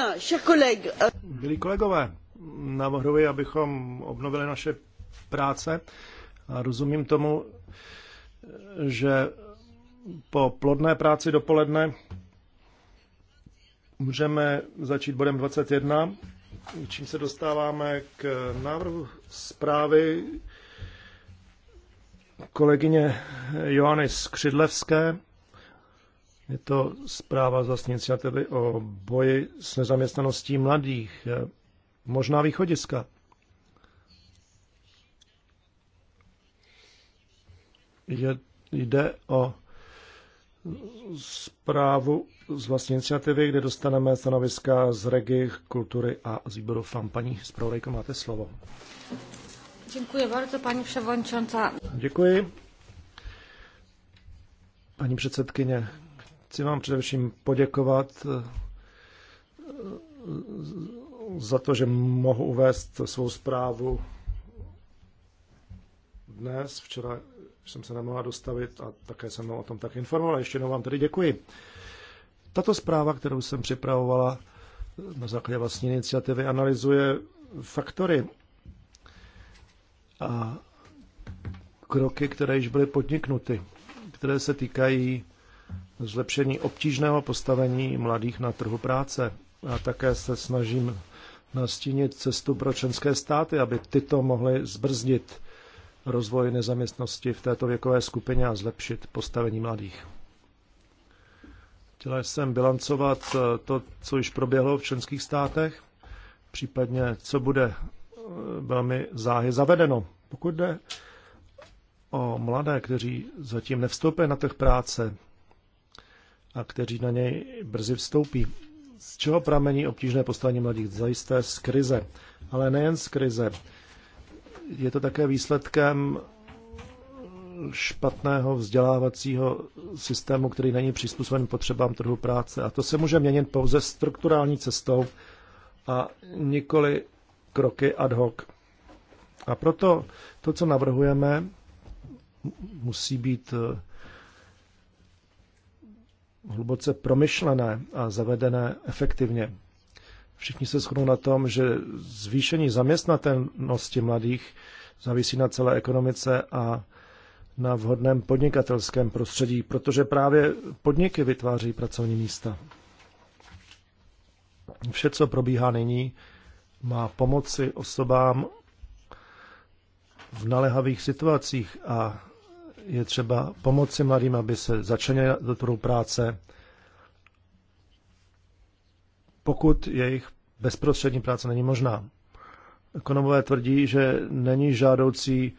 Euh, Milí kolegové, navrhuji, abychom obnovili naše práce. A rozumím tomu, že po plodné práci dopoledne můžeme začít bodem 21, čím se dostáváme k návrhu zprávy kolegyně Johany Skřidlevské je to zpráva z vlastní iniciativy o boji s nezaměstnaností mladých, eh, možná východiska. Je, jde o zprávu z vlastní iniciativy, kde dostaneme stanoviska z regi, kultury a z výboru FAM. Paní zpravodajko, máte slovo. Děkuji bardzo, paní převodničonca. Děkuji. Paní předsedkyně, Chci vám především poděkovat eh, za to, že mohu uvést svou zprávu dnes. Včera jsem se nemohla dostavit a také jsem o tom tak informoval. Ještě jednou vám tedy děkuji. Tato zpráva, kterou jsem připravovala na základě vlastní iniciativy, analyzuje faktory a kroky, které již byly podniknuty, které se týkají zlepšení obtížného postavení mladých na trhu práce. A také se snažím nastínit cestu pro členské státy, aby tyto mohly zbrzdit rozvoj nezaměstnosti v této věkové skupině a zlepšit postavení mladých. Chtěla jsem bilancovat eh, to, co již proběhlo v členských státech, případně co bude eh, velmi záhy zavedeno. Pokud jde o mladé, kteří zatím nevstoupili na trh práce, a kteří na něj brzy vstoupí. Z čeho pramení obtížné postavení mladých? Zajisté z krize. Ale nejen z krize. Je to také výsledkem špatného vzdělávacího systému, který není přizpůsoben potřebám trhu práce. A to se může měnit pouze strukturální cestou a nikoli kroky ad hoc. A proto to, co navrhujeme, musí být hluboce promyšlené a zavedené efektivně. Všichni se shodnou na tom, že zvýšení zaměstnatelnosti mladých závisí na celé ekonomice a na vhodném podnikatelském prostředí, protože právě podniky vytváří pracovní místa. Vše, co probíhá nyní, má pomoci osobám v nalehavých situacích a je třeba pomoci mladým, aby se začali do trhu práce, pokud jejich bezprostřední práce není možná. Ekonomové tvrdí, že není žádoucí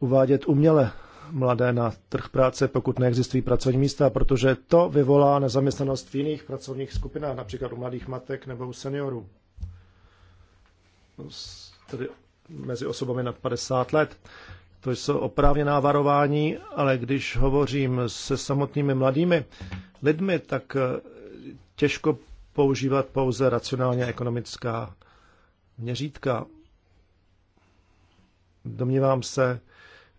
uvádět uměle mladé na trh práce, pokud neexistují pracovní místa, protože to vyvolá nezaměstnanost v jiných pracovních skupinách, například u mladých matek nebo u seniorů. Tedy mezi osobami nad 50 let to jsou oprávněná varování, ale když hovořím se samotnými mladými lidmi, tak eh, těžko používat pouze racionálně ekonomická měřítka. Domnívám se,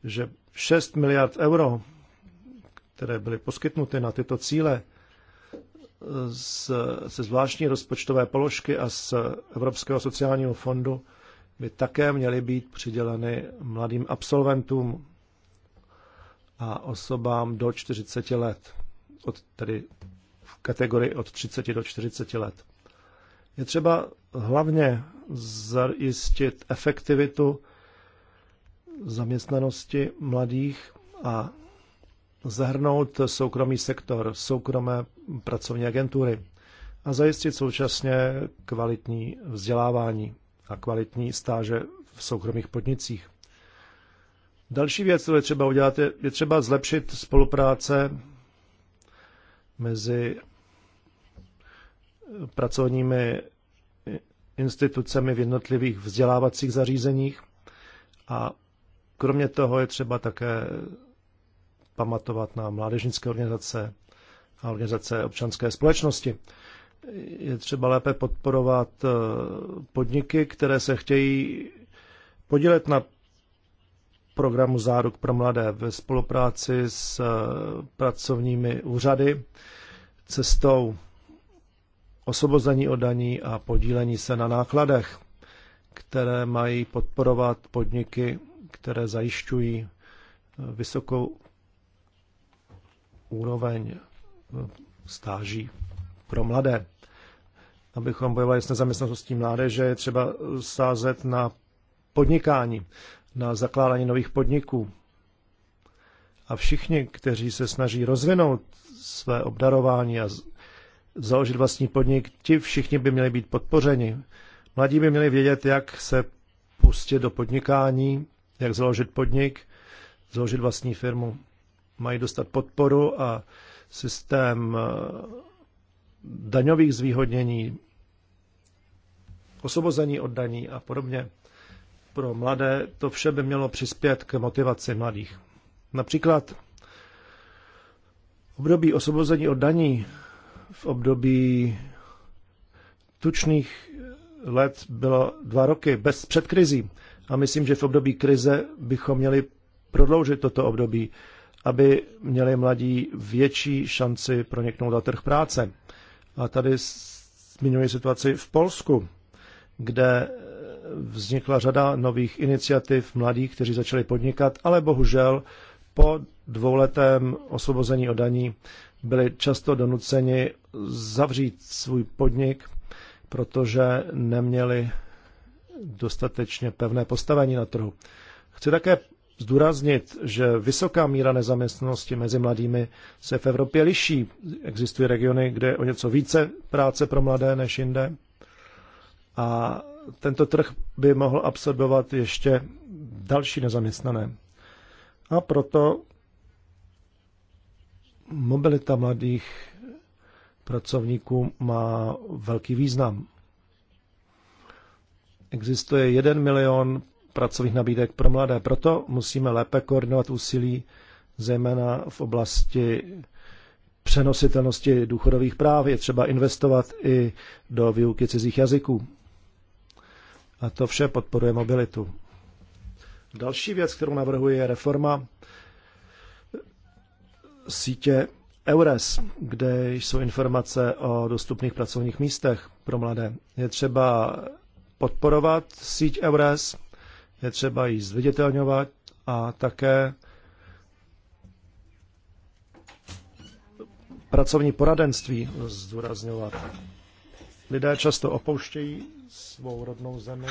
že 6 miliard euro, které byly poskytnuty na tyto cíle, eh, z, se zvláštní rozpočtové položky a z Evropského sociálního fondu by také měly být přiděleny mladým absolventům a osobám do 40 let, od, tedy v kategorii od 30 do 40 let. Je třeba hlavně zajistit efektivitu zaměstnanosti mladých a zahrnout soukromý sektor, soukromé pracovní agentury a zajistit současně kvalitní vzdělávání a kvalitní stáže v soukromých podnicích. Další věc, kterou je třeba udělat, je, je třeba zlepšit spolupráce mezi pracovními institucemi v jednotlivých vzdělávacích zařízeních a kromě toho je třeba také pamatovat na mládežnické organizace a organizace občanské společnosti je třeba lépe podporovat eh, podniky, které se chtějí podílet na programu Záruk pro mladé ve spolupráci s eh, pracovními úřady cestou osvobození od daní a podílení se na nákladech, které mají podporovat podniky, které zajišťují eh, vysokou úroveň stáží pro mladé. Abychom bojovali s nezaměstnaností mládeže, je třeba sázet na podnikání, na zakládání nových podniků. A všichni, kteří se snaží rozvinout své obdarování a založit vlastní podnik, ti všichni by měli být podpořeni. Mladí by měli vědět, jak se pustit do podnikání, jak založit podnik, založit vlastní firmu. Mají dostat podporu a systém daňových zvýhodnění, osobození od daní a podobně. Pro mladé to vše by mělo přispět k motivaci mladých. Například období osvobození od daní v období tučných let bylo dva roky bez předkrizí. A myslím, že v období krize bychom měli prodloužit toto období, aby měli mladí větší šanci proniknout na trh práce. A tady zmiňuji situaci v Polsku, kde eh, vznikla řada nových iniciativ mladých, kteří začali podnikat, ale bohužel po dvouletém osvobození od daní byli často donuceni zavřít svůj podnik, protože neměli dostatečně pevné postavení na trhu. Chci také zdůraznit, že vysoká míra nezaměstnanosti mezi mladými se v Evropě liší. Existují regiony, kde je o něco více práce pro mladé než jinde. A tento trh by mohl absorbovat ještě další nezaměstnané. A proto mobilita mladých pracovníků má velký význam. Existuje jeden milion pracovních nabídek pro mladé. Proto musíme lépe koordinovat úsilí, zejména v oblasti přenositelnosti důchodových práv. Je třeba investovat i do výuky cizích jazyků. A to vše podporuje mobilitu. Další věc, kterou navrhuji, je reforma sítě EURES, kde jsou informace o dostupných pracovních místech pro mladé. Je třeba podporovat síť EURES je třeba ji zviditelňovat a také pracovní poradenství zdůrazňovat. Lidé často opouštějí svou rodnou zemi.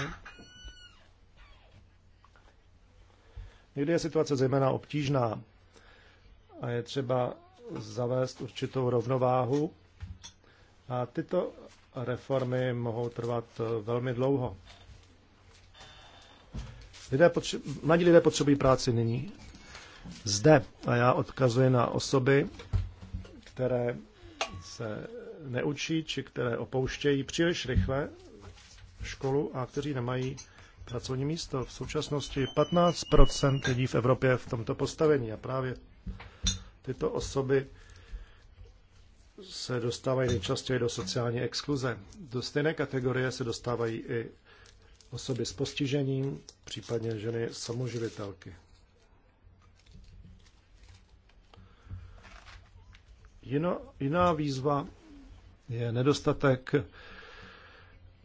Někdy je situace zejména obtížná a je třeba zavést určitou rovnováhu a tyto reformy mohou trvat velmi dlouho. Lidé potře- mladí lidé potřebují práci nyní. Zde. A já odkazuji na osoby, které se neučí, či které opouštějí příliš rychle školu a kteří nemají pracovní místo. V současnosti 15 lidí v Evropě v tomto postavení a právě tyto osoby se dostávají nejčastěji do sociální exkluze. Do stejné kategorie se dostávají i osoby s postižením, případně ženy samoživitelky. Jiná, jiná výzva je nedostatek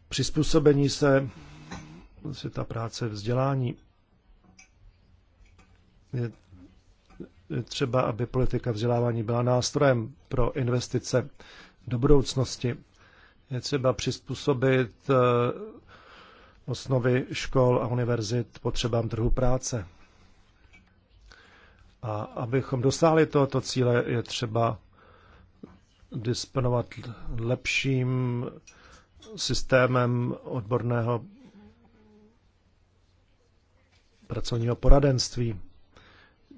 přizpůsobení se světa práce vzdělání. Je třeba, aby politika vzdělávání byla nástrojem pro investice do budoucnosti. Je třeba přizpůsobit eh, osnovy škol a univerzit potřebám trhu práce. A abychom dosáhli tohoto cíle, je třeba disponovat lepším systémem odborného pracovního poradenství,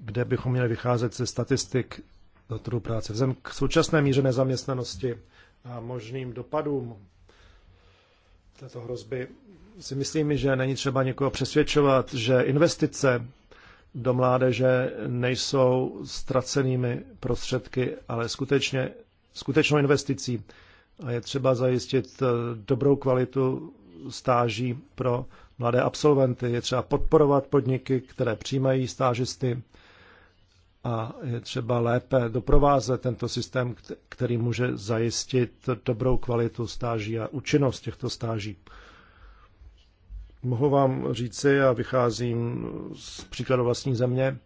kde bychom měli vycházet ze statistik do trhu práce. Vzhledem k současné míře nezaměstnanosti a možným dopadům této hrozby si myslím, že není třeba někoho přesvědčovat, že investice do mládeže nejsou ztracenými prostředky, ale skutečně skutečnou investicí. A je třeba zajistit eh, dobrou kvalitu stáží pro mladé absolventy. Je třeba podporovat podniky, které přijímají stážisty a je třeba lépe doprovázet tento systém, který může zajistit dobrou kvalitu stáží a účinnost těchto stáží. Mohu vám říci, a vycházím z příkladu vlastní země,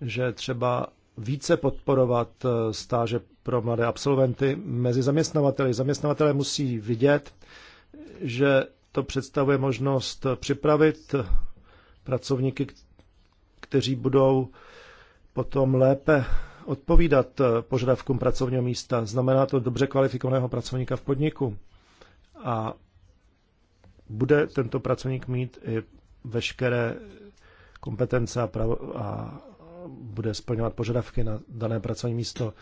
že třeba více podporovat eh, stáže pro mladé absolventy mezi zaměstnavateli. Zaměstnavatele musí vidět, že to představuje možnost připravit pracovníky, kteří budou potom lépe odpovídat eh, požadavkům pracovního místa. Znamená to dobře kvalifikovaného pracovníka v podniku. A bude tento pracovník mít i veškeré kompetence a, pravo, a bude splňovat požadavky na dané pracovní místo.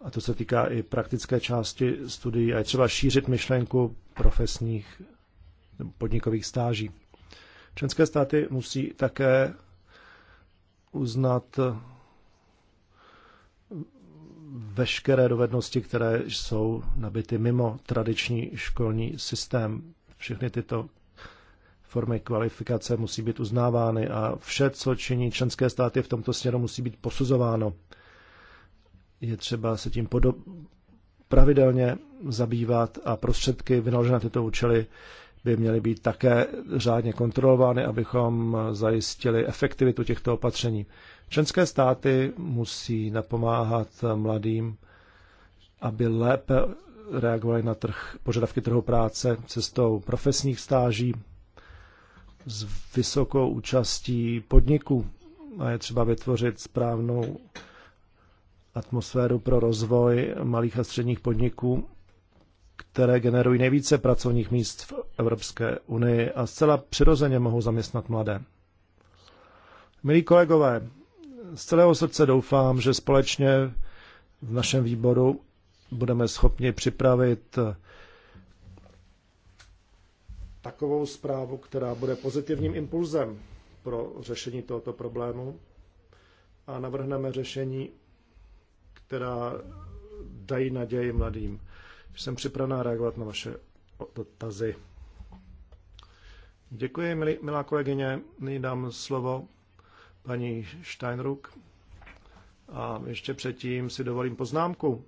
A to se týká i praktické části studií a je třeba šířit myšlenku profesních podnikových stáží. Členské státy musí také uznat veškeré dovednosti, které jsou nabity mimo tradiční školní systém všechny tyto formy kvalifikace musí být uznávány a vše, co činí členské státy v tomto směru, musí být posuzováno. Je třeba se tím pravidelně zabývat a prostředky vynaložené tyto účely by měly být také řádně kontrolovány, abychom zajistili efektivitu těchto opatření. Členské státy musí napomáhat mladým, aby lépe reagovali na trh, požadavky trhu práce cestou profesních stáží s vysokou účastí podniků a je třeba vytvořit správnou atmosféru pro rozvoj malých a středních podniků, které generují nejvíce pracovních míst v Evropské unii a zcela přirozeně mohou zaměstnat mladé. Milí kolegové, z celého srdce doufám, že společně v našem výboru budeme schopni připravit eh, takovou zprávu, která bude pozitivním impulzem pro řešení tohoto problému a navrhneme řešení, která dají naději mladým. Jsem připravená reagovat na vaše dotazy. Děkuji, milí, milá kolegyně. Nyní dám slovo paní Steinruck. A ještě předtím si dovolím poznámku.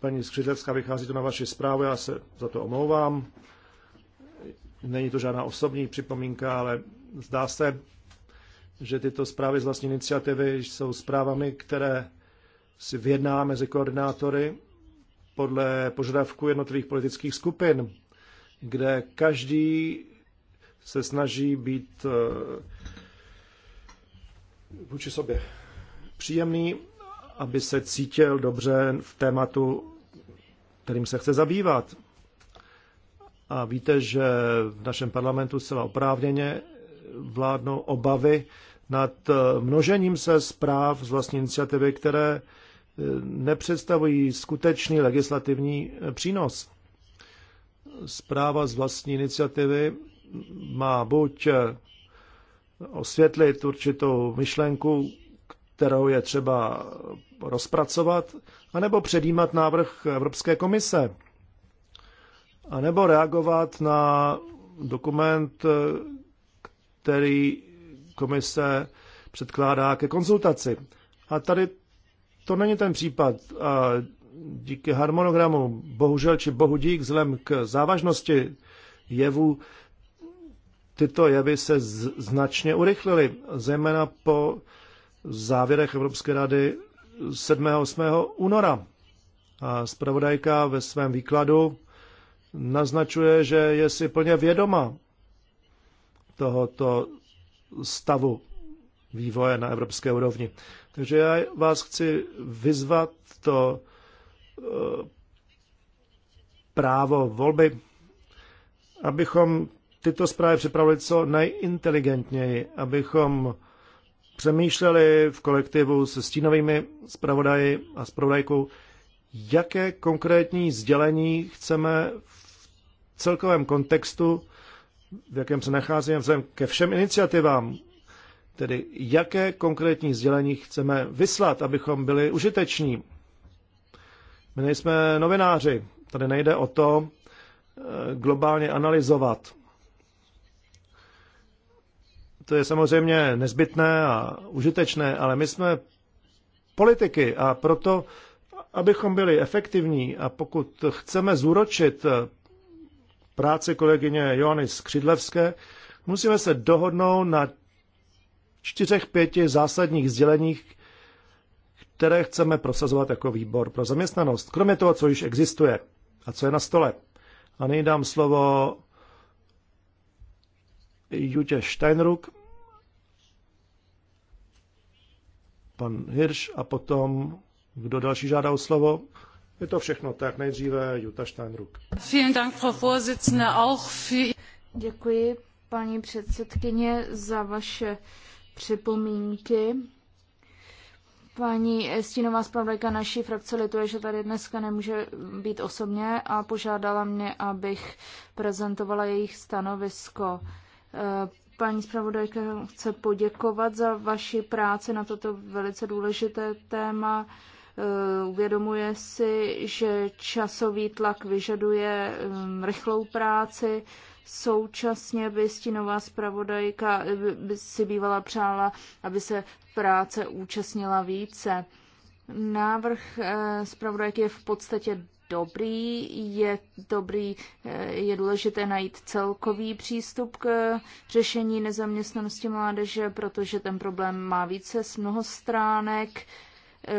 Paní Skřidlevská, vychází to na vaši zprávu, já se za to omlouvám. Není to žádná osobní připomínka, ale zdá se, že tyto zprávy z vlastní iniciativy jsou zprávami, které si vyjedná mezi koordinátory podle požadavku jednotlivých politických skupin, kde každý se snaží být eh, vůči sobě příjemný aby se cítil dobře v tématu, kterým se chce zabývat. A víte, že v našem parlamentu zcela oprávněně vládnou obavy nad eh, množením se zpráv z vlastní iniciativy, které eh, nepředstavují skutečný legislativní eh, přínos. Zpráva z vlastní iniciativy má buď osvětlit určitou myšlenku, kterou je třeba rozpracovat, anebo předjímat návrh Evropské komise, anebo reagovat na dokument, který komise předkládá ke konzultaci. A tady to není ten případ. A díky harmonogramu, bohužel či bohu dík, vzhledem k závažnosti jevu, tyto jevy se značně urychlily, zejména po závěrech Evropské rady 7. 8. února. A zpravodajka ve svém výkladu naznačuje, že je si plně vědoma tohoto stavu vývoje na evropské úrovni. Takže já vás chci vyzvat to eh, právo volby, abychom tyto zprávy připravili co nejinteligentněji, abychom přemýšleli v kolektivu se stínovými zpravodaji a zpravodajkou, jaké konkrétní sdělení chceme v celkovém kontextu, v jakém se nacházíme vzhledem ke všem iniciativám, tedy jaké konkrétní sdělení chceme vyslat, abychom byli užiteční. My nejsme novináři, tady nejde o to eh, globálně analyzovat to je samozřejmě nezbytné a užitečné, ale my jsme politiky a proto, abychom byli efektivní a pokud chceme zúročit eh, práci kolegyně Joany Skřidlevské, musíme se dohodnout na čtyřech, pěti zásadních sděleních, které chceme prosazovat jako výbor pro zaměstnanost, kromě toho, co již existuje a co je na stole. A nyní dám slovo Jutě Steinruck, pan Hirš a potom, kdo další žádá o slovo? Je to všechno tak. Nejdříve Jutta Steinruck. Děkuji, paní předsedkyně, za vaše připomínky. Paní Stínová zpravodajka naší frakce lituje, že tady dneska nemůže být osobně a požádala mě, abych prezentovala jejich stanovisko. Paní zpravodajka chce poděkovat za vaši práci na toto velice důležité téma. Eh, uvědomuje si, že časový tlak vyžaduje eh, rychlou práci. Současně by stínová zpravodajka eh, by si bývala přála, aby se práce účastnila více. Návrh zpravodajky je v podstatě dobrý, je dobrý, eh, je důležité najít celkový přístup k eh, řešení nezaměstnanosti mládeže, protože ten problém má více z mnoho stránek, je,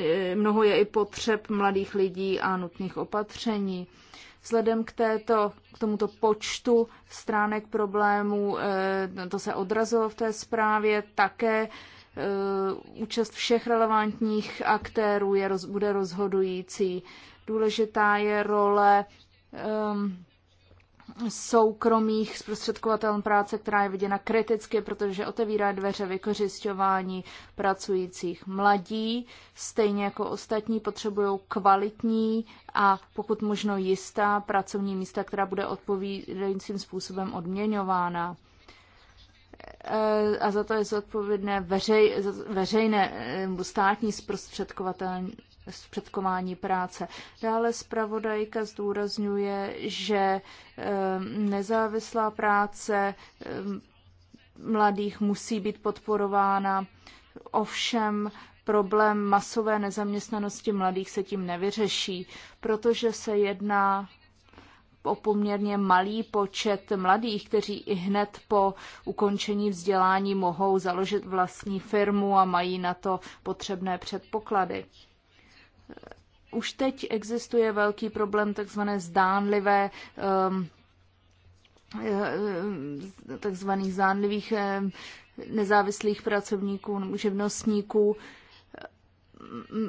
eh, mnoho je i potřeb mladých lidí a nutných opatření. Vzhledem k, této, k tomuto počtu stránek problémů, to se odrazilo v té zprávě, také Eh, účast všech relevantních aktérů je, bude rozhodující. Důležitá je role um, soukromých zprostředkovatelů práce, která je viděna kriticky, protože otevírá dveře vykořišťování pracujících mladí. Stejně jako ostatní potřebují kvalitní a pokud možno jistá pracovní místa, která bude odpovídajícím způsobem odměňována. Eh, a za to je zodpovědné veřej, veřejné eh, státní zprostředkování práce. Dále zpravodajka zdůrazňuje, že eh, nezávislá práce mladých musí být podporována. Ovšem problém masové nezaměstnanosti mladých se tím nevyřeší, protože se jedná o poměrně malý počet mladých, kteří i hned po ukončení vzdělání mohou založit vlastní firmu a mají na to potřebné předpoklady. Už teď existuje velký problém tzv. zdánlivé um, eh, takzvaných zdánlivých eh, nezávislých pracovníků nebo živnostníků,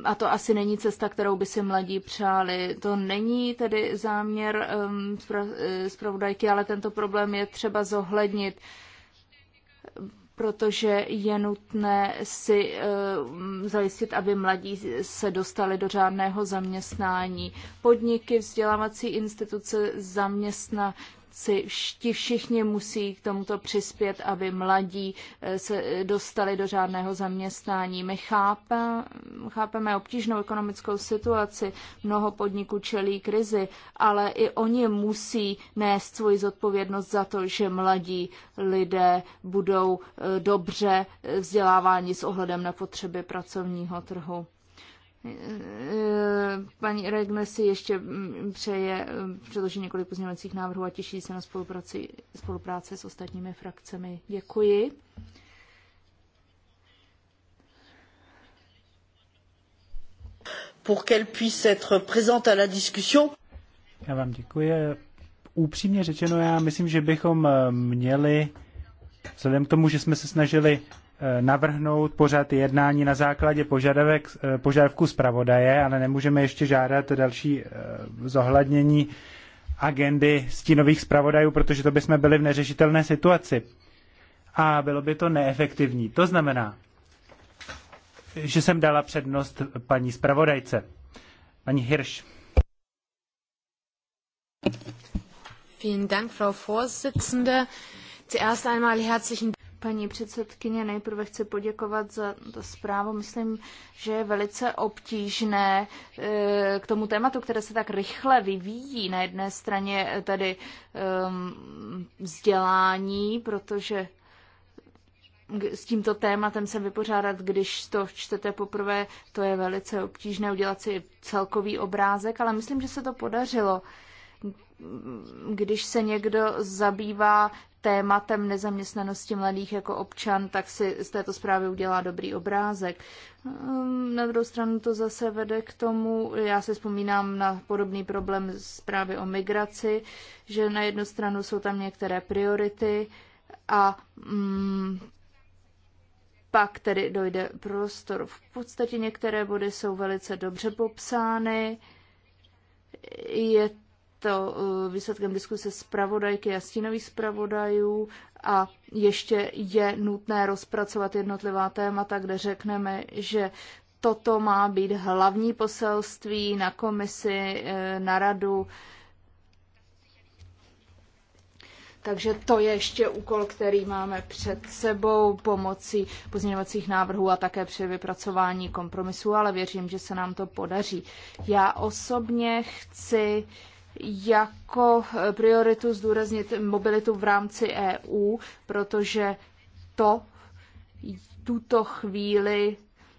a to asi není cesta, kterou by si mladí přáli. To není tedy záměr um, eh, zpravodajky, ale tento problém je třeba zohlednit, protože je nutné si um, zajistit, aby mladí se dostali do řádného zaměstnání. Podniky, vzdělávací instituce, zaměstna, si všichni musí k tomuto přispět, aby mladí eh, se eh, dostali do žádného zaměstnání. My chápeme, chápeme obtížnou ekonomickou situaci, mnoho podniků čelí krizi, ale i oni musí nést svoji zodpovědnost za to, že mladí lidé budou eh, dobře vzděláváni s ohledem na potřeby pracovního trhu. Eh, paní Regne si ještě mm, přeje mm, předložit několik pozměňovacích návrhů a těší se na spolupráci, spolupráci s ostatními frakcemi. Děkuji. Pour qu'elle puisse être présente à la discussion. Já vám děkuji. Upřímně řečeno, já myslím, že bychom eh, měli, vzhledem k tomu, že jsme se snažili Eh, navrhnout pořad jednání na základě požadavek, eh, požadavku zpravodaje, ale nemůžeme ještě žádat další eh, zohlednění agendy stínových zpravodajů, protože to bychom byli v neřešitelné situaci. A bylo by to neefektivní. To znamená, že jsem dala přednost paní zpravodajce, paní Hirsch. Vielen Dank, Frau Vorsitzende. Zuerst einmal herzlichen Paní předsedkyně, nejprve chci poděkovat za to zprávu. Myslím, že je velice obtížné e, k tomu tématu, které se tak rychle vyvíjí. Na jedné straně tady vzdělání, protože s tímto tématem se vypořádat, když to čtete poprvé, to je velice obtížné udělat si celkový obrázek, ale myslím, že se to podařilo když se někdo zabývá tématem nezaměstnanosti mladých jako občan, tak si z této zprávy udělá dobrý obrázek. Ehm, na druhou stranu to zase vede k tomu, já se vzpomínám na podobný problém zprávy o migraci, že na jednu stranu jsou tam některé priority a mm, pak tedy dojde prostor. V podstatě některé body jsou velice dobře popsány, je to eh, výsledkem diskuse zpravodajky a stínových zpravodajů a ještě je nutné rozpracovat jednotlivá témata, kde řekneme, že toto má být hlavní poselství na komisi, eh, na radu. Takže to je ještě úkol, který máme před sebou pomocí pozměňovacích návrhů a také při vypracování kompromisu, ale věřím, že se nám to podaří. Já osobně chci uh, jako eh, prioritu zdůraznit mobilitu v rámci EU, protože to tuto chvíli,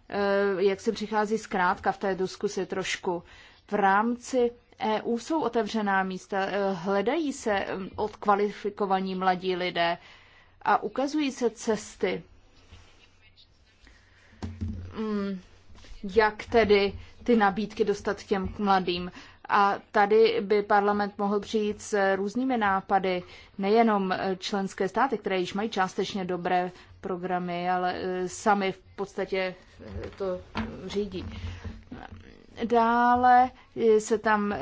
eh, jak se přichází zkrátka v té diskusi trošku, v rámci EU jsou otevřená místa, eh, hledají se mm, od kvalifikovaní mladí lidé a ukazují se cesty, mm, jak tedy ty nabídky dostat k těm mladým. A tady by parlament mohl přijít s různými nápady, nejenom členské státy, které již mají částečně dobré programy, ale e, sami v podstatě e, to řídí. Dále e, se tam e,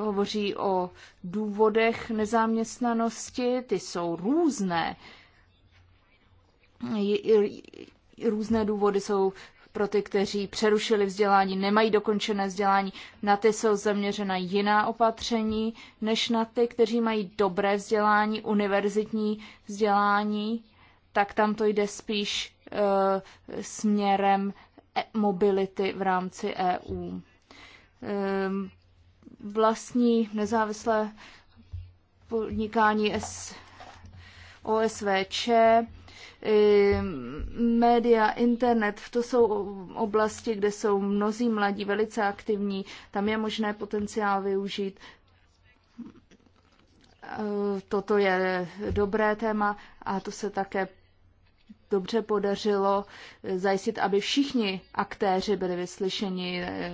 hovoří o důvodech nezaměstnanosti, ty jsou různé. Různé důvody jsou pro ty, kteří přerušili vzdělání, nemají dokončené vzdělání. Na ty jsou zaměřena jiná opatření, než na ty, kteří mají dobré vzdělání, univerzitní vzdělání, tak tam to jde spíš e, směrem e mobility v rámci EU. E, ehm, vlastní nezávislé podnikání S OSVČ média, internet, to jsou oblasti, kde jsou mnozí mladí velice aktivní, tam je možné potenciál využít. E, toto je dobré téma a to se také dobře podařilo zajistit, aby všichni aktéři byli vyslyšeni, e,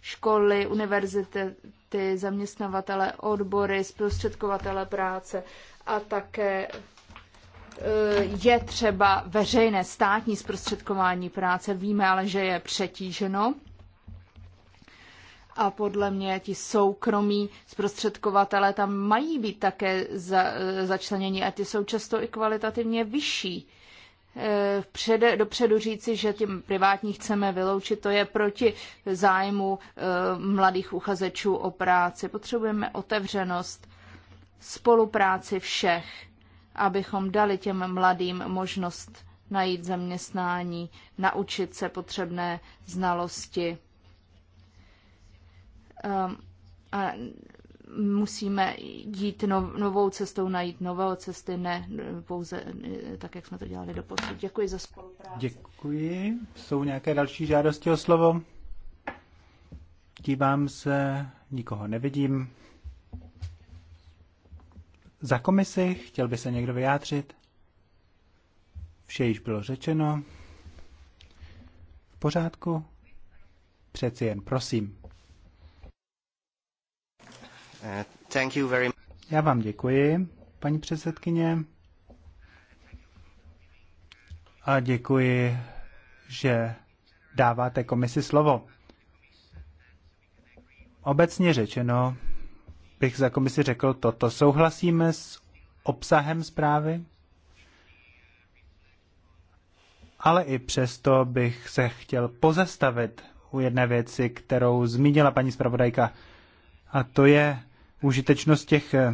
školy, univerzity, zaměstnavatele, odbory, zprostředkovatele práce a také Eh, je třeba veřejné státní zprostředkování práce. Víme ale, že je přetíženo. A podle mě ti soukromí zprostředkovatelé tam mají být také za, eh, začleněni a ty jsou často i kvalitativně vyšší. Eh, přede, dopředu říci, že tím privátní chceme vyloučit, to je proti zájmu mladých uchazečů o práci. Potřebujeme otevřenost, spolupráci všech abychom dali těm mladým možnost najít zaměstnání, naučit se potřebné znalosti. Ehm, a musíme jít novou cestou, najít nové cesty, ne pouze eh, tak, jak jsme to dělali do posud. Děkuji za spolupráci. Děkuji. Jsou nějaké další žádosti o slovo? Dívám se, nikoho nevidím. Za komisi chtěl by se někdo vyjádřit? Vše již bylo řečeno. V pořádku? Přeci jen, prosím. Uh, thank you very Já vám děkuji, paní předsedkyně. A děkuji, že dáváte komisi slovo. Obecně řečeno, bych za komisi řekl toto. Souhlasíme s obsahem zprávy, ale i přesto bych se chtěl pozastavit u jedné věci, kterou zmínila paní zpravodajka, a to je užitečnost těch eh,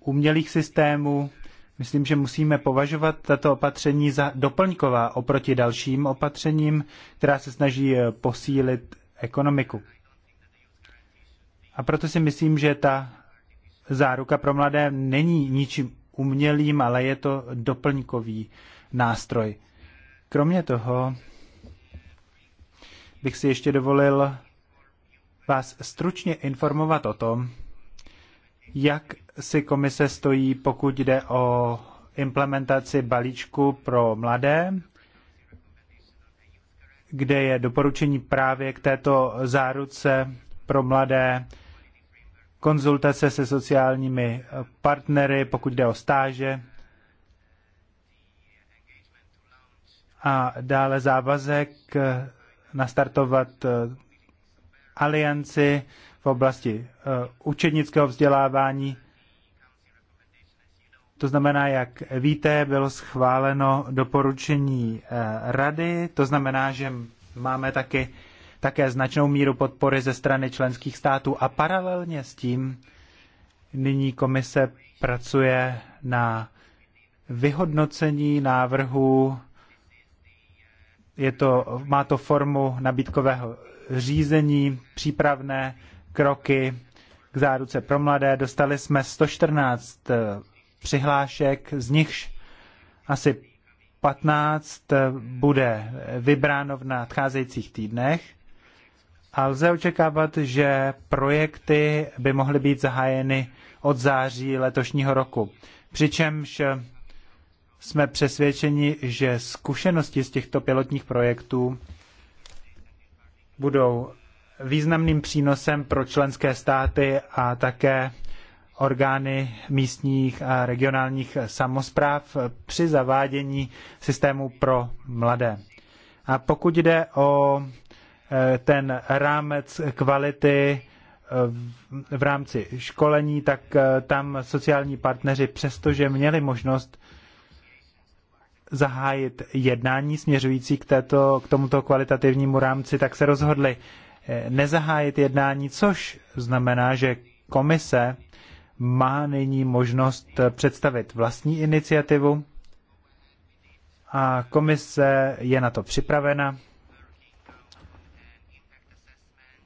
umělých systémů. Myslím, že musíme považovat tato opatření za doplňková oproti dalším opatřením, která se snaží eh, posílit ekonomiku. A proto si myslím, že ta záruka pro mladé není ničím umělým, ale je to doplňkový nástroj. Kromě toho bych si ještě dovolil vás stručně informovat o tom, jak si komise stojí, pokud jde o implementaci balíčku pro mladé, kde je doporučení právě k této záruce pro mladé konzultace se sociálními partnery, pokud jde o stáže. A dále závazek eh, nastartovat eh, alianci v oblasti eh, učednického vzdělávání. To znamená, jak víte, bylo schváleno doporučení rady, to znamená, že máme taky také značnou míru podpory ze strany členských států a paralelně s tím nyní komise pracuje na vyhodnocení návrhu. Je to, má to formu nabídkového řízení, přípravné kroky k záruce pro mladé. Dostali jsme 114 eh, přihlášek, z nichž asi 15 eh, bude vybráno v nadcházejících týdnech a lze očekávat, že projekty by mohly být zahájeny od září letošního roku. Přičemž jsme přesvědčeni, že zkušenosti z těchto pilotních projektů budou významným přínosem pro členské státy a také orgány místních a regionálních samozpráv při zavádění systému pro mladé. A pokud jde o Eh, ten rámec kvality eh, v rámci školení, tak eh, tam sociální partneři, přestože měli možnost zahájit jednání směřující k, této, k tomuto kvalitativnímu rámci, tak se rozhodli nezahájit jednání, což znamená, že komise má nyní možnost představit vlastní iniciativu a komise je na to připravena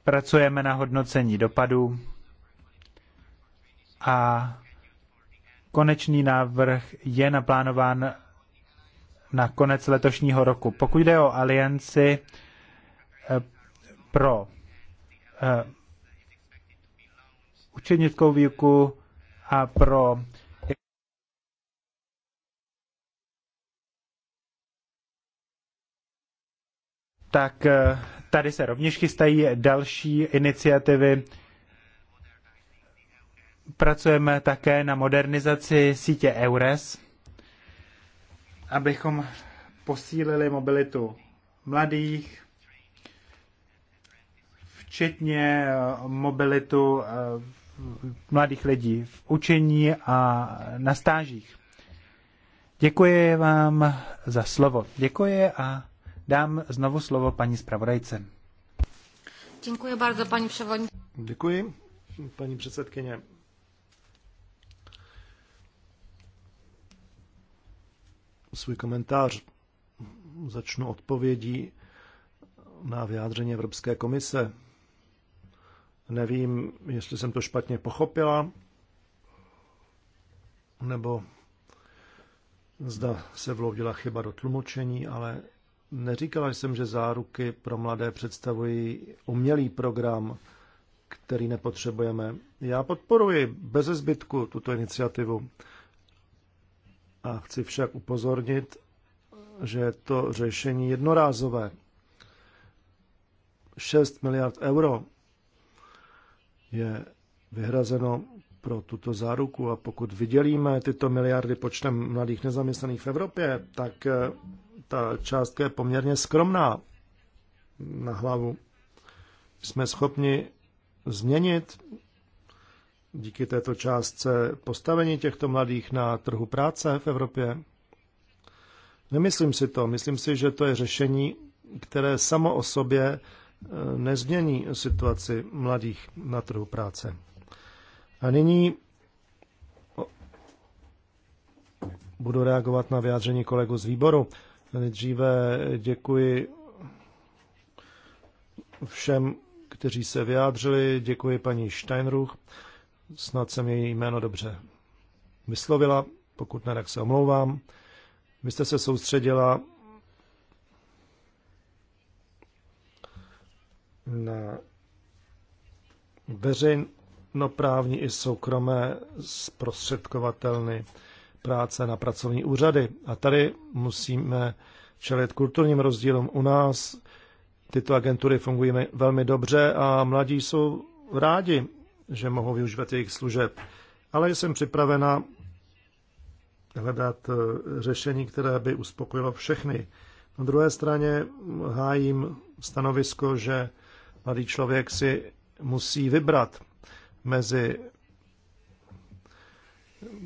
Pracujeme na hodnocení dopadů a konečný návrh je naplánován na konec letošního roku. Pokud jde o alianci eh, pro eh, učednickou výuku a pro tak eh, Tady se rovněž chystají další iniciativy. Pracujeme také na modernizaci sítě EURES, abychom posílili mobilitu mladých, včetně eh, mobilitu eh, mladých lidí v učení a na stážích. Děkuji vám za slovo. Děkuji a Dám znovu slovo paní zpravodajce. Děkuji bardzo, paní Děkuji, paní předsedkyně. Svůj komentář začnu odpovědí na vyjádření Evropské komise. Nevím, jestli jsem to špatně pochopila, nebo zda se vloudila chyba do tlumočení, ale Neříkala jsem, že záruky pro mladé představují umělý program, který nepotřebujeme. Já podporuji bez zbytku tuto iniciativu a chci však upozornit, že je to řešení jednorázové. 6 miliard euro je vyhrazeno pro tuto záruku a pokud vydělíme tyto miliardy počtem mladých nezaměstnaných v Evropě, tak eh, ta částka je poměrně skromná na hlavu. Jsme schopni změnit díky této částce postavení těchto mladých na trhu práce v Evropě? Nemyslím si to. Myslím si, že to je řešení, které samo o sobě eh, nezmění situaci mladých na trhu práce. A nyní budu reagovat na vyjádření kolegu z výboru. Nejdříve děkuji všem, kteří se vyjádřili. Děkuji paní Steinruch. Snad jsem její jméno dobře vyslovila. Pokud ne, tak se omlouvám. Vy jste se soustředila na veřejn, no právní i soukromé zprostředkovatelny práce na pracovní úřady. A tady musíme čelit kulturním rozdílům. U nás tyto agentury fungují velmi dobře a mladí jsou rádi, že mohou využívat jejich služeb. Ale jsem připravena hledat eh, řešení, které by uspokojilo všechny. Na druhé straně hájím stanovisko, že mladý člověk si musí vybrat mezi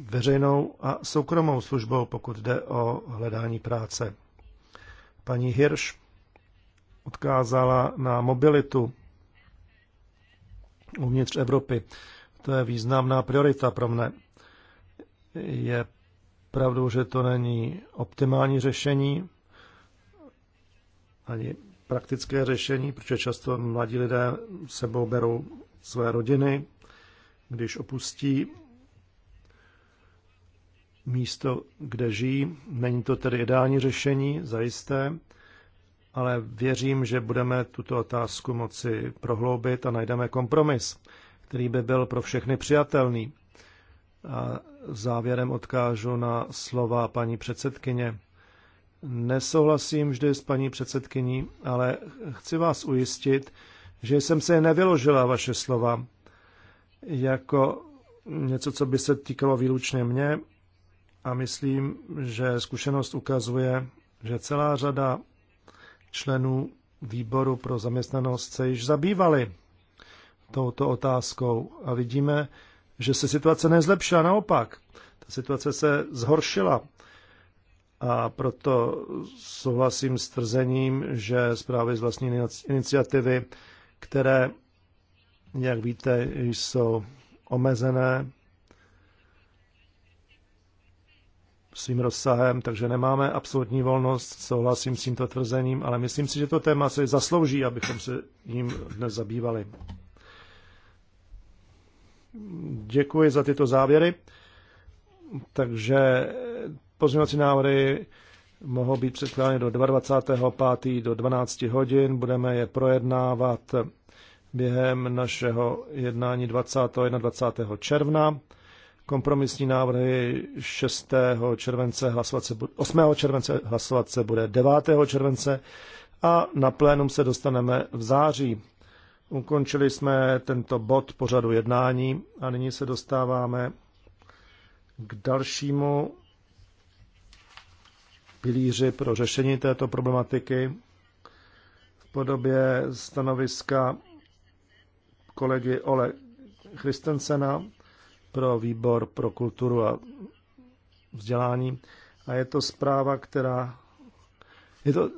veřejnou a soukromou službou, pokud jde o hledání práce. Paní Hirsch odkázala na mobilitu uvnitř Evropy. To je významná priorita pro mne. Je pravdou, že to není optimální řešení, ani praktické řešení, protože často mladí lidé sebou berou své rodiny, když opustí místo, kde žijí. Není to tedy ideální řešení, zajisté, ale věřím, že budeme tuto otázku moci prohloubit a najdeme kompromis, který by byl pro všechny přijatelný. A závěrem odkážu na slova paní předsedkyně. Nesouhlasím vždy s paní předsedkyní, ale chci vás ujistit, že jsem se nevyložila vaše slova jako něco, co by se týkalo výlučně mě a myslím, že zkušenost ukazuje, že celá řada členů výboru pro zaměstnanost se již zabývali touto otázkou a vidíme, že se situace nezlepšila, naopak. Ta situace se zhoršila. A proto souhlasím s tvrzením, že zprávy z vlastní iniciativy, které jak víte, jsou omezené svým rozsahem, takže nemáme absolutní volnost, souhlasím s tímto tvrzením, ale myslím si, že to téma se zaslouží, abychom se jim dnes zabývali. Děkuji za tyto závěry. Takže pozměňovací návrhy mohou být předkládány do 22.5. do 12 hodin. Budeme je projednávat během našeho jednání 20. a 21. června. Kompromisní návrhy 6. července hlasovat se, 8. července hlasovat se bude 9. července a na plénum se dostaneme v září. Ukončili jsme tento bod pořadu jednání a nyní se dostáváme k dalšímu pilíři pro řešení této problematiky v podobě stanoviska kolegy Ole Christensena pro výbor pro kulturu a vzdělání. A je to zpráva, která je to,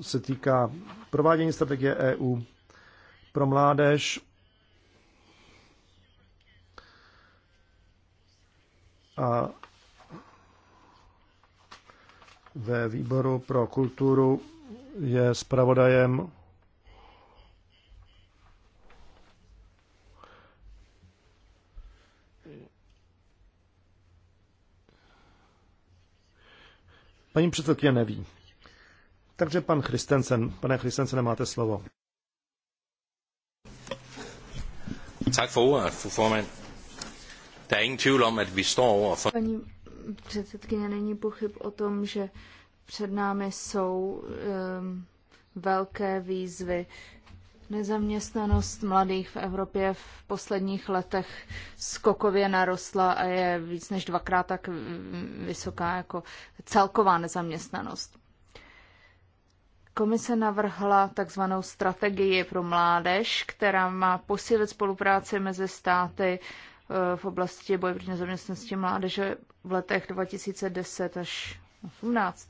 se týká provádění strategie EU pro mládež a ve výboru pro kulturu je zpravodajem Paní předsedkyně neví. Takže pan Christensen, pane Christensen, máte slovo. Tak for ordet, fru formand. Der er ingen tvivl om, at vi står over for... Paní předsedkyně, není pochyb o tom, že před námi jsou um, velké výzvy Nezaměstnanost mladých v Evropě v posledních letech skokově narostla a je víc než dvakrát tak vysoká jako celková nezaměstnanost. Komise navrhla takzvanou strategii pro mládež, která má posílit spolupráci mezi státy eh, v oblasti boje proti nezaměstnanosti mládeže v letech 2010 až 2018.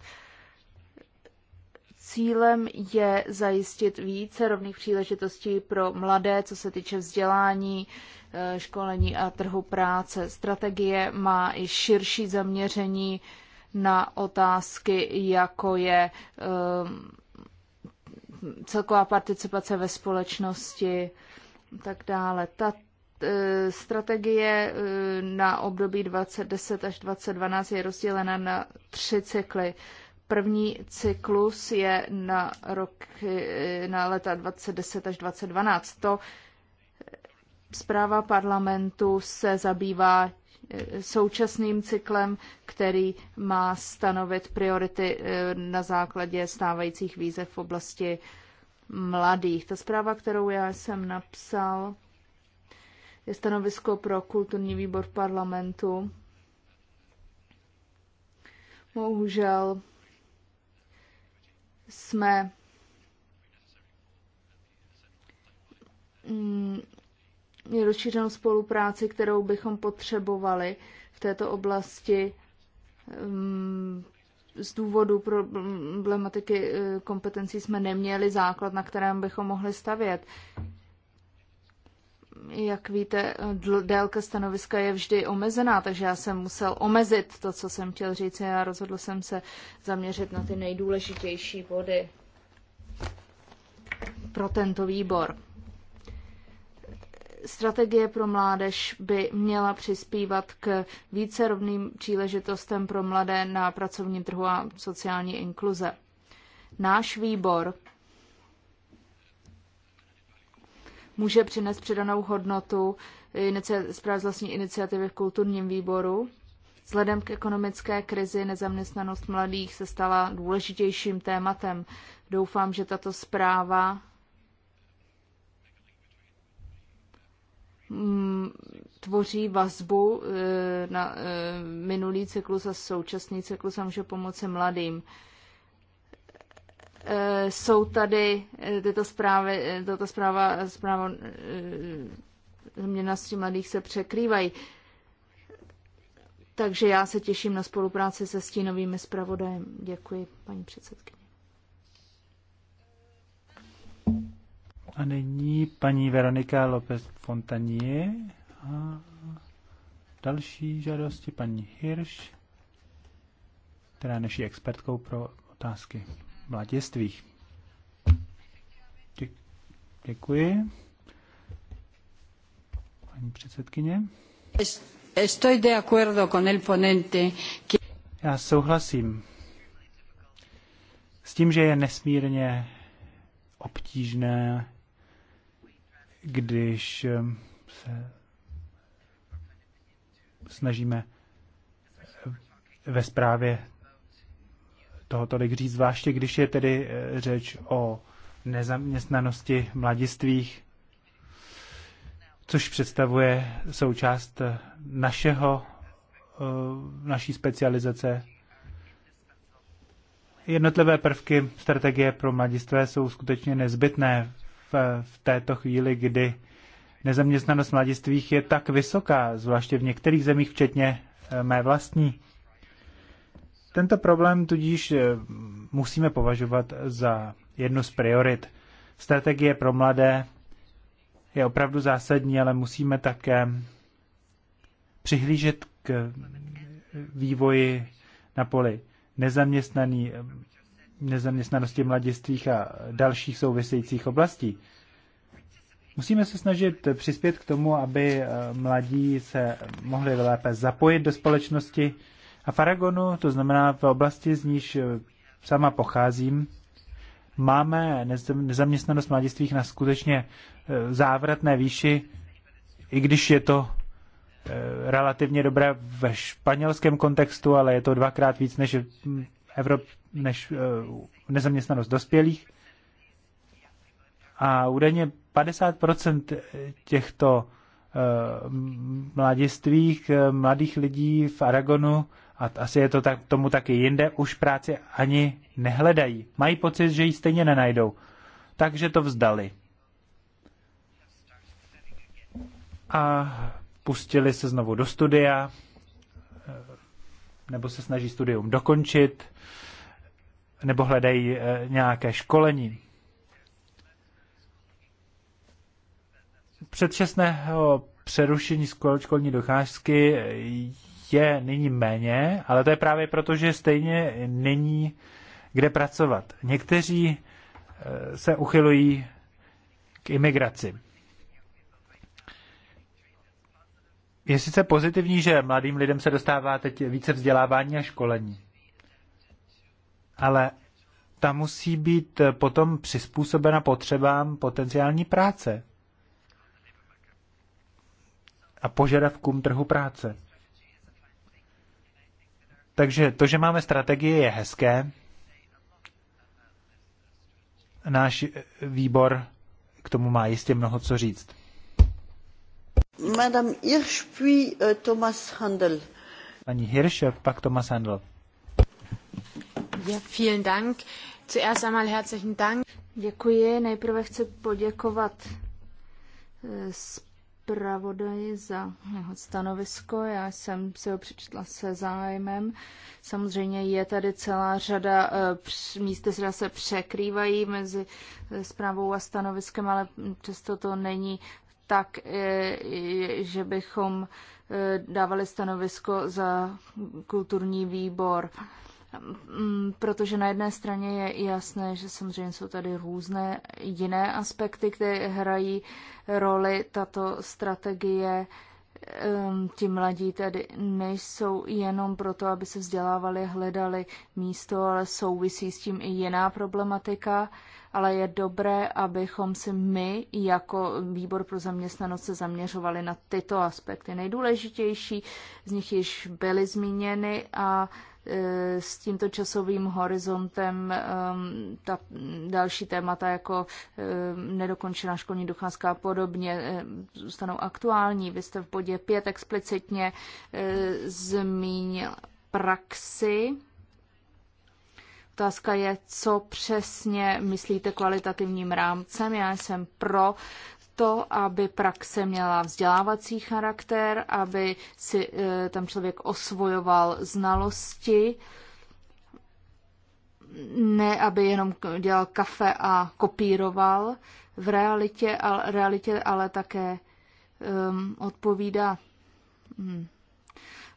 Cílem je zajistit více rovných příležitostí pro mladé, co se týče vzdělání, eh, školení a trhu práce. Strategie má i širší zaměření na otázky, jako je eh, celková participace ve společnosti a tak dále. Ta eh, strategie na období 2010 až 2012 je rozdělena na tři cykly. První cyklus je na, rok, na leta 2010 až 2012. To zpráva parlamentu se zabývá eh, současným cyklem, který má stanovit priority eh, na základě stávajících výzev v oblasti mladých. Ta zpráva, kterou já jsem napsal, je stanovisko pro kulturní výbor parlamentu. Bohužel jsme mm, rozšířenou spolupráci, kterou bychom potřebovali v této oblasti mm, z důvodu problematiky eh, kompetencí jsme neměli základ, na kterém bychom mohli stavět jak víte, délka stanoviska je vždy omezená, takže já jsem musel omezit to, co jsem chtěl říct a rozhodl jsem se zaměřit na ty nejdůležitější body pro tento výbor. Strategie pro mládež by měla přispívat k více rovným příležitostem pro mladé na pracovním trhu a sociální inkluze. Náš výbor může přinést přidanou hodnotu zpráv z vlastní iniciativy v kulturním výboru. Vzhledem k ekonomické krizi nezaměstnanost mladých se stala důležitějším tématem. Doufám, že tato zpráva mm, tvoří vazbu e, na e, minulý cyklus a současný cyklus a může pomoci mladým. Eh, jsou tady eh, tyto zprávy, eh, tato zpráva, zpráva zaměstnanosti mladých se překrývají. Takže já se těším na spolupráci se stínovými zpravodajem. Děkuji, paní předsedkyně. A nyní paní Veronika López Fontanie. A další žádosti paní Hirsch, která je naší expertkou pro otázky mladistvých. Děkuji. Paní předsedkyně. Estoy de acuerdo con el ponente. Já souhlasím s tím, že je nesmírně obtížné, když ehm, se snažíme ve zprávě toho tolik říct, zvláště když je tedy eh, řeč o nezaměstnanosti mladistvých, což představuje součást eh, našeho, eh, naší specializace. Jednotlivé prvky strategie pro mladistvé jsou skutečně nezbytné v, v této chvíli, kdy nezaměstnanost mladistvých je tak vysoká, zvláště v některých zemích, včetně mé vlastní. Tento problém tudíž eh, musíme považovat za jednu z priorit. Strategie pro mladé je opravdu zásadní, ale musíme také přihlížet k vývoji na poli nezaměstnaný, nezaměstnanosti mladistvých a dalších souvisejících oblastí. Musíme se snažit přispět k tomu, aby eh, mladí se mohli lépe zapojit do společnosti, a v Aragonu, to znamená v oblasti, z níž eh, sama pocházím, máme nezaměstnanost mladistvých na skutečně eh, závratné výši, i když je to eh, relativně dobré ve španělském kontextu, ale je to dvakrát víc než, hm, Evrop, než nezaměstnanost dospělých. A údajně 50% těchto mladistvých, mladých lidí v Aragonu a asi je to tak, tomu taky jinde, už práci ani nehledají. Mají pocit, že ji stejně nenajdou. Takže to vzdali. A pustili se znovu do studia, eh, nebo se snaží studium dokončit, nebo hledají eh, nějaké školení. Předčasného přerušení školní docházky eh, je nyní méně, ale to je právě proto, že stejně není kde pracovat. Někteří eh, se uchylují k imigraci. Je sice pozitivní, že mladým lidem se dostává teď více vzdělávání a školení, ale ta musí být potom přizpůsobena potřebám potenciální práce a požadavkům trhu práce. Takže to, že máme strategie, je hezké. Náš výbor k tomu má jistě mnoho co říct. Madame Hirsch, puis euh, Thomas Handel. Paní Hirsch, pak Thomas Handel. Ja, vielen Dank. Zuerst einmal herzlichen Dank. Děkuji. Nejprve chci poděkovat eh, zpravodaji za jeho stanovisko. Já jsem si ho přečetla se zájmem. Samozřejmě je tady celá řada eh, míst, které se překrývají mezi eh, zprávou a stanoviskem, ale přesto to není tak, eh, že bychom dávali stanovisko za kulturní výbor. Mm, protože na jedné straně je jasné, že samozřejmě jsou tady různé jiné aspekty, které hrají roli tato strategie. Ti mladí tady nejsou jenom proto, aby se vzdělávali, hledali místo, ale souvisí s tím i jiná problematika. Ale je dobré, abychom si my jako výbor pro zaměstnanost se zaměřovali na tyto aspekty. Nejdůležitější z nich již byly zmíněny a s tímto časovým horizontem um, ta další témata jako um, nedokončená školní docházka a podobně um, zůstanou aktuální. Vy jste v bodě 5 explicitně uh, zmínil praxi. Otázka je, co přesně myslíte kvalitativním rámcem. Já jsem pro to, aby praxe měla vzdělávací charakter, aby si eh, tam člověk osvojoval znalosti, ne aby jenom dělal kafe a kopíroval v realitě, ale, realitě, ale také um, odpovídá hmm,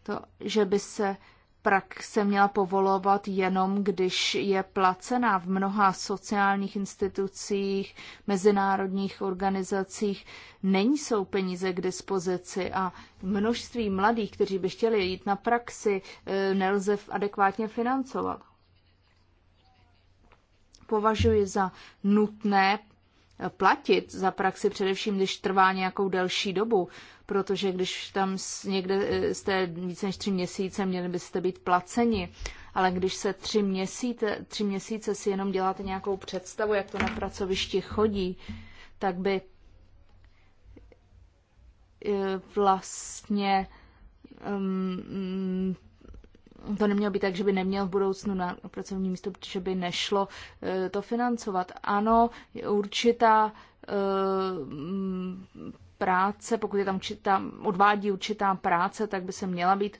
to, že by se praxe měla povolovat jenom, když je placená v mnoha sociálních institucích, mezinárodních organizacích. Není jsou peníze k dispozici a množství mladých, kteří by chtěli jít na praxi, eh, nelze adekvátně financovat. Považuji za nutné platit za praxi, především když trvá nějakou delší dobu, protože když tam někde eh, jste více než tři měsíce, měli byste být placeni, ale když se tři měsíce, tři měsíce si jenom děláte nějakou představu, jak to na pracovišti chodí, tak by eh, vlastně mm, to nemělo být tak, že by neměl v budoucnu na pracovní místo, protože by nešlo eh, to financovat. Ano, je určitá eh, práce, pokud je tam určitá, odvádí určitá práce, tak by se měla být,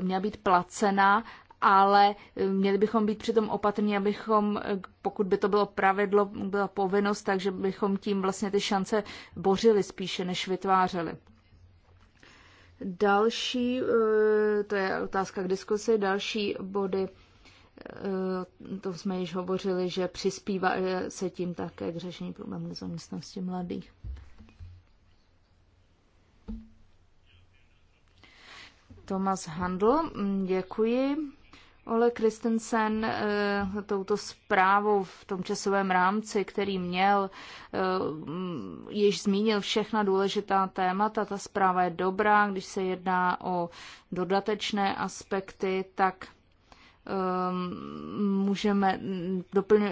měla být placená, ale eh, měli bychom být přitom opatrní, abychom, pokud by to bylo pravidlo, byla povinnost, takže bychom tím vlastně ty šance bořili spíše, než vytvářeli. Další, eh, to je otázka k diskusi, další body, eh, to jsme již hovořili, že přispívá eh, se tím také k řešení problémů nezaměstnanosti mladých. Tomas Handl, mm, děkuji. Ole Kristensen eh, touto zprávou v tom časovém rámci, který měl, eh, již zmínil všechna důležitá témata. Ta zpráva je dobrá, když se jedná o dodatečné aspekty, tak eh, můžeme doplň,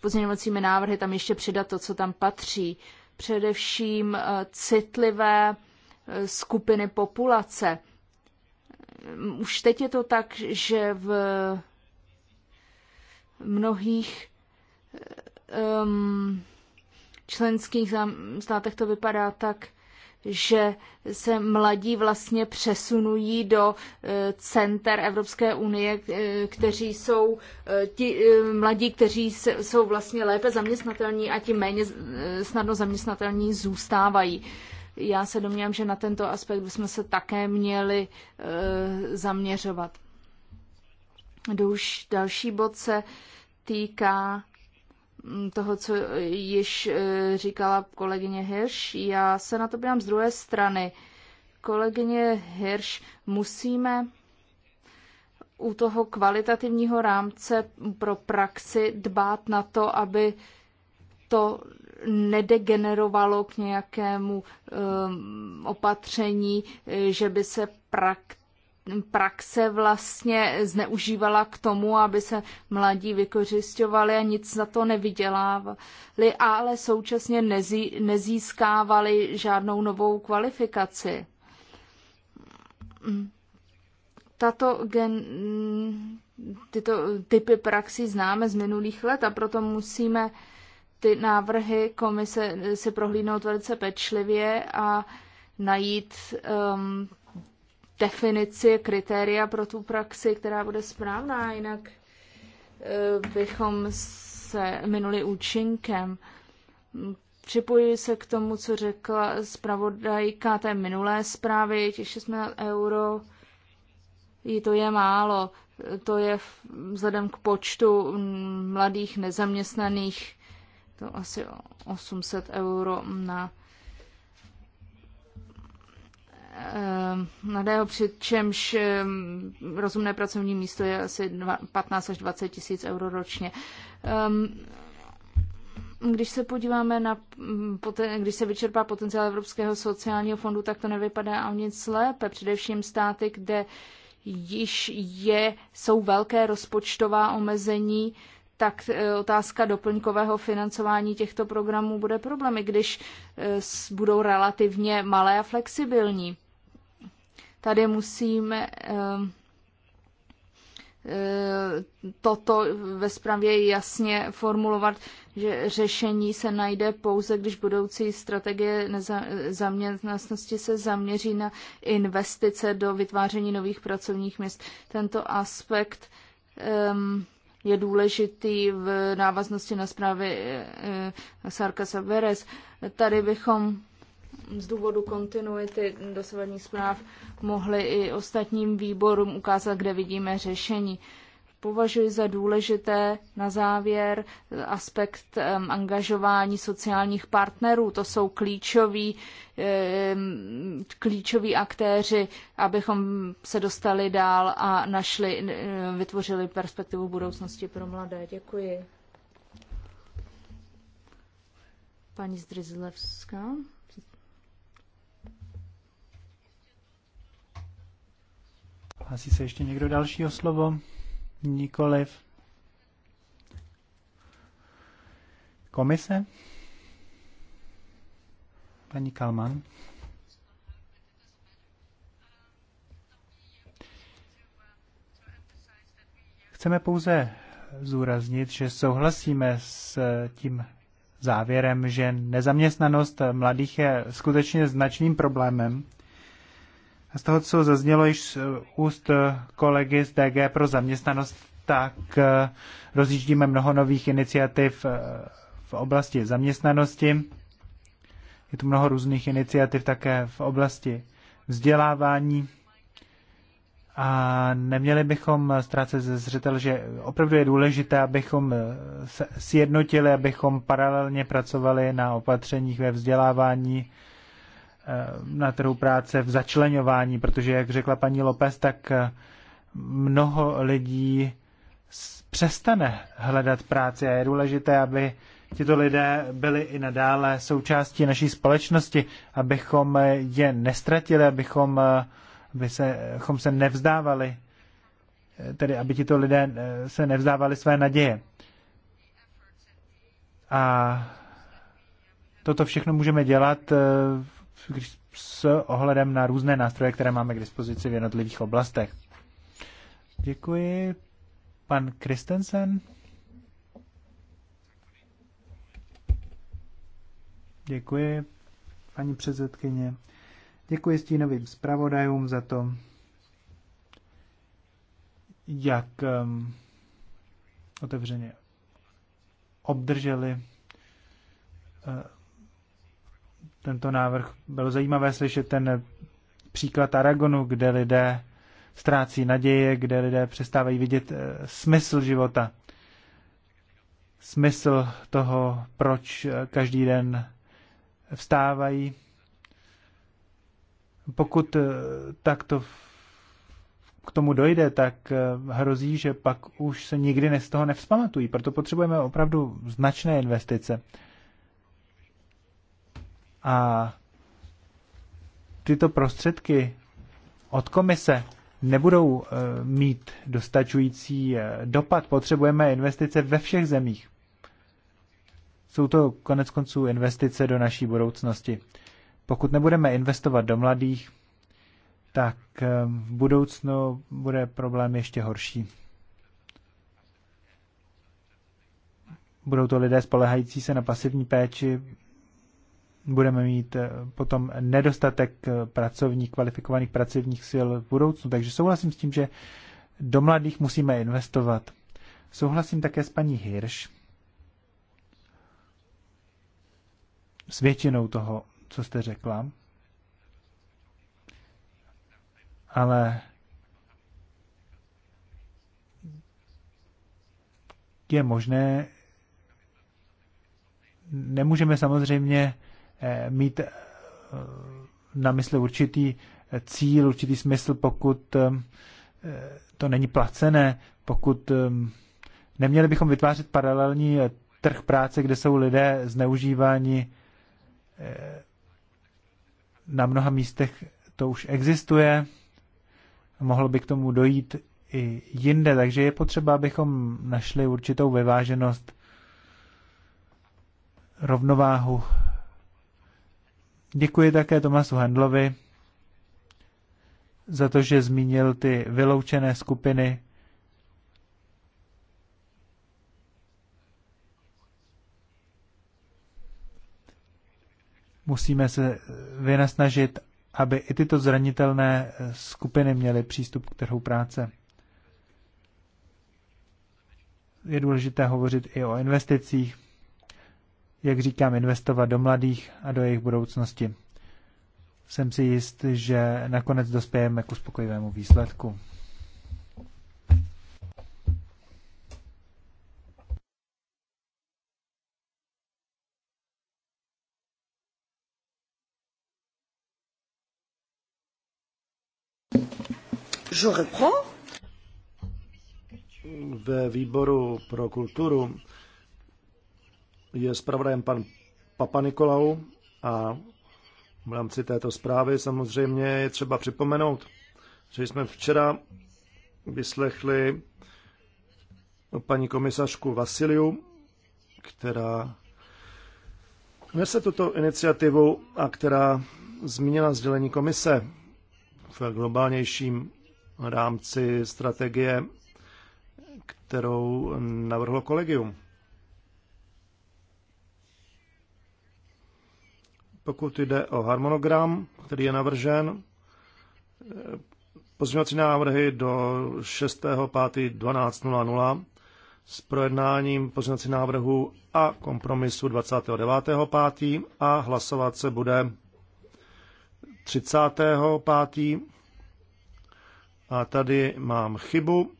pozměňovacími návrhy tam ještě přidat to, co tam patří. Především citlivé skupiny populace – už teď je to tak, že v mnohých um, členských státech to vypadá tak, že se mladí vlastně přesunují do e, center Evropské unie, e, kteří jsou e, ti mladí, kteří jsou vlastně lépe zaměstnatelní a ti méně snadno zaměstnatelní zůstávají. Já se domnívám, že na tento aspekt bychom se také měli eh, zaměřovat. Duž, další bod se týká mm, toho, co již eh, říkala kolegyně Hirš. Já se na to bývám z druhé strany. Kolegyně Hirš, musíme u toho kvalitativního rámce pro praxi dbát na to, aby to nedegenerovalo k nějakému um, opatření, že by se prakticky praxe vlastně zneužívala k tomu, aby se mladí vykořišťovali a nic za to nevydělávali, ale současně nezí, nezískávali žádnou novou kvalifikaci. Tato gen, tyto typy praxí známe z minulých let a proto musíme ty návrhy komise eh, si prohlídnout velice pečlivě a najít um, definici, kritéria pro tu praxi, která bude správná, jinak uh, bychom se minuli účinkem. Připojuji se k tomu, co řekla zpravodajka té minulé zprávy, těch jsme na euro, i to je málo. To je vzhledem k počtu mm, mladých nezaměstnaných to asi 800 euro na ehm, na DEO, přičemž ehm, rozumné pracovní místo je asi 15 až 20 tisíc euro ročně. Ehm, když se podíváme na, mm, když se vyčerpá potenciál Evropského sociálního fondu, tak to nevypadá o nic lépe. Především státy, kde již je, jsou velké rozpočtová omezení, tak e, otázka doplňkového financování těchto programů bude problém, i když e, budou relativně malé a flexibilní. Tady musíme e, toto ve zprávě jasně formulovat, že řešení se najde pouze, když budoucí strategie zaměstnanosti se zaměří na investice do vytváření nových pracovních míst. Tento aspekt um, je důležitý v návaznosti na zprávy eh, eh, Sarkasa Veres. Tady bychom z důvodu kontinuity dosavadních zpráv mohli i ostatním výborům ukázat, kde vidíme řešení. Považuji za důležité na závěr aspekt um, angažování sociálních partnerů. To jsou klíčoví, um, klíčoví aktéři, abychom se dostali dál a našli, um, vytvořili perspektivu budoucnosti pro mladé. Děkuji. Paní Zdrizlevská. Asi se ještě někdo dalšího slovo? Nikoliv. Komise? Paní Kalman? Chceme pouze zúraznit, že souhlasíme s tím závěrem, že nezaměstnanost mladých je skutečně značným problémem z toho, co zaznělo již z úst eh, kolegy z DG pro zaměstnanost, tak eh, rozjíždíme mnoho nových iniciativ eh, v oblasti zaměstnanosti. Je tu mnoho různých iniciativ také v oblasti vzdělávání. A neměli bychom ztrácet ze zřetel, že opravdu je důležité, abychom sjednotili, abychom paralelně pracovali na opatřeních ve vzdělávání, Eh, na trhu práce v začlenování, protože, jak řekla paní Lopez, tak eh, mnoho lidí přestane hledat práci a je důležité, aby tyto lidé byli i nadále součástí naší společnosti, abychom je nestratili, abychom, eh, aby se, abychom se nevzdávali, tedy aby tyto lidé se nevzdávali své naděje. A toto všechno můžeme dělat když s ohledem na různé nástroje, které máme k dispozici v jednotlivých oblastech. Děkuji. Pan Kristensen. Děkuji, paní předsedkyně. Děkuji stínovým zpravodajům za to, jak um, otevřeně obdrželi uh, tento návrh. Bylo zajímavé slyšet ten příklad Aragonu, kde lidé ztrácí naděje, kde lidé přestávají vidět eh, smysl života, smysl toho, proč eh, každý den vstávají. Pokud eh, takto k tomu dojde, tak hrozí, že pak už se nikdy z toho nevzpamatují. Proto potřebujeme opravdu značné investice. A tyto prostředky od komise nebudou eh, mít dostačující eh, dopad. Potřebujeme investice ve všech zemích. Jsou to konec konců investice do naší budoucnosti. Pokud nebudeme investovat do mladých, tak eh, v budoucnu bude problém ještě horší. Budou to lidé spolehající se na pasivní péči budeme mít eh, potom nedostatek eh, pracovních, kvalifikovaných pracovních sil v budoucnu. Takže souhlasím s tím, že do mladých musíme investovat. Souhlasím také s paní Hirsch s většinou toho, co jste řekla. Ale je možné, nemůžeme samozřejmě Eh, mít eh, na mysli určitý eh, cíl, určitý smysl, pokud to není placené, pokud neměli bychom vytvářet paralelní trh práce, kde jsou lidé zneužíváni na mnoha místech to už existuje, mohlo by k tomu dojít i jinde, takže je potřeba, abychom našli určitou vyváženost, rovnováhu Děkuji také Tomasu Handlovi za to, že zmínil ty vyloučené skupiny. Musíme se vynasnažit, aby i tyto zranitelné skupiny měly přístup k trhu práce. Je důležité hovořit i o investicích jak říkám, investovat do mladých a do jejich budoucnosti. Jsem si jist, že nakonec dospějeme k uspokojivému výsledku. Ve výboru pro kulturu je zpravodajem pan Papa Nikolau a v rámci této zprávy samozřejmě je třeba připomenout, že jsme včera vyslechli paní komisařku Vasiliu, která nese tuto iniciativu a která zmínila sdělení komise v globálnějším rámci strategie, kterou navrhlo kolegium. Pokud jde o harmonogram, který je navržen, eh, pozměňovací návrhy do 6.5.12.00 s projednáním pozměňovací návrhu a kompromisu 29.5. a hlasovat se bude 30.5. A tady mám chybu.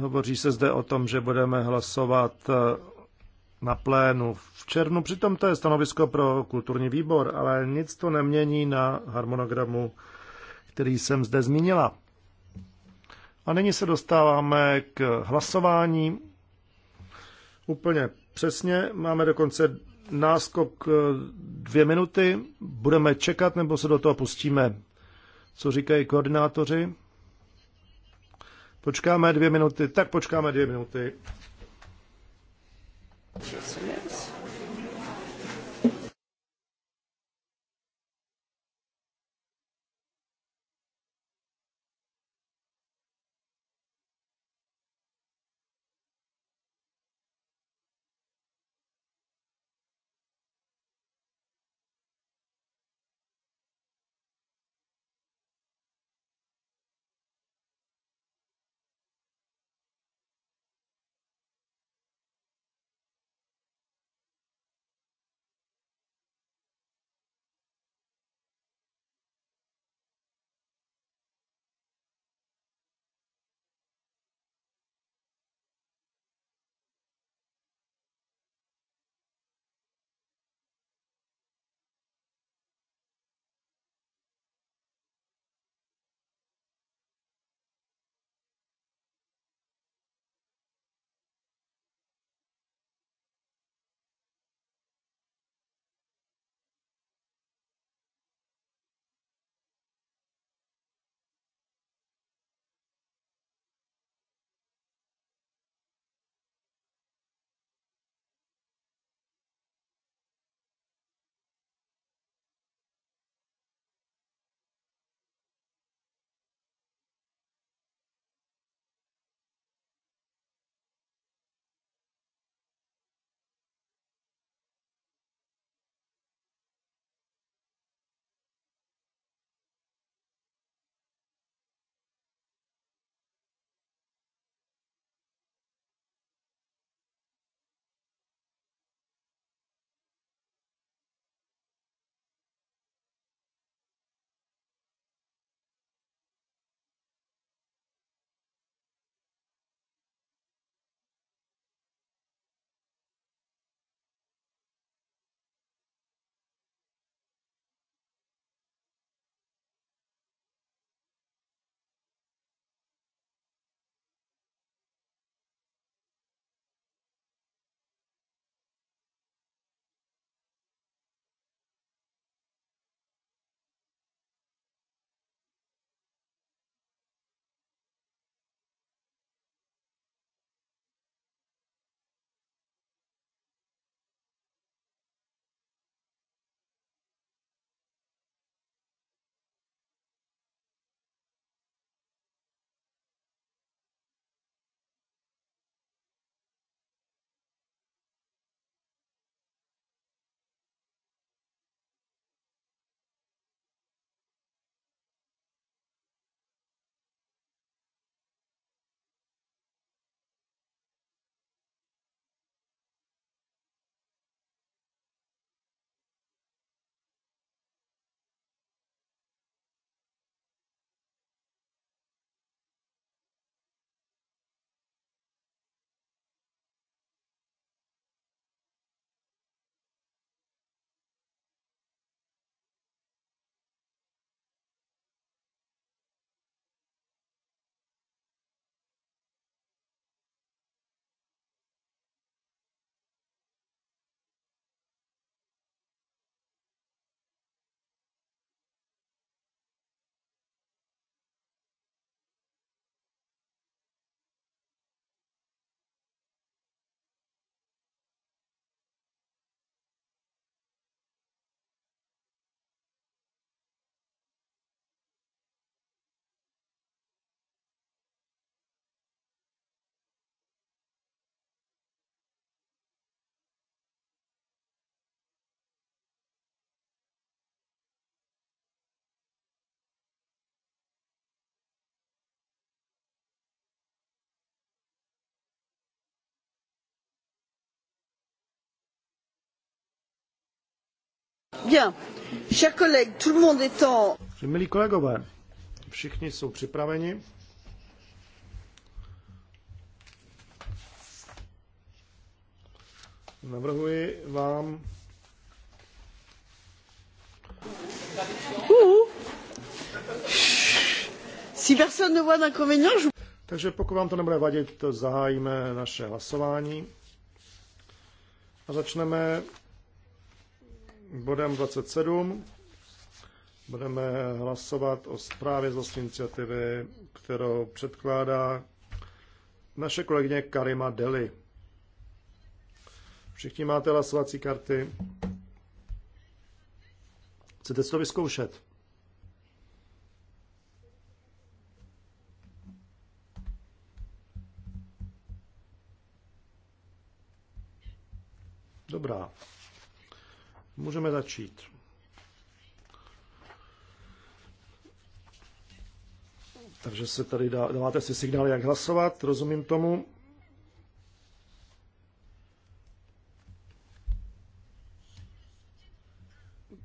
Hovoří se zde o tom, že budeme hlasovat eh, na plénu v červnu. Přitom to je stanovisko pro kulturní výbor, ale nic to nemění na harmonogramu, který jsem zde zmínila. A nyní se dostáváme k hlasování. Úplně přesně, máme dokonce náskok eh, dvě minuty. Budeme čekat, nebo se do toho pustíme? Co říkají koordinátoři? Počkáme dvě minuty, tak počkáme dvě minuty. Sure. Milí kolegové, všichni jsou připraveni. Navrhuji vám... Takže pokud vám to nebude vadit, zahájíme naše hlasování. A začneme bodem 27 budeme hlasovat o zprávě z vlastní iniciativy, kterou předkládá naše kolegyně Karima Deli. Všichni máte hlasovací karty. Chcete si to vyzkoušet? Dobrá. Můžeme začít. Takže se tady dá, dáváte si signál, jak hlasovat, rozumím tomu.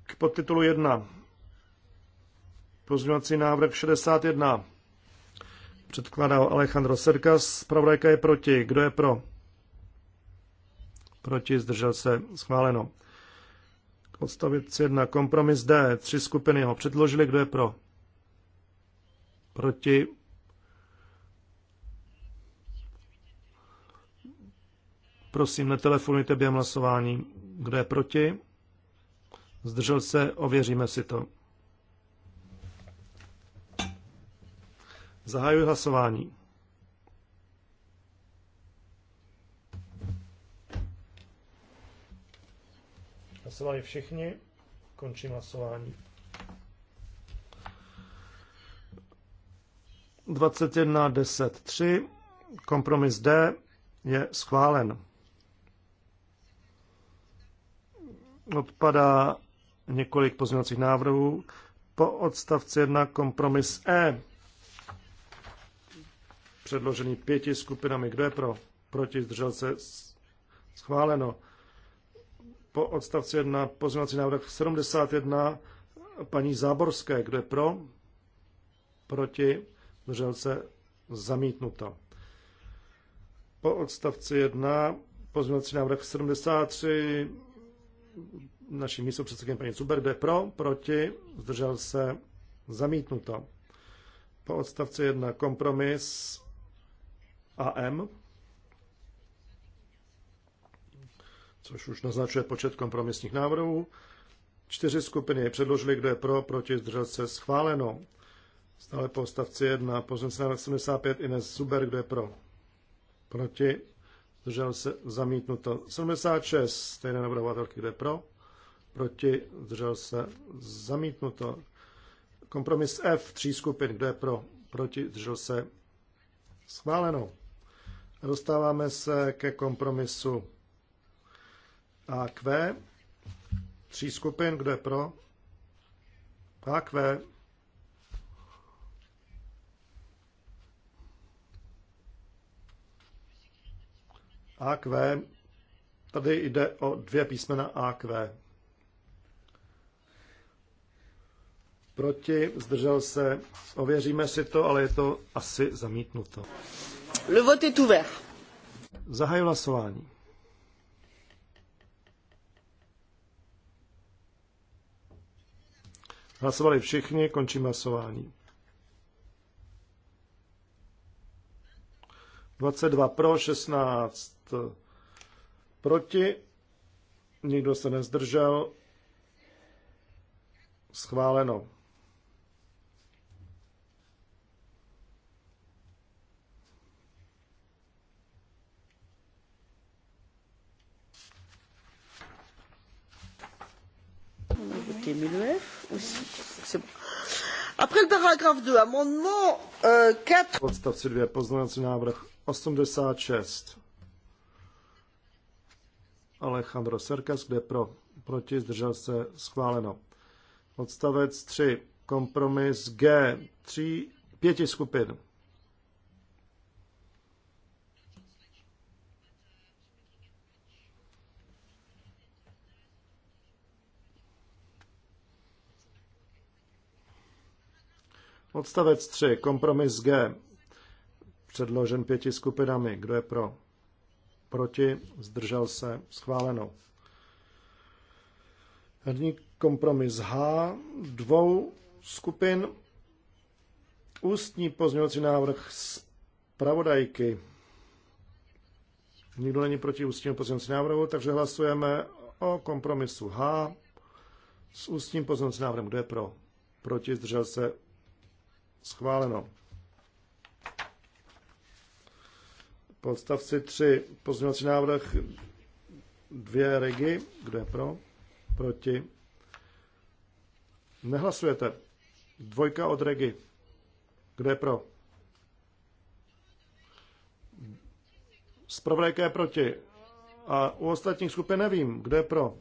K podtitulu 1. Pozměňovací návrh 61. Předkládá Alejandro Serkas. Spravodajka je proti. Kdo je pro? Proti, zdržel se. Schváleno. Odstavec 1. Kompromis D. Tři skupiny ho předložili? Kdo je pro? Proti? Prosím, netelefonujte během hlasování. Kdo je proti? Zdržel se? Ověříme si to. Zahajuji hlasování. Hlasovali všichni. Končím hlasování. 21 10 3. Kompromis D je schválen. Odpadá několik pozměňovacích návrhů. Po odstavci 1 kompromis E. Předložený pěti skupinami. Kdo je pro? Proti zdržel se schváleno po odstavci 1 pozměňovací návrh 71 paní Záborské. Kdo je pro? Proti? Zdržel se? Zamítnuto. Po odstavci 1 pozměňovací návrh 73 naším místopředsedkyně paní Cuber. Kdo je pro? Proti? Zdržel se? Zamítnuto. Po odstavci 1 kompromis AM. což už naznačuje počet kompromisních návrhů. Čtyři skupiny je předložily, kdo je pro, proti, zdržel se, schváleno. Stále po stavci 1, pozměnce návrh 75, Ines Zuber, kdo je pro, proti, zdržel se, zamítnuto. 76, stejné navrhovatelky, kdo je pro, proti, zdržel se, zamítnuto. Kompromis F, tří skupin, kdo je pro, proti, zdržel se, schváleno. A dostáváme se ke kompromisu AQ, tří skupin, kdo je pro? AQ. AQ. Tady jde o dvě písmena AQ. Proti, zdržel se, ověříme si to, ale je to asi zamítnuto. Le vote est ouvert. Zahaju hlasování. Hlasovali všichni, končím hlasování. 22 pro, 16 proti, nikdo se nezdržel, schváleno. aussi. Bon. Après le paragraphe 2, amendement 4. Euh, odstavci 2, poznávací návrh 86. Alejandro Serkas, kde pro, proti, zdržel se, schváleno. Odstavec 3, kompromis G, 3, pěti skupin. Odstavec 3. Kompromis G. Předložen pěti skupinami. Kdo je pro? Proti? Zdržel se? Schváleno. Herní kompromis H. Dvou skupin. Ústní pozměňovací návrh zpravodajky. Nikdo není proti ústnímu pozměňovací návrhu, takže hlasujeme o kompromisu H s ústním pozměňovacím návrhem. Kdo je pro? Proti zdržel se Schváleno. Podstavci 3 pozměňovací návrh dvě regi. Kdo je pro? Proti? Nehlasujete. Dvojka od regi. Kdo je pro? Zpravodajka je proti. A u ostatních skupin nevím, kdo je pro.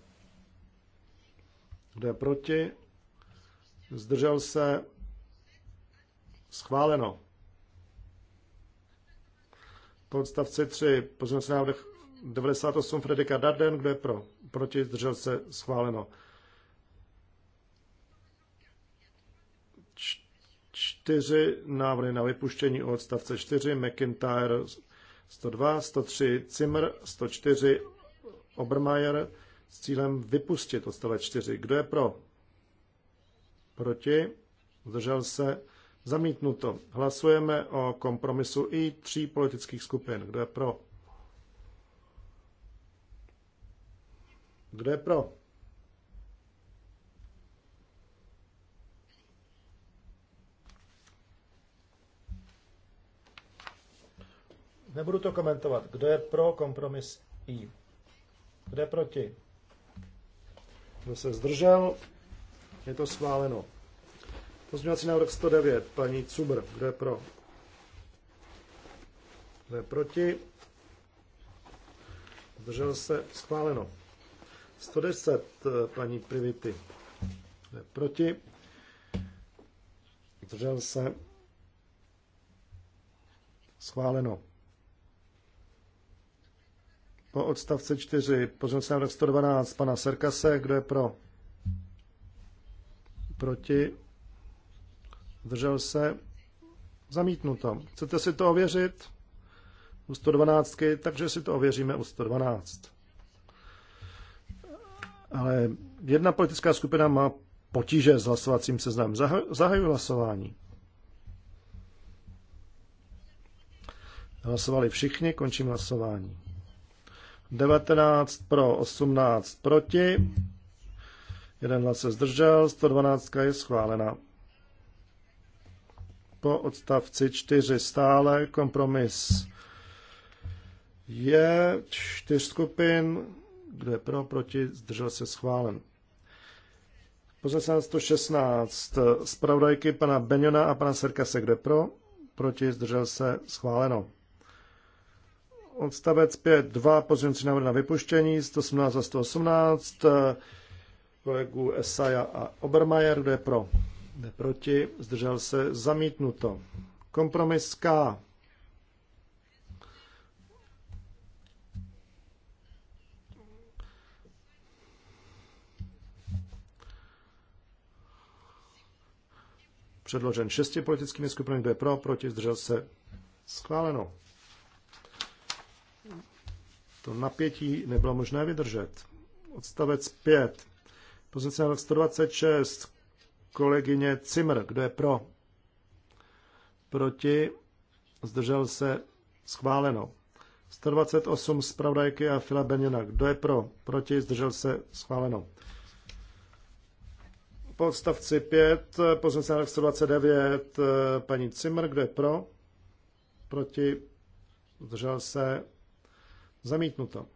Kdo je proti? Zdržel se Schváleno. Po odstavci 3 pozměňovací návrh 98 Fredika Darden, kdo je pro? Proti, zdržel se, schváleno. Čtyři návrhy na vypuštění o odstavce 4, McIntyre 102, 103 Zimmer, 104 Obermeier s cílem vypustit odstavec 4. Kdo je pro? Proti, zdržel se, Zamítnuto. Hlasujeme o kompromisu i tří politických skupin. Kdo je pro? Kdo je pro? Nebudu to komentovat. Kdo je pro kompromis I? Kdo je proti? Kdo se zdržel? Je to schváleno. Pozměňovací návrh 109, paní Cubr, kdo je pro? Kdo je proti? Zdržel se, schváleno. 110, eh, paní Privity, kdo je proti? Zdržel se, schváleno. Po odstavce 4, pozměňovací návrh 112, pana Serkase, kdo je pro? Proti? držel se? Zamítnuto. Chcete si to ověřit? U 112, takže si to ověříme u 112. Ale jedna politická skupina má potíže s hlasovacím seznamem. Zahajuji hlasování. Hlasovali všichni, končím hlasování. 19 pro, 18 proti, jeden hlas se zdržel, 112 je schválena po odstavci 4 stále kompromis je čtyř skupin, kde pro, proti, zdržel se schválen. Pozor 116. Spravodajky pana Benjona a pana Serkase, kde pro, proti, zdržel se schváleno. Odstavec 5, 2, pozměnci návrh na vypuštění, 118 a 118, kolegu Esaja a Obermajer, kde pro, Proti, zdržel se, zamítnuto. Kompromis K. Předložen šesti politickými skupinami, kdo je pro, proti, zdržel se, schváleno. To napětí nebylo možné vydržet. Odstavec 5. Pozice 126 kolegyně Cimr. Kdo je pro? Proti? Zdržel se? Schváleno. 128 zpravodajky a Fila Beněna. Kdo je pro? Proti? Zdržel se? Schváleno. Po odstavci 5, pozměnce 129, paní Cimr. Kdo je pro? Proti? Zdržel se? Zamítnuto.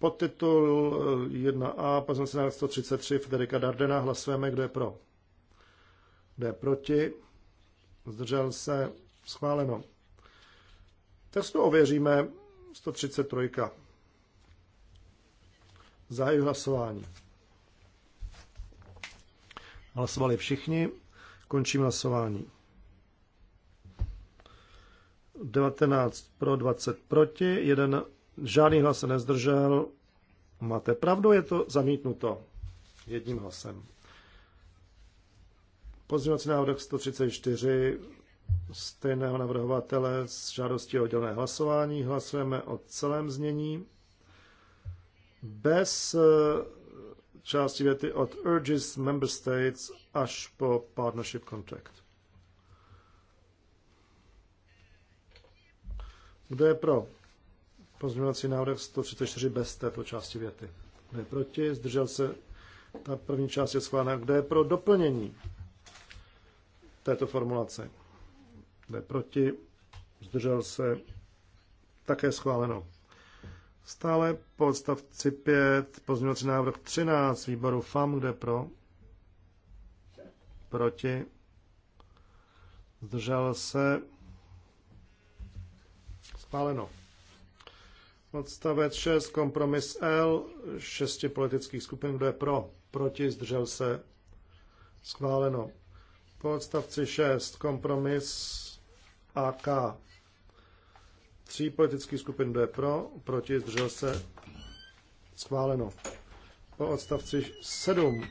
Podtitul 1a, se na 133 Federika Dardena. Hlasujeme, kdo je pro. Kdo je proti? Zdržel se? Schváleno. Testu ověříme 133. Zahajuji hlasování. Hlasovali všichni. Končím hlasování. 19 pro, 20 proti, 1 Žádný hlas se nezdržel. Máte pravdu, je to zamítnuto jedním hlasem. Pozměňovací návrh 134 stejného navrhovatele s žádostí o oddělené hlasování. Hlasujeme o celém znění. Bez eh, části věty od urges member states až po partnership contract. Kdo je pro? Pozměňovací návrh 134 bez této části věty. Kdo je proti? Zdržel se? Ta první část je schválena. Kdo je pro doplnění této formulace? Kdo je proti? Zdržel se? Také schváleno. Stále po odstavci 5, pozměňovací návrh 13 výboru FAM, kde pro? Proti? Zdržel se? Schváleno. Odstavec 6, kompromis L, šesti politických skupin, kdo je pro, proti, zdržel se, schváleno. Po odstavci 6, kompromis AK, tří politických skupin, kdo je pro, proti, zdržel se, schváleno. Po odstavci 7,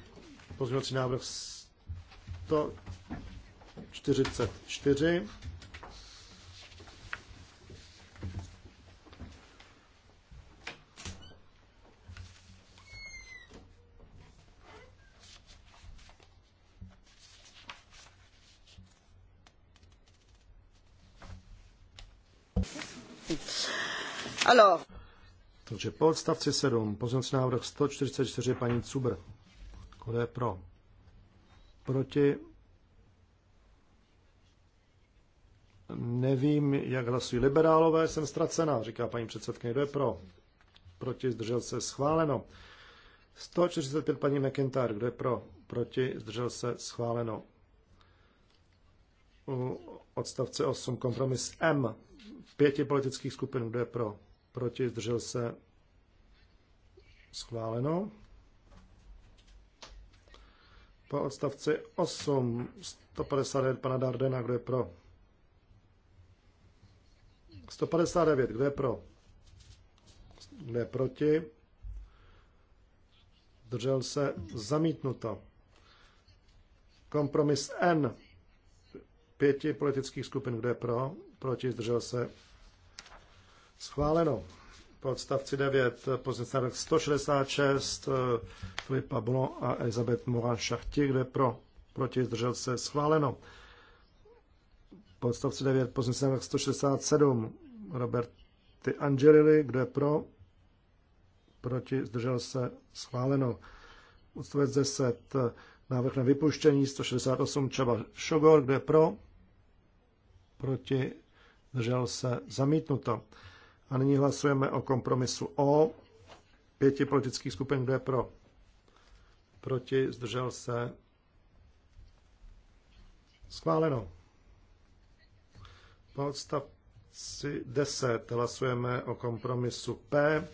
pozměňovací návrh 144, Alors. Takže po odstavci 7, pozměňovací návrh 144, paní Cubr. Kdo je pro? Proti? Nevím, jak hlasují liberálové, jsem ztracená, říká paní předsedkyně. Kdo je pro? Proti? Zdržel se? Schváleno. 145, paní McIntyre. Kdo je pro? Proti? Zdržel se? Schváleno. U odstavce 8, kompromis M. Pěti politických skupin. Kdo je pro? proti, zdržel se, schváleno. Po odstavci 8, 159 pana Dardena, kdo je pro? 159, kdo je pro? Kdo je proti? Držel se zamítnuto. Kompromis N pěti politických skupin, kdo je pro? Proti, zdržel se Schváleno. Po odstavci 9, pozice 166, Filipa Bono a Elizabeth Moran Šachti, kde pro, proti, zdržel se, schváleno. Po odstavci 9, pozice 167, Roberty Angelili, kde pro, proti, zdržel se, schváleno. Odstavec 10, návrh na vypuštění 168 Čaba Šogor, kde pro, proti, zdržel se, zamítnuto. A nyní hlasujeme o kompromisu O. Pěti politických skupin, kdo je pro? Proti, zdržel se. Schváleno. Po odstavci 10 hlasujeme o kompromisu P.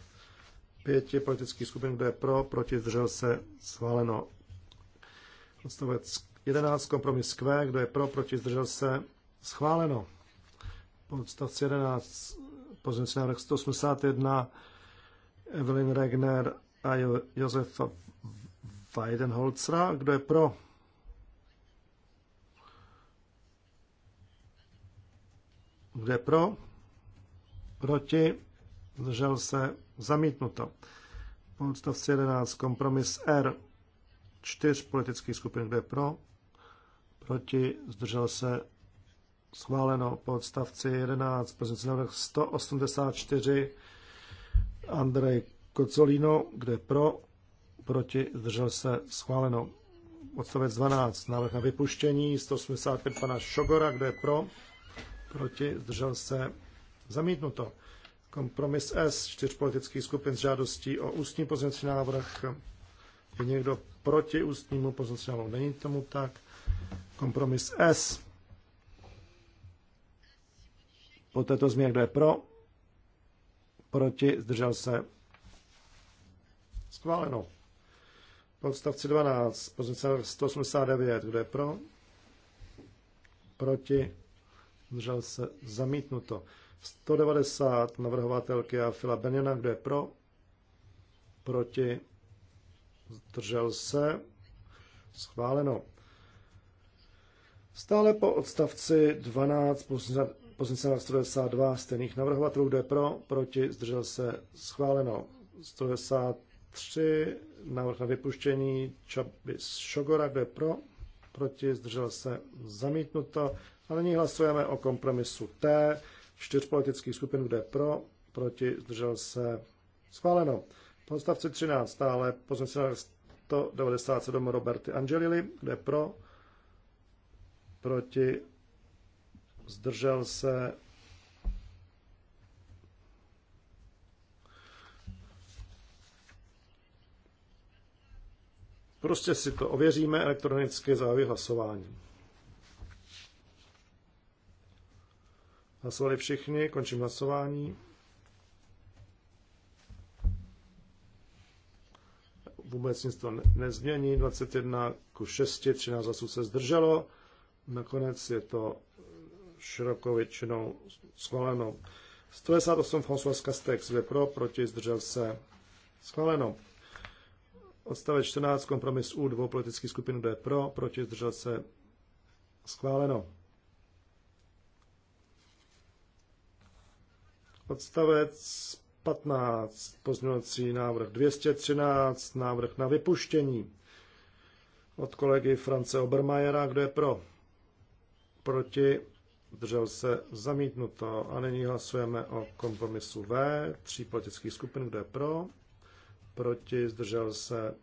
Pěti politických skupin, kdo je pro? Proti, zdržel se. Schváleno. Odstavec 11, kompromis Q, kdo je pro, proti, zdržel se, schváleno. Podstavci 11, Pozměňovací návrh 181 Evelyn Regner a jo- Josefa Weidenholzera. Kdo je pro? Kdo je pro? Proti? Zdržel se? Zamítnuto. Po 11 kompromis R čtyř politických skupin, kdo je pro, proti, zdržel se, Schváleno po odstavci 11, pozici návrh 184, Andrej Kocolino, kde pro, proti, zdržel se, schváleno. Odstavec 12, návrh na vypuštění, 185 pana Šogora, kde pro, proti, zdržel se, zamítnuto. Kompromis S, čtyř politických skupin s žádostí o ústní pozměnací návrh. Je někdo proti ústnímu pozměnacímu návrhu? Není tomu tak. Kompromis S, po této změně, kdo je pro, proti, zdržel se, schváleno. Po odstavci 12, pozice 189, kdo je pro, proti, zdržel se, zamítnuto. 190 navrhovatelky a Fila Benjana, kdo je pro, proti, zdržel se, schváleno. Stále po odstavci 12, Pozice 192 stejných navrhovatelů, kdo je pro, proti, zdržel se schváleno. 193 návrh na vypuštění Čaby Šogora, kdo je pro, proti, zdržel se zamítnuto. A nyní hlasujeme o kompromisu T, čtyř politických skupin, kde pro, proti, zdržel se schváleno. Podstavci 13, stále pozice 197 Roberty Angelili, kde pro, proti, zdržel se, Prostě si to ověříme elektronicky závěr hlasování. Hlasovali všichni, končím hlasování. Vůbec nic to nezmění, 21 ku 6, 13 hlasů se zdrželo. Nakonec je to širokou většinou schváleno. 198 François Castex, je pro, proti, zdržel se, schváleno. Odstavec 14, kompromis U, dvou politických skupin, D pro, proti, zdržel se, schváleno. Odstavec 15, pozměňovací návrh 213, návrh na vypuštění od kolegy France Obermajera, kdo je pro, proti, zdržel se zamítnuto. A nyní hlasujeme o kompromisu V, tří politických skupin, kde je pro, proti, zdržel se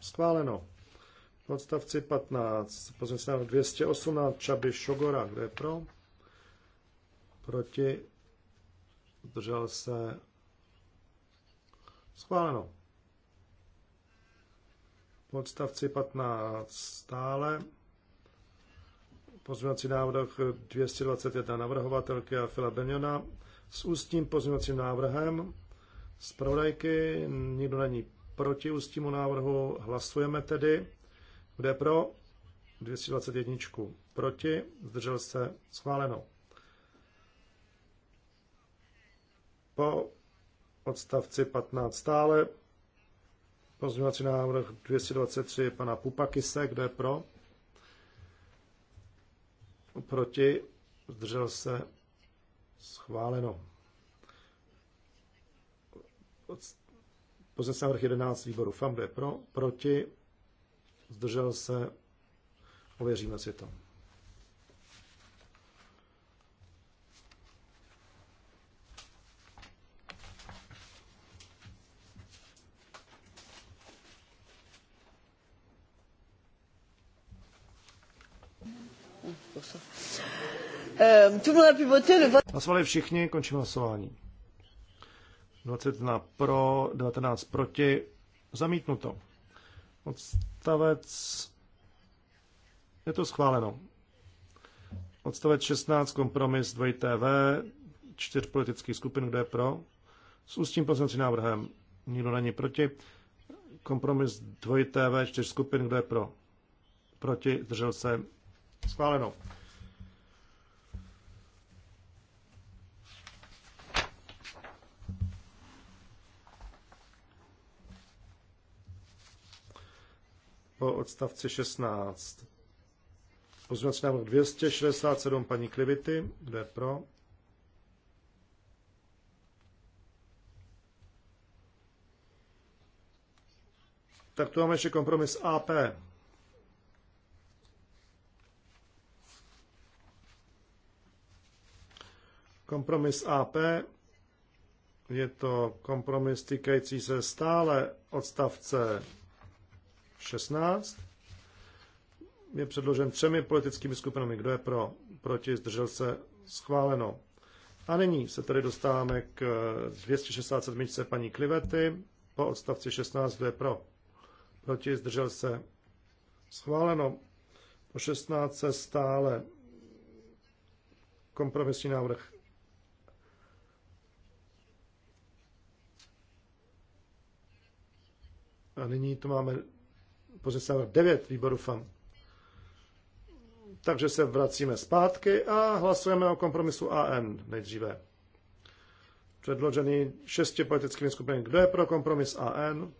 schváleno. V odstavci 15, pozměnce návrh 218, Čaby Šogora, kde je pro, proti, zdržel se schváleno. V odstavci 15 stále pozměňovací návrh 221 navrhovatelky a Fila Benjona s ústním pozměňovacím návrhem prodajky. Nikdo není proti ústnímu návrhu. Hlasujeme tedy. kde pro? 221. Proti? Zdržel se? Schváleno. Po odstavci 15 stále pozměňovací návrh 223 pana Pupakise. kde pro? proti, zdržel se, schváleno. Pozice návrh 11 výboru FAM, pro, proti, zdržel se, ověříme si to. Euh, Hlasovali všichni, končím hlasování. 21 pro, 19 proti, zamítnuto. Odstavec, je to schváleno. Odstavec 16, kompromis 2TV, čtyř politických skupin, kde je pro. S ústním poslancím návrhem nikdo není proti. Kompromis 2TV, čtyř skupin, kde je pro. Proti, držel se. Schváleno. po odstavci 16. Pozměňovací návrh 267 paní Klivity, kde je pro? Tak tu máme ještě kompromis AP. Kompromis AP je to kompromis týkající se stále odstavce 16 je předložen třemi politickými skupinami. Kdo je pro, proti, zdržel se, schváleno. A nyní se tedy dostáváme k 267. paní Klivety. Po odstavci 16, kdo je pro, proti, zdržel se, schváleno. Po 16 se stále kompromisní návrh A nyní tu máme pozici devět výborů FAM. Takže se vracíme zpátky a hlasujeme o kompromisu AN nejdříve. Předložený šesti politickými skupinami. Kdo je pro kompromis AN?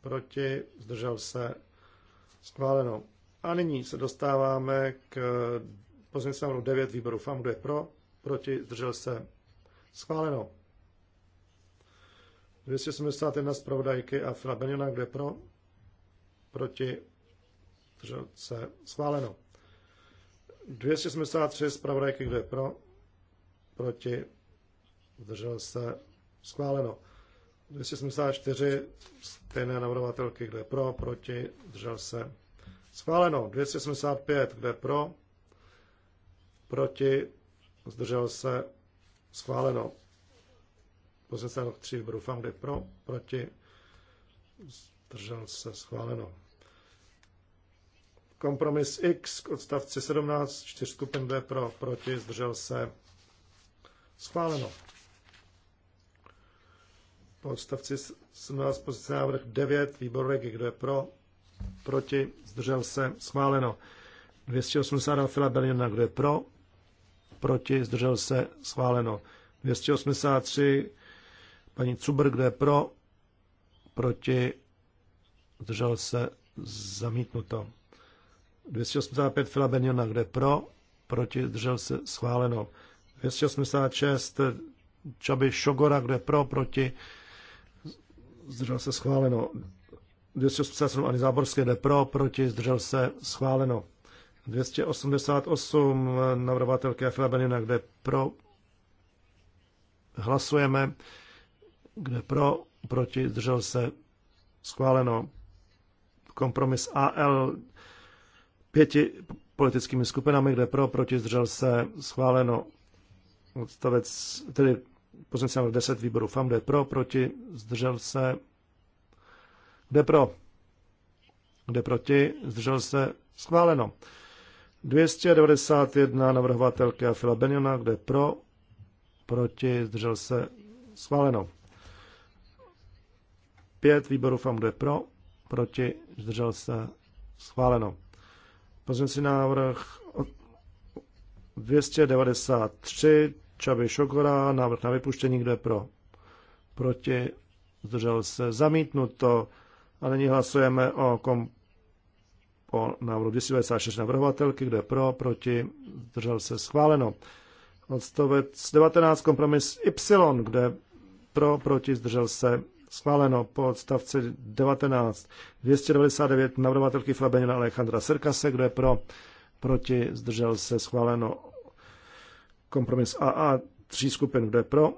Proti? Zdržel se? Schváleno. A nyní se dostáváme k pozměnce 9 výboru FAM. Kdo je pro? Proti? Zdržel se? Schváleno. 271 zpravodajky a Fila Benjona, je pro? proti, držel se, schváleno. 273 zpravodajky, kdo je pro, proti, držel se, schváleno. 274 stejné navrhovatelky, kdo je pro, proti, držel se, schváleno. 275, kdo je pro, proti, zdržel se, schváleno. Pozice 3 v Brufám, kde pro, proti, zdržel se, schváleno. Kompromis X k odstavci 17, 4 skupin B pro, proti, zdržel se. Schváleno. Po odstavci 17 pozice návrh 9, výbor regi, kdo je pro, proti, zdržel se, schváleno. 282 Fila Berlina, kdo je pro, proti, zdržel se, schváleno. 283 paní Cuber, kdo je pro, proti, zdržel se, zamítnuto. 285 Fila Benjona, kde pro, proti, držel se, schváleno. 286 Čaby Šogora, kde pro, proti, zdržel se, schváleno. 287 Ani Záborské, kde pro, proti, zdržel se, schváleno. 288 navrhovatelky Fila Benjona, kde pro, hlasujeme, kde pro, proti, zdržel se, schváleno. Kompromis AL pěti politickými skupinami, kde pro, proti, zdržel se, schváleno odstavec, tedy pozice 10 výboru FAM, kde pro, proti, zdržel se, kde pro, kde proti, zdržel se, schváleno. 291 navrhovatelky a Fila Beniona, kde pro, proti, zdržel se, schváleno. 5 výboru FAM, kde pro, proti, zdržel se, schváleno. Pozměňovací návrh 293 Čaby Šokora, návrh na vypuštění, kdo je pro? Proti? Zdržel se zamítnuto. A nyní hlasujeme o, kom, o návrhu 296 navrhovatelky, je pro, proti, zdržel se schváleno. Odstavec 19, kompromis Y, kde pro, proti, zdržel se schváleno po odstavce 19. 299 navrhovatelky Flabenina Alejandra Serkase, kdo je pro, proti, zdržel se schváleno kompromis AA, tří skupin, kdo je pro,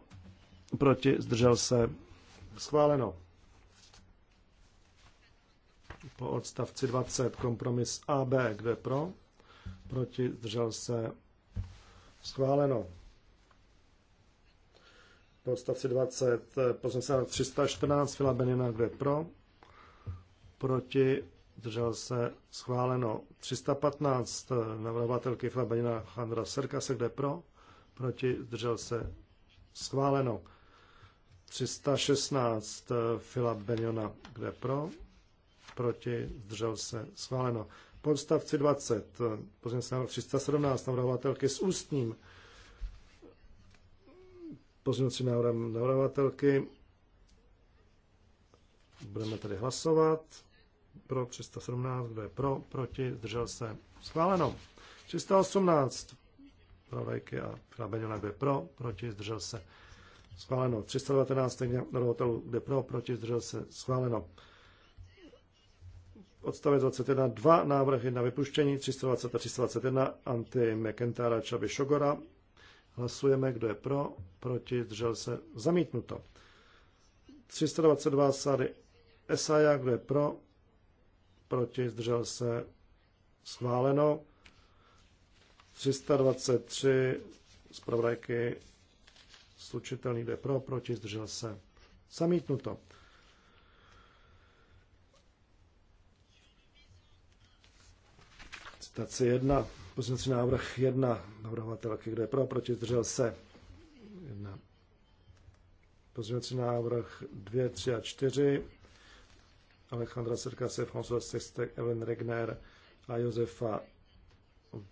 proti, zdržel se schváleno. Po odstavci 20 kompromis AB, kdo je pro, proti, zdržel se schváleno po odstavci 20, poznal 314, Fila Benina, kde pro, proti, držel se schváleno 315, navrhovatelky Fila Benina, Chandra se kde pro, proti, držel se schváleno 316, Fila Benjona, kde pro, proti, zdržel se schváleno. Podstavci 20, poznal 317, navrhovatelky s ústním pozměňovacím návrhem navrhovatelky. Budeme tedy hlasovat. Pro 317, kdo je pro, proti, zdržel se. Schváleno. 318 pro Vejky a Krabeňona, kdo je pro, proti, zdržel se. Schváleno. 319 stejně navrhovatelů, je pro, proti, zdržel se. Schváleno. Odstavec 21, dva návrhy na vypuštění 320 a 321 anti McIntyre Čaby Šogora Hlasujeme, kdo je pro, proti, držel se, zamítnuto. 322 Sady Esaja, kdo je pro, proti, zdržel se, schváleno. 323 zpravodajky slučitelný, kdo je pro, proti, zdržel se, zamítnuto. Citace 1 Pozměňovací návrh jedna navrhovatelky, kdo je pro, proti, zdržel se. Jedna. Pozměňovací návrh 2, 3 a 4. Alejandra Serkase, François Sestek, Evelyn Regner a Josefa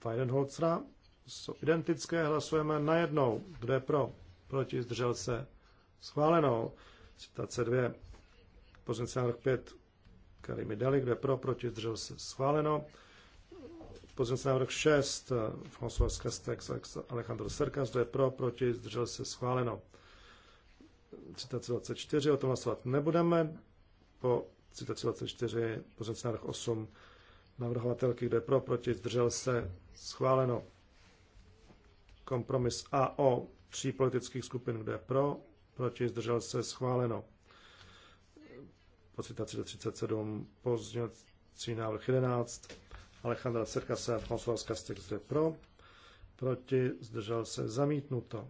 Weidenholzera jsou identické. Hlasujeme najednou. Kdo je pro? Proti, zdržel se. Schváleno. Citace 2. Pozměňovací návrh 5. Karimi Deli, kdo je pro, proti, zdržel se. Schváleno. Pozměnce návrh 6, eh, François Castex, Alejandro Serkas, kdo je pro, proti, zdržel se schváleno. 324, o tom hlasovat nebudeme. Po 324, pozměnce návrh 8, navrhovatelky, kdo je pro, proti, zdržel se schváleno. Kompromis AO, tří politických skupin, kdo je pro, proti, zdržel se schváleno. Po citaci do 37, pozdělací návrh 11, Alejandra Serkase a François Castex de pro, proti, zdržel se, zamítnuto.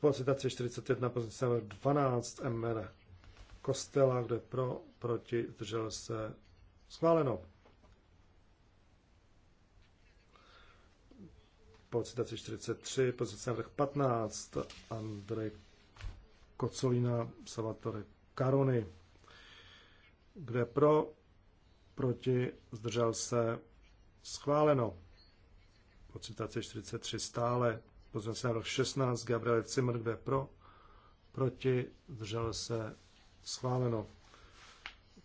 Po citaci 41, pozice 12, MR Kostela, kde pro, proti, zdržel se, schváleno. Po citaci 43, pozice 15, Andrej Kocolina, Salvatore Karony, kde pro, proti, zdržel se, schváleno. Po citaci 43 stále, pozměnce návrh 16, Gabriel Cimr, kde pro, proti, zdržel se, schváleno.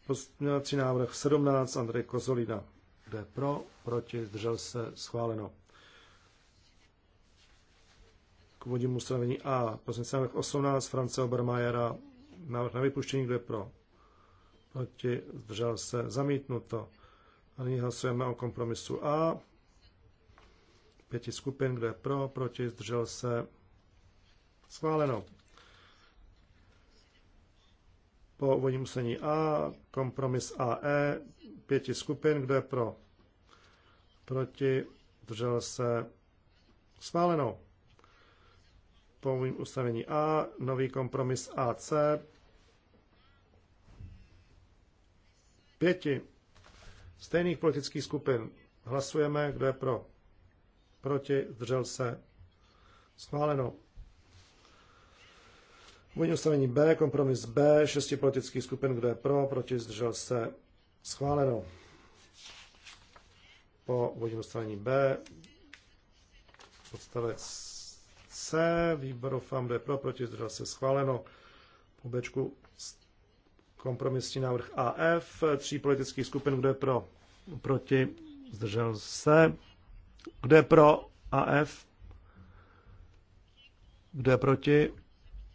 Pozměňovací návrh 17, Andrej Kozolina, kde pro, proti, zdržel se, schváleno. K úvodnímu ustanovení A, pozměňovací návrh 18, France Obermajera, návrh na vypuštění, kde pro, proti, zdržel se, zamítnuto. A nyní hlasujeme o kompromisu A. Pěti skupin, kde pro, proti, zdržel se, schváleno. Po úvodním usnesení A, kompromis AE, pěti skupin, kde pro, proti, zdržel se, schváleno. Po úvodním ustavení A, nový kompromis AC, pěti stejných politických skupin. Hlasujeme, kdo je pro. Proti, zdržel se. Schváleno. Původní ustavení B, kompromis B, šesti politických skupin, kdo je pro, proti, zdržel se. Schváleno. Po úvodním ustavení B, podstavec C, výboru FAM, kdo je pro, proti, zdržel se. Schváleno. Po Bčku Kompromisní návrh AF, tří politických skupin, kdo je pro, proti, zdržel se. Kdo je pro AF? Kdo je proti?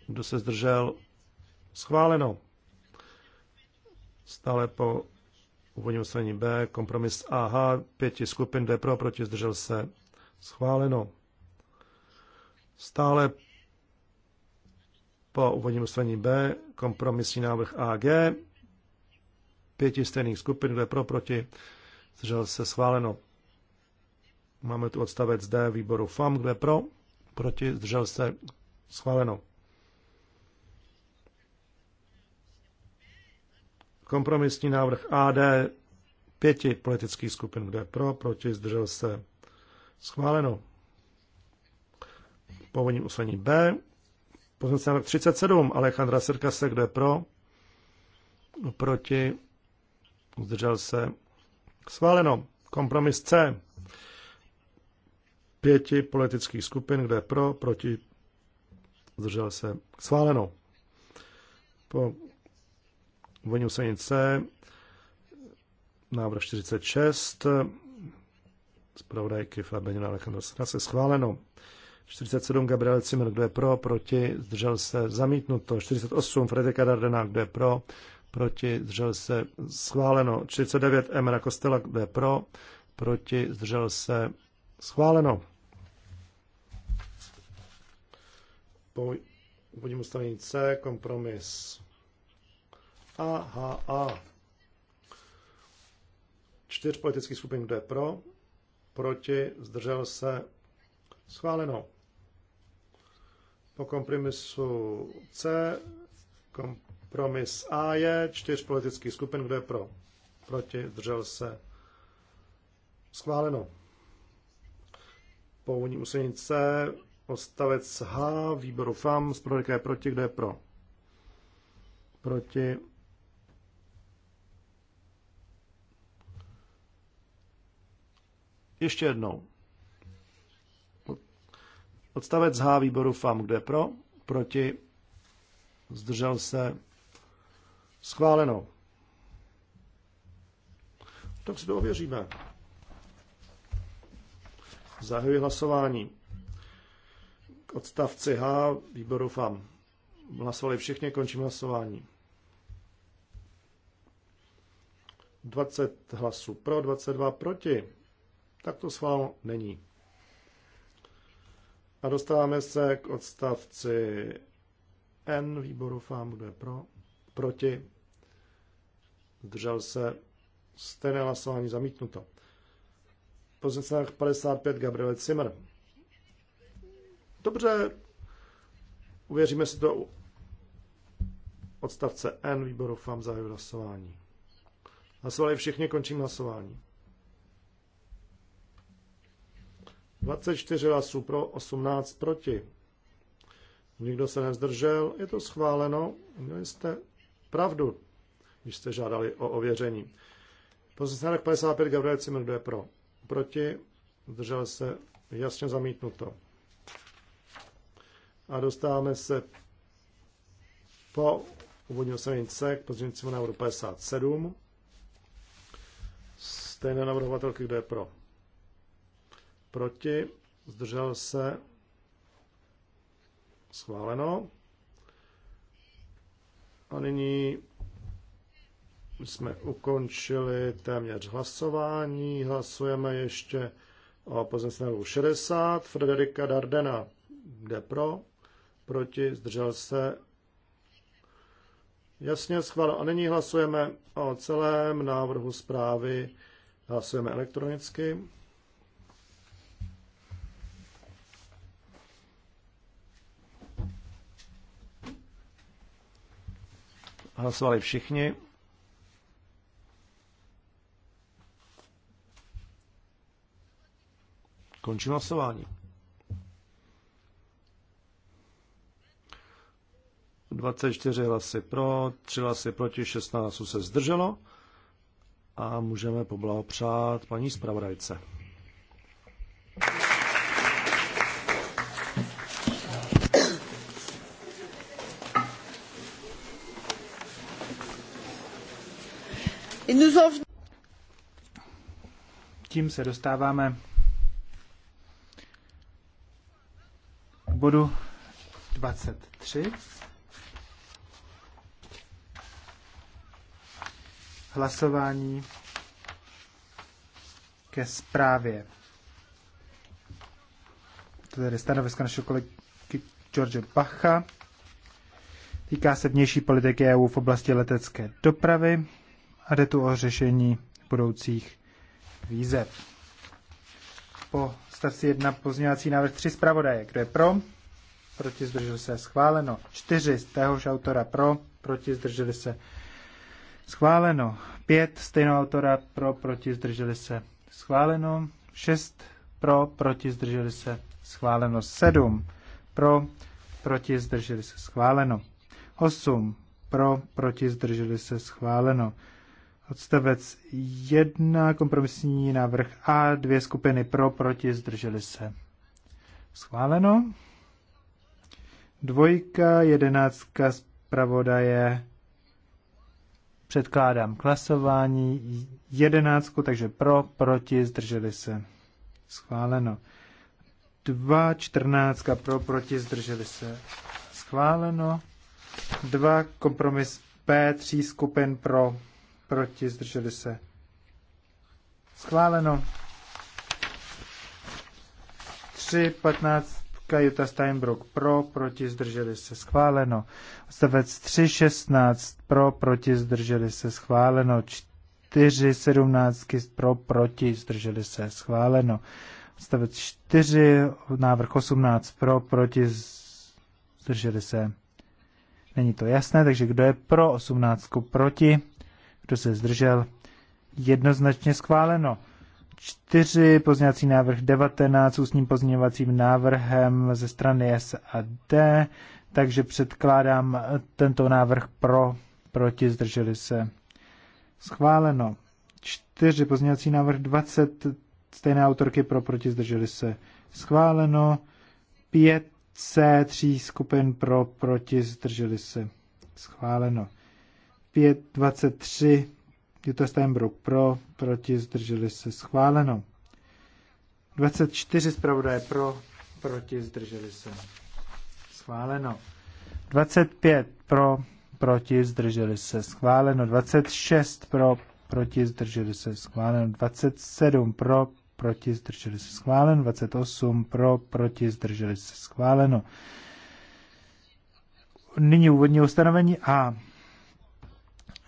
Kdo se zdržel? Schváleno. Stále po úvodním odstranění B, kompromis AH, pěti skupin, kdo je pro, proti, zdržel se. Schváleno. Stále po úvodním ustanovení B kompromisní návrh AG pěti stejných skupin, kde pro, proti, zdržel se schváleno. Máme tu odstavec D výboru FAM, kde pro, proti, zdržel se schváleno. Kompromisní návrh AD pěti politických skupin, kde pro, proti, zdržel se schváleno. Povodním usnesení B Pozměnce návrh 37 Alejandra Serkase, kdo je pro? Proti? Zdržel se? Schváleno. Kompromis C. Pěti politických skupin, kde je pro, proti, zdržel se. Schváleno. Po voní C, návrh 46, zpravodajky Fabenina Alejandra Serkase, schváleno. 47 Gabriel Cimer, kdo je pro, proti, zdržel se, zamítnuto. 48 Fredrika Dardena, kdo je pro, proti, zdržel se, schváleno. 49 Emera Kostela, kdo je pro, proti, zdržel se, schváleno. Po budím ustanovení C, kompromis A, H, A. Čtyř politických skupin, kdo je pro, proti, zdržel se, schváleno. Po kompromisu C kompromis A je čtyř politických skupin, kdo je pro, proti, držel se. Schváleno. Po úvodní usnesení C ostavec H výboru FAM, z je proti, kdo je pro. Proti, Ještě jednou. Odstavec H výboru FAM, kde pro, proti, zdržel se, schváleno. Tak si to ověříme. Zahajuji hlasování. K odstavci H výboru FAM. Hlasovali všichni, končím hlasování. 20 hlasů pro, 22 proti. Tak to schváleno není. A dostáváme se k odstavci N výboru FAM, kdo je pro, proti, zdržel se, stejné hlasování zamítnuto. Pozice 55 Gabriel Zimmer. Dobře, uvěříme si to odstavce N výboru FAM za hlasování. Hlasovali všichni, končím hlasování. 24 hlasů pro, 18 proti. Nikdo se nezdržel. je to schváleno. Měli jste pravdu, když jste žádali o ověření. Poslanec 55 Gabriel Cimr, kdo je pro? Proti, zdržel se, jasně zamítnuto. A dostáváme se po úvodní odstranění k pozdějícímu návrhu 57. Stejné navrhovatelky, kdo je pro? proti, zdržel se, schváleno. A nyní jsme ukončili téměř hlasování. Hlasujeme ještě o pozemsnému 60. Frederika Dardena jde pro, proti, zdržel se. Jasně, schválil. A nyní hlasujeme o celém návrhu zprávy. Hlasujeme elektronicky. Hlasovali všichni. Končím hlasování. 24 hlasy pro, 3 hlasy proti, 16 se zdrželo a můžeme poblahopřát paní zpravodajce. Tím se dostáváme k bodu 23. Hlasování ke zprávě. To je stanovisko našeho kolegy George Bacha. Týká se vnější politiky EU v oblasti letecké dopravy a jde tu o řešení budoucích výzev. Po stavci 1 pozměňovací návrh 3 zpravodaje. Kdo je pro? Proti zdrželi se schváleno. 4 z téhož autora pro, proti zdrželi se schváleno. 5 stejného autora pro, proti zdrželi se schváleno. 6 pro, proti zdrželi se schváleno. 7 pro, proti zdrželi se schváleno. 8 pro, proti zdrželi se schváleno. Odstavec 1, kompromisní návrh A, dvě skupiny pro, proti, zdrželi se. Schváleno. Dvojka, jedenáctka zpravodaje. Předkládám klasování. jedenáctku, takže pro, proti, zdrželi se. Schváleno. Dva čtrnáctka pro, proti, zdrželi se. Schváleno. Dva kompromis P, tří skupin pro, proti, zdrželi se. Schváleno. 3, 15, Jutta Steinbrook pro, proti, zdrželi se. Schváleno. Odstavec 3, 16 pro, proti, zdrželi se. Schváleno. 4, 17 pro, proti, zdrželi se. Schváleno. Odstavec 4, návrh 18 pro, proti, zdrželi se. Není to jasné, takže kdo je pro 18 proti? kdo se zdržel, jednoznačně schváleno. Čtyři pozněvací návrh 19 ústním pozněvacím návrhem ze strany S a D takže předkládám tento návrh pro, proti, zdrželi se. Schváleno. Čtyři pozměňovací návrh 20 stejné autorky pro, proti, zdrželi se. Schváleno. Pět C, tří skupin pro, proti, zdrželi se. Schváleno. 25-23 Jutta Steinbrook pro, proti, zdrželi se schváleno. 24 zpravodaje pro, proti, zdrželi se schváleno. 25 pro, proti, zdrželi se schváleno. 26 pro, proti, zdrželi se schváleno. 27 pro, proti, zdrželi se schváleno. 28 pro, proti, zdrželi se schváleno. Nyní úvodní ustanovení A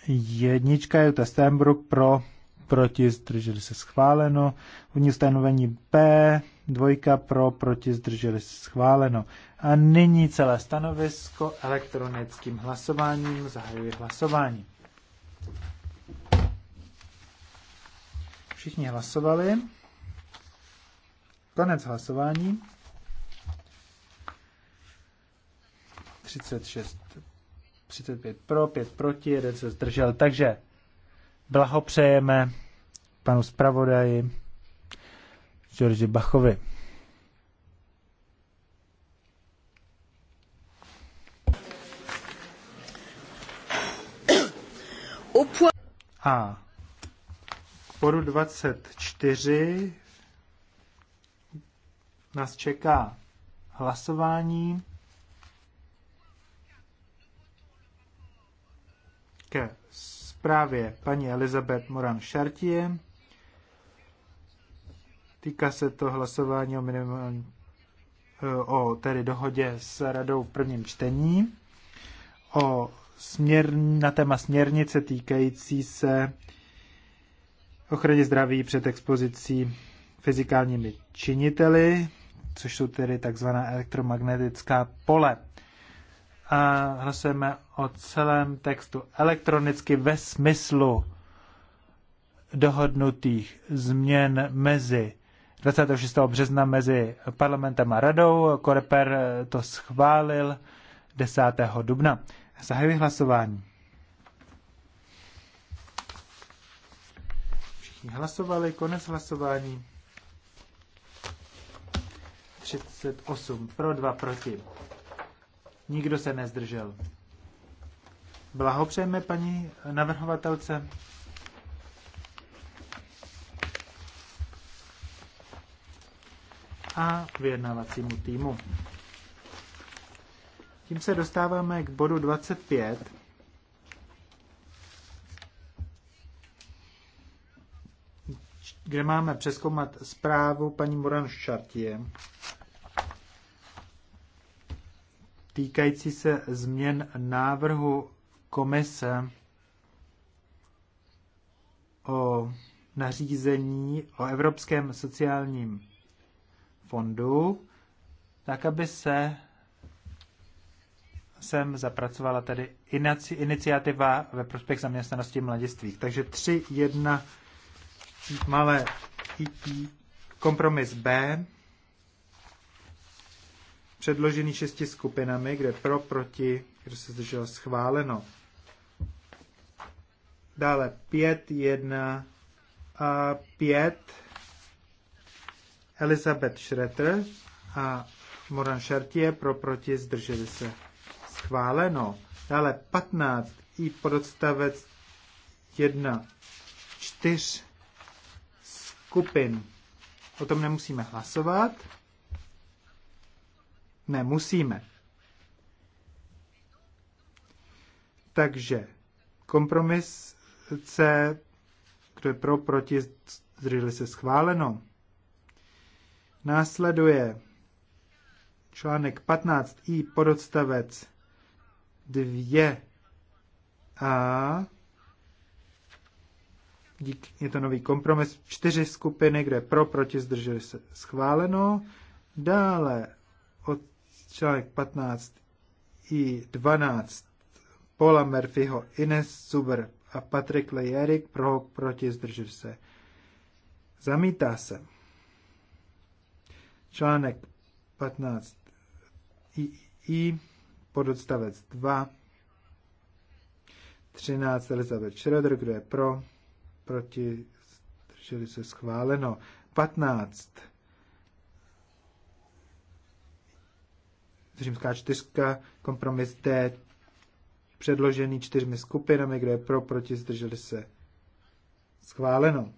jednička je to Steinbrook pro, proti, zdrželi se schváleno. ní stanovení B, dvojka pro, proti, zdrželi se schváleno. A nyní celé stanovisko elektronickým hlasováním. Zahajuji hlasování. Všichni hlasovali. Konec hlasování. 36 35 pro, 5 proti, jeden se zdržel. Takže blahopřejeme panu zpravodaji Georgi Bachovi. A poru 24 nás čeká hlasování ke zprávě paní Elizabeth Moran Chartier. Týká se to hlasování o minimální eh, o tedy dohodě s radou v prvním čtení, o směr, na téma směrnice týkající se ochraně zdraví před expozicí fyzikálními činiteli, což jsou tedy takzvaná elektromagnetická pole hlasujeme o celém textu elektronicky ve smyslu dohodnutých změn mezi 26. března mezi parlamentem a radou. Koreper to schválil 10. dubna. Zahajuji hlasování. Všichni hlasovali, konec hlasování. 38 pro, 2 proti. Nikdo se nezdržel. Blahopřejeme paní navrhovatelce. a vyjednávacímu týmu. Tím se dostáváme k bodu 25. kde máme přeskoumat zprávu paní Moran Šartie. týkající se změn návrhu komise o nařízení o Evropském sociálním fondu, tak aby se sem zapracovala tedy iniciativa ve prospěch zaměstnanosti mladistvých. Takže 3.1 malé IT, kompromis B, předložený šesti skupinami, kde pro, proti, kdo se zdržel, schváleno. Dále 5, 1 a 5 Elizabeth Schretter a Moran Chartier pro proti zdrželi se schváleno. Dále 15 i podstavec 1 čtyř skupin. O tom nemusíme hlasovat. Nemusíme. Takže kompromis C, kdo je pro, proti, zdrželi se schváleno. Následuje článek 15i pododstavec 2a. Dík, je to nový kompromis. Čtyři skupiny, kde pro, proti, zdrželi se schváleno. Dále od článek 15 i 12 Paula Murphyho, Ines Zuber a Patrick Lejerik pro, proti zdrželi se. Zamítá se. Článek 15 i, i pododstavec 2 13 Elizabeth Schroeder, kdo je pro, proti, zdrželi se schváleno. 15 římská čtyřka, kompromis D, předložený čtyřmi skupinami, kde je pro, proti, zdrželi se. Schváleno.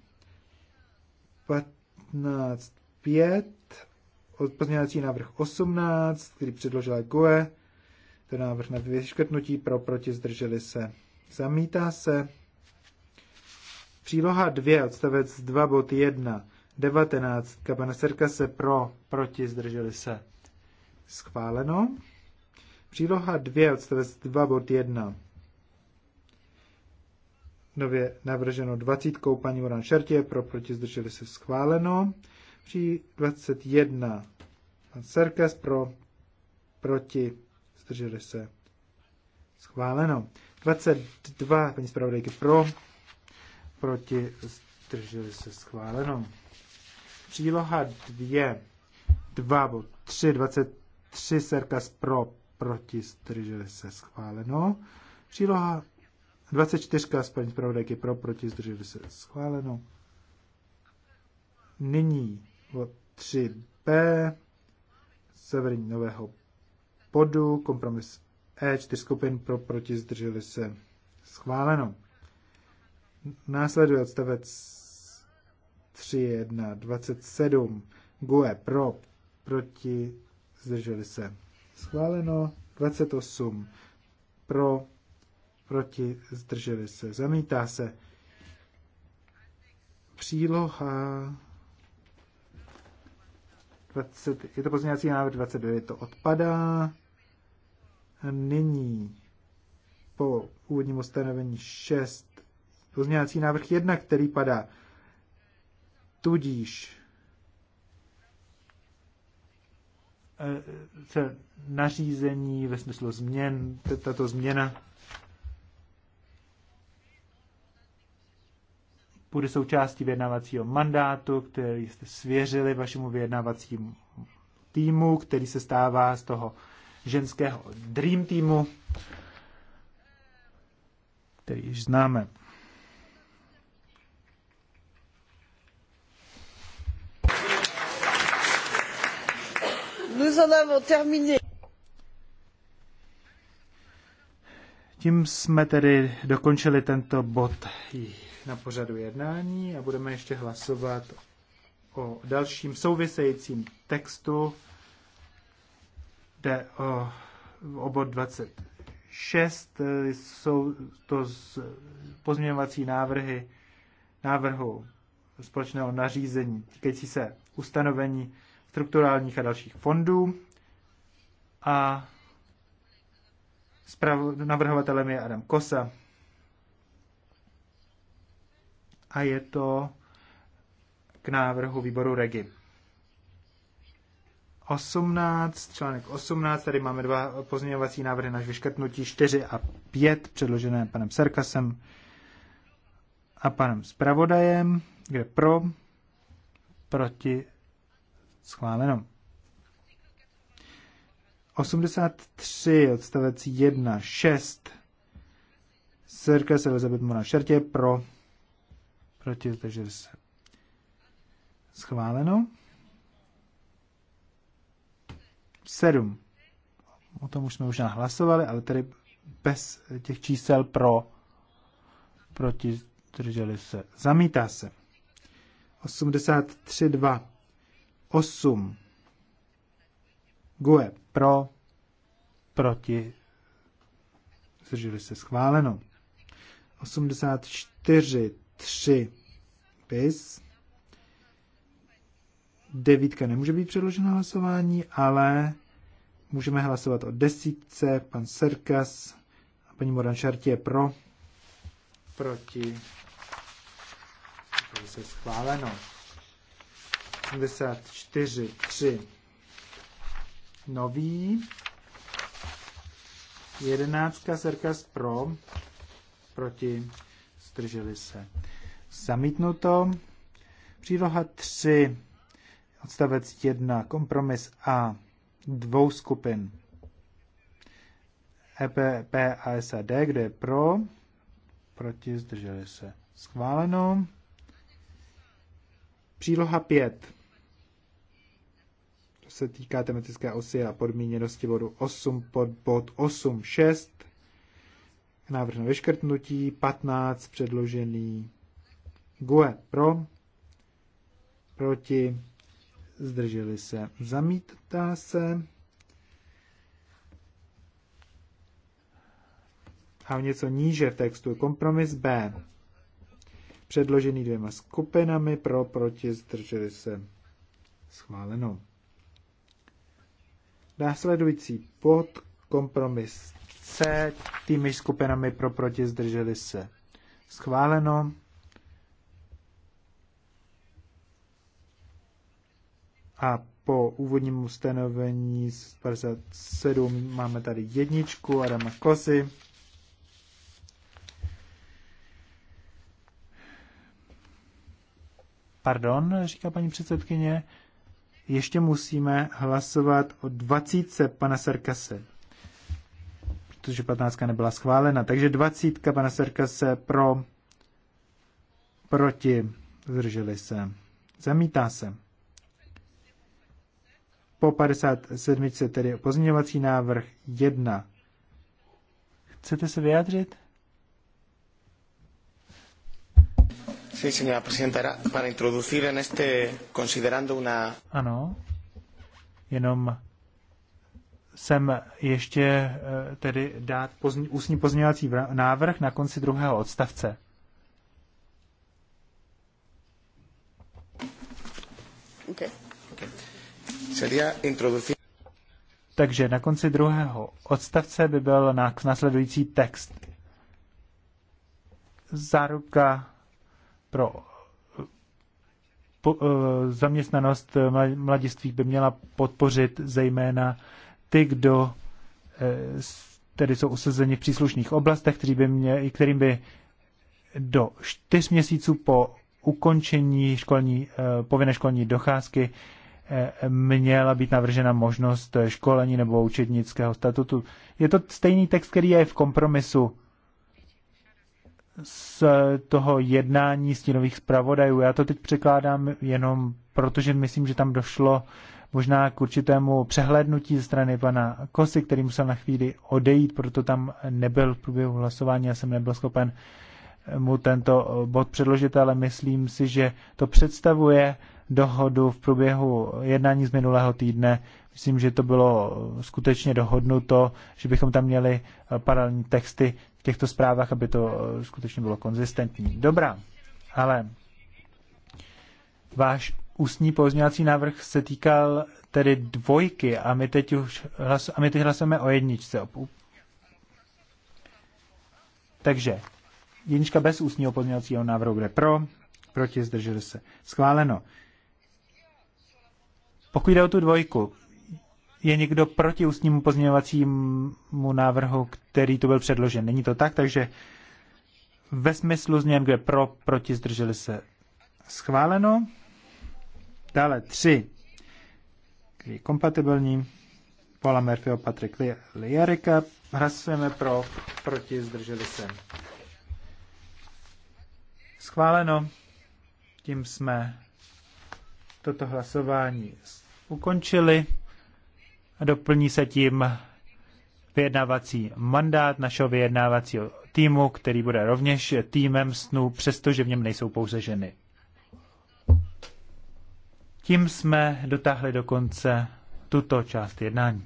15, 5, pozměňovací návrh 18, který předložila GUE, to je návrh na vyškrtnutí, pro, proti, zdrželi se. Zamítá se. Příloha 2, odstavec 2, bod 1, 19, kabana Serka se pro, proti, zdrželi se Schváleno. Příloha 2, odstavec 2, bod 1. Nově navrženo 20. paní Moran Šertě, pro proti zdrželi se schváleno. Při 21. Pan Serkes pro proti zdrželi se schváleno. 22. paní zpravodajky pro proti zdrželi se schváleno. Příloha 2. 2 bod 3, 20 3 serkas pro, proti, zdrželi se schváleno. Příloha 24 z paní zpravodajky pro, proti, zdrželi se schváleno. Nyní 3b severní nového podu, kompromis E, 4 skupin pro, proti, zdrželi se schváleno. Následuje odstavec 3, 1, 27, GUE pro, proti, zdrželi se. Schváleno 28 pro, proti, zdrželi se. Zamítá se příloha 20, je to pozměňovací návrh 29, to odpadá. Nyní po úvodním ustanovení 6 pozměňovací návrh 1, který padá. Tudíž Eh, se nařízení ve smyslu změn, tato změna bude součástí vyjednávacího mandátu, který jste svěřili vašemu vyjednávacímu týmu, který se stává z toho ženského Dream týmu, který již známe. nous en avons terminé. Tím jsme tedy dokončili tento bod na pořadu jednání a budeme ještě hlasovat o dalším souvisejícím textu. Jde o, o bod 26. Jsou to z pozměňovací návrhy návrhu společného nařízení týkající se ustanovení strukturálních a dalších fondů a navrhovatelem je Adam Kosa. A je to k návrhu výboru Regi. 18, článek 18, tady máme dva pozměňovací návrhy na vyškrtnutí 4 a 5, předložené panem Serkasem a panem Spravodajem, kde pro, proti, Schváleno. 83 odstavec 1, 6. Sirka se Elizabeth na šertě pro. Proti, takže se. Schváleno. 7. O tom už jsme už hlasovali, ale tady bez těch čísel pro. Proti, drželi se. Zamítá se. 83.2. 8. GUE pro, proti, zdrželi se schváleno. 84, 3, PIS. Devítka nemůže být předložena hlasování, ale můžeme hlasovat o desítce. Pan Serkas a paní Moran Šartě pro, proti, zdrželi se schváleno. 74.3. Nový. Jedenáctka Serkas pro. Proti. Zdrželi se. Zamítnuto. Příloha 3. Odstavec 1. Kompromis A. Dvou skupin. EP, P a SAD, kde je pro, proti, zdrželi se. Schváleno. Příloha 5 se týká tematické osy a podmíněnosti bodu 8 pod bod 6. Návrh na vyškrtnutí 15 předložený GUE pro, proti, zdrželi se, zamítá se. A o něco níže v textu kompromis B, předložený dvěma skupinami pro, proti, zdrželi se, schváleno. Následující pod kompromis C tými skupinami pro proti zdrželi se. Schváleno. A po úvodním ustanovení 57 máme tady jedničku Adama Kosy. Pardon, říká paní předsedkyně, ještě musíme hlasovat o 20 pana Serkase, protože 15 nebyla schválena. Takže 20 pana Serkase pro, proti, zdrželi se. Zamítá se. Po 57 tedy pozměňovací návrh 1. Chcete se vyjádřit? Sí, señora presidenta, era para introducir en este, considerando una... Ano, jenom jsem ještě eh, tedy dát pozní, ústní pozměňovací návrh na konci druhého odstavce. Okay. Okay. Takže na konci druhého odstavce by byl následující text. Záruka pro eh, zaměstnanost mladiství by měla podpořit zejména ty, kdo eh, tedy jsou usazeni v příslušných oblastech, který by mě, kterým by do čtyř měsíců po ukončení školní, eh, povinné školní docházky měla být navržena možnost školení nebo učednického statutu. Je to stejný text, který je v kompromisu z toho jednání stínových zpravodajů. Já to teď překládám jenom proto, že myslím, že tam došlo možná k určitému přehlédnutí ze strany pana Kosy, který musel na chvíli odejít, proto tam nebyl v průběhu hlasování, já jsem nebyl schopen mu tento bod předložit, ale myslím si, že to představuje dohodu v průběhu jednání z minulého týdne Myslím, že to bylo skutečně dohodnuto, že bychom tam měli eh, paralelní texty v těchto zprávách, aby to eh, skutečně bylo konzistentní. Dobrá, ale váš ústní pozměňovací návrh se týkal tedy dvojky a my teď, už hlas, a my teď hlasujeme o jedničce. Takže jednička bez ústního pozměňovacího návrhu bude pro, proti zdrželi se. Schváleno. Pokud jde o tu dvojku, je někdo proti ústnímu pozměňovacímu návrhu, který tu byl předložen? Není to tak, takže ve smyslu změn, kde pro, proti, zdrželi se schváleno. Dále tři, který je kompatibilní. Paula Murphyho, Patrick Liarika. Hlasujeme pro, proti, zdrželi se. Schváleno. Tím jsme toto hlasování ukončili a doplní se tím vyjednávací mandát našeho vyjednávacího týmu, který bude rovněž týmem snu, přestože v něm nejsou pouze ženy. Tím jsme dotáhli do konce tuto část jednání.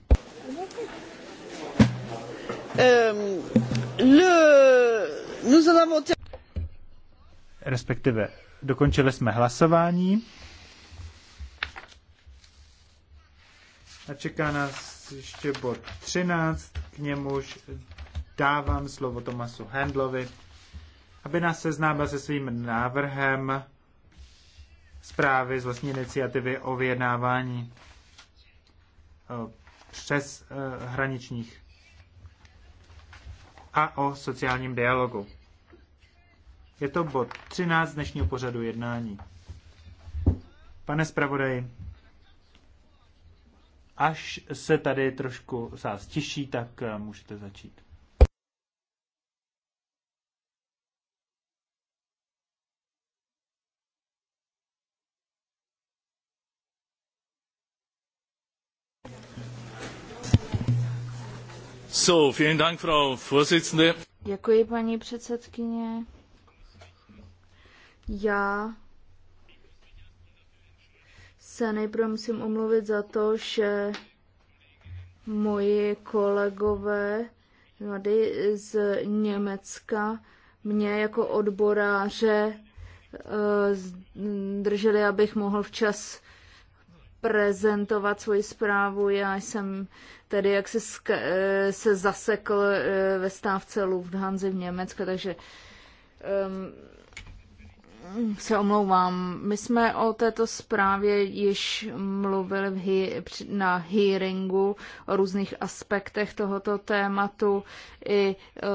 Um, Respektive dokončili jsme hlasování. A čeká nás ještě bod 13, k němuž dávám slovo Tomasu Handlovi, aby nás seznámil se svým návrhem zprávy z vlastní iniciativy o vyjednávání eh, přes eh, hraničních a o sociálním dialogu. Je to bod 13 dnešního pořadu jednání. Pane zpravodaji, Až se tady trošku sál tak eh, můžete začít. So, vielen Dank, Frau Vorsitzende. Děkuji, paní předsedkyně. Já se nejprve musím omluvit za to, že moji kolegové tady z Německa mě jako odboráře eh, drželi, abych mohl včas prezentovat svoji zprávu. Já jsem tedy jak se, eh, se zasekl eh, ve stávce Lufthansa v Německu, takže um, se omlouvám. My jsme o této zprávě již mluvili v na hearingu o různých aspektech tohoto tématu i e,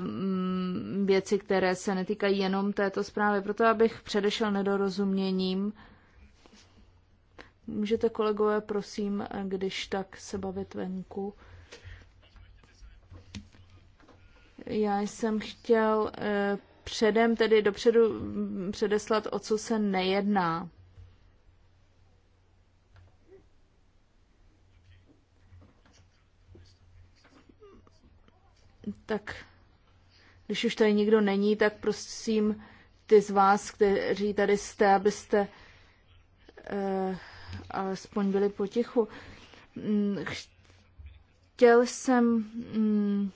mm, věci, které se netýkají jenom této zprávy. Proto abych předešel nedorozuměním. Můžete, kolegové, prosím, když tak se bavit venku. Já jsem chtěl e, předem tedy dopředu předeslat, o co se nejedná. Tak když už tady nikdo není, tak prosím ty z vás, kteří tady jste, abyste eh, alespoň byli potichu. Mm, chtěl jsem. Hm,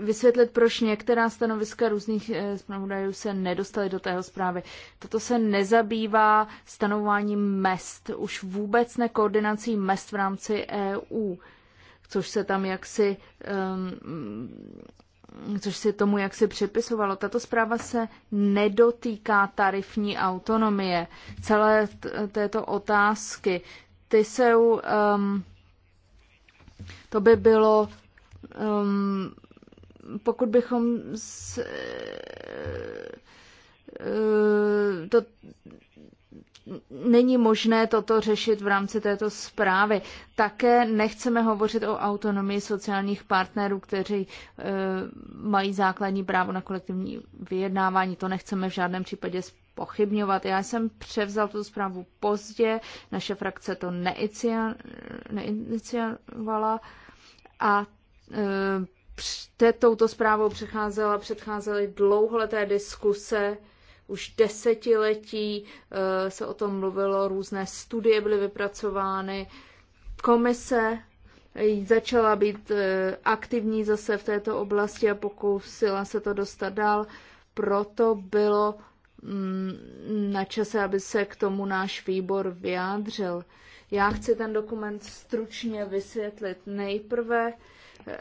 vysvětlit, proč některá stanoviska různých eh, zpravodajů se nedostaly do tého zprávy. Toto se nezabývá stanovováním mest, už vůbec ne koordinací mest v rámci EU, což se tam jaksi um, což se tomu jaksi připisovalo. Tato zpráva se nedotýká tarifní autonomie, celé této otázky. Ty jsou, um, to by bylo Um, pokud bychom s, uh, to, není možné toto řešit v rámci této zprávy. Také nechceme hovořit o autonomii sociálních partnerů, kteří uh, mají základní právo na kolektivní vyjednávání. To nechceme v žádném případě pochybňovat. Já jsem převzal tu zprávu pozdě, naše frakce to neiniciovala a Eh, Před touto zprávou přecházela, předcházely dlouholeté diskuse, už desetiletí eh, se o tom mluvilo, různé studie byly vypracovány, komise začala být eh, aktivní zase v této oblasti a pokusila se to dostat dál. Proto bylo mm, na čase, aby se k tomu náš výbor vyjádřil. Já chci ten dokument stručně vysvětlit. Nejprve Eh,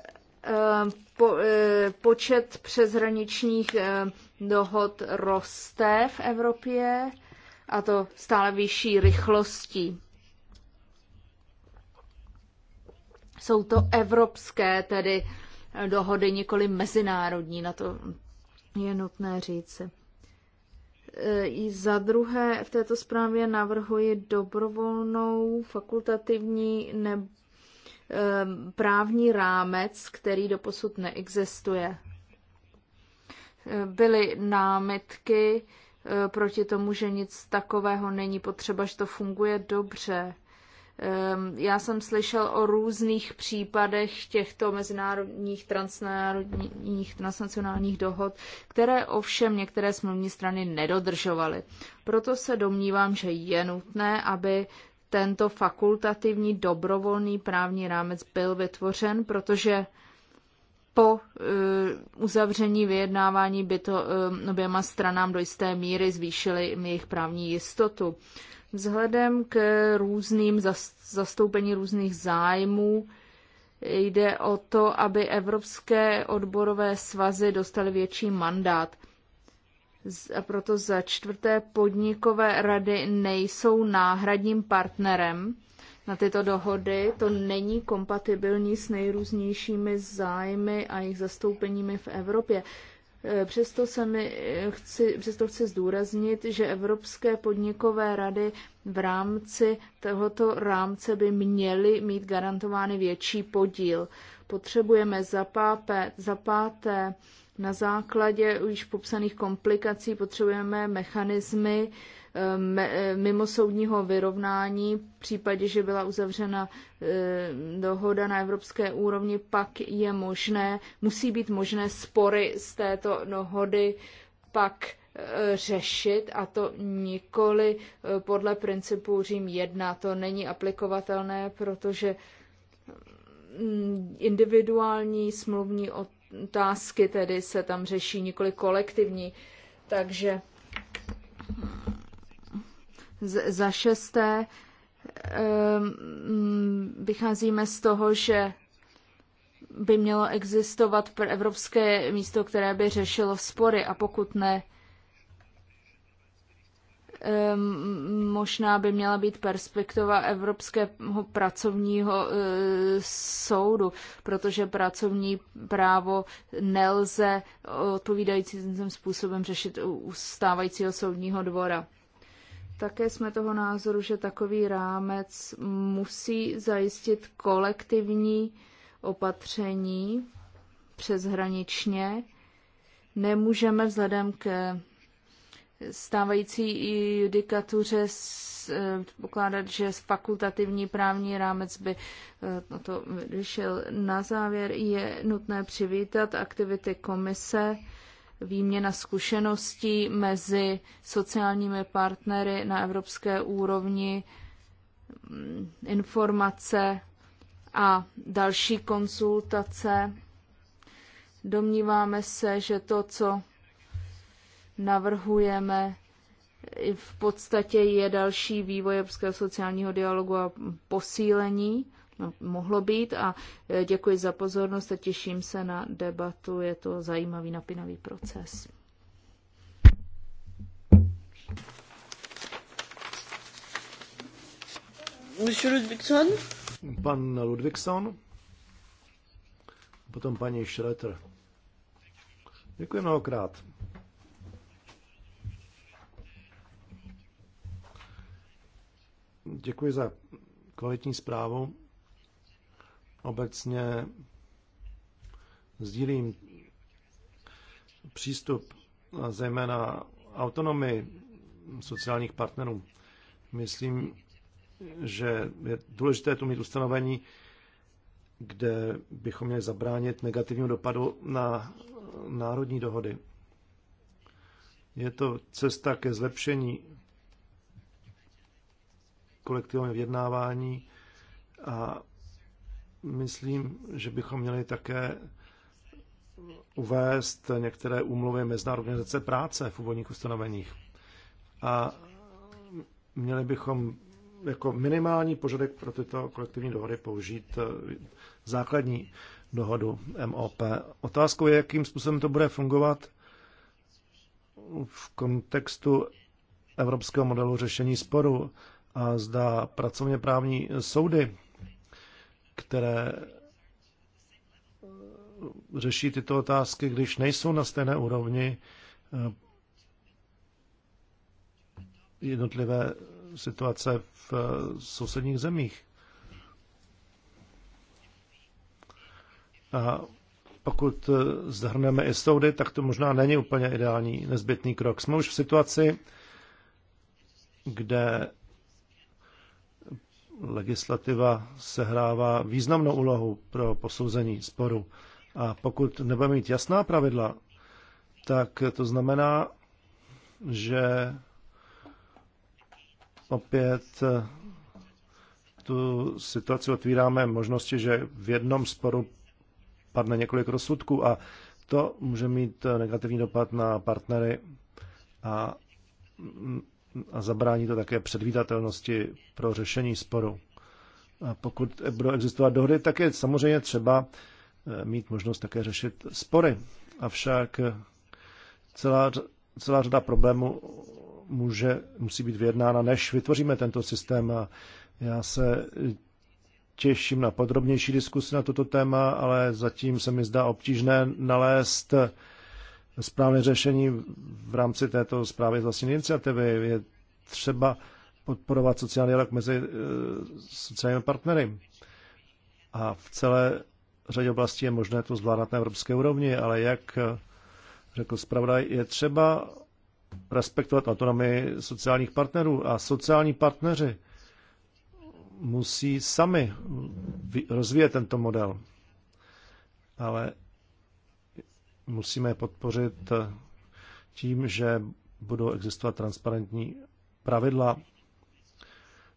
eh, počet přeshraničních eh, dohod roste v Evropě a to stále vyšší rychlostí. Jsou to evropské tedy dohody, nikoli mezinárodní, na to je nutné říci. I za druhé v této zprávě navrhuji dobrovolnou, fakultativní nebo Ehm, právní rámec, který doposud neexistuje. Ehm, byly námitky ehm, proti tomu, že nic takového není potřeba, že to funguje dobře. Já jsem slyšel o různých případech těchto mezinárodních transnárodních, transnacionálních dohod, které ovšem některé smluvní strany nedodržovaly. Proto se domnívám, že je nutné, aby tento fakultativní dobrovolný právní rámec byl vytvořen, protože po e, uzavření vyjednávání by to e, oběma stranám do jisté míry zvýšily jejich právní jistotu. Vzhledem k různým zastoupení různých zájmů jde o to, aby evropské odborové svazy dostaly větší mandát – a proto za čtvrté podnikové rady nejsou náhradním partnerem na tyto dohody. To není kompatibilní s nejrůznějšími zájmy a jejich zastoupeními v Evropě. E, přesto, se mi e, chci, přesto chci zdůraznit, že Evropské podnikové rady v rámci tohoto rámce by měly mít garantovány větší podíl. Potřebujeme za, pápe, za páté na základě již popsaných komplikací potřebujeme mechanismy eh, eh, mimo soudního vyrovnání. V případě, že byla uzavřena eh, dohoda na evropské úrovni, pak je možné, musí být možné spory z této dohody pak řešit a to nikoli podle principu Řím 1. To není aplikovatelné, protože mm, individuální smluvní od otázky tedy se tam řeší nikoli kolektivní. Takže za šesté ehm, vycházíme z toho, že by mělo existovat evropské místo, které by řešilo spory a pokud ne, Ehm, možná by měla být perspektiva Evropského pracovního eh, soudu, protože pracovní právo nelze odpovídajícím způsobem řešit u stávajícího soudního dvora. Také jsme toho názoru, že takový rámec musí zajistit kolektivní opatření přeshraničně. Nemůžeme vzhledem ke stávající judikatuře eh, pokládat, že fakultativní právní rámec by eh, to vyšel. Na závěr je nutné přivítat aktivity komise, výměna zkušeností mezi sociálními partnery na evropské úrovni, mm, informace a další konsultace. Domníváme se, že to, co navrhujeme v podstatě je další vývoj evropského sociálního dialogu a posílení, no, mohlo být a e, děkuji za pozornost a těším se na debatu, je to zajímavý napínavý proces. Monsieur Ludvigson? Pan Ludvigson, potom paní Schroeter. Děkuji mnohokrát. Děkuji za kvalitní zprávu. Obecně sdílím přístup zejména autonomii sociálních partnerů. Myslím, že je důležité tu mít ustanovení, kde bychom měli zabránit negativnímu dopadu na národní dohody. Je to cesta ke zlepšení v jednávání a myslím, že bychom měli také uvést některé úmluvy Mezinárodní organizace práce v úvodních ustanoveních. A měli bychom jako minimální požadek pro tyto kolektivní dohody použít eh, základní dohodu MOP. Otázkou je, jakým způsobem to bude fungovat v kontextu evropského modelu řešení sporu a zda pracovně právní soudy, které eh, řeší tyto otázky, když nejsou na stejné úrovni eh, jednotlivé situace v eh, sousedních zemích. A pokud zahrneme i soudy, tak to možná není úplně ideální nezbytný krok. Jsme už v situaci, kde legislativa sehrává významnou úlohu pro posouzení sporu. A pokud nebudeme mít jasná pravidla, tak to znamená, že opět eh, tu situaci otvíráme možnosti, že v jednom sporu padne několik rozsudků a to může mít eh, negativní dopad na partnery a mm, a zabrání to také předvídatelnosti pro řešení sporu. A pokud budou existovat dohody, tak je samozřejmě třeba eh, mít možnost také řešit spory. Avšak eh, celá, celá řada problémů může, musí být vyjednána, než vytvoříme tento systém. A já se těším na podrobnější diskusi na toto téma, ale zatím se mi zdá obtížné nalézt eh, správné řešení v rámci této zprávy z vlastní iniciativy. Je třeba podporovat sociální dialog mezi e, sociálními partnery. A v celé řadě oblastí je možné to zvládat na evropské úrovni, ale jak řekl zpravodaj, je třeba respektovat autonomii sociálních partnerů a sociální partneři musí sami rozvíjet tento model. Ale musíme podpořit eh, tím, že budou existovat transparentní pravidla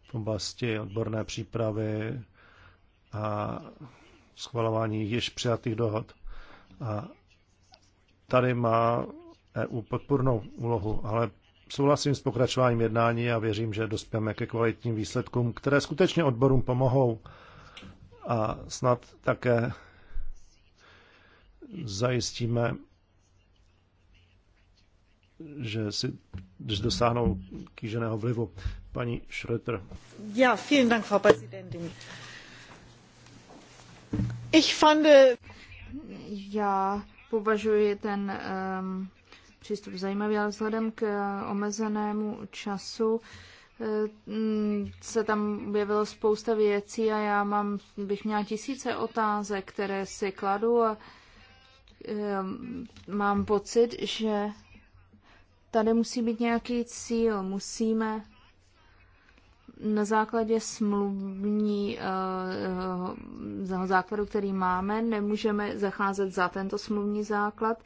v oblasti odborné přípravy a schvalování již přijatých dohod. A tady má EU podpornou úlohu, ale souhlasím s pokračováním jednání a věřím, že dospěme ke kvalitním výsledkům, které skutečně odborům pomohou a snad také zajistíme, že, si, že dosáhnou kýženého vlivu. Paní Schröter. Ja, vielen Dank, Frau Präsidentin. Ich fand... Äh, já považuji ten um, přístup zajímavý, ale vzhledem k omezenému času ehm, se tam objevilo spousta věcí a já mám, bych měla tisíce otázek, které si kladu a Ehm, mám pocit, že tady musí být nějaký cíl. Musíme na základě smluvní uh, základu, který máme, nemůžeme zacházet za tento smluvní základ,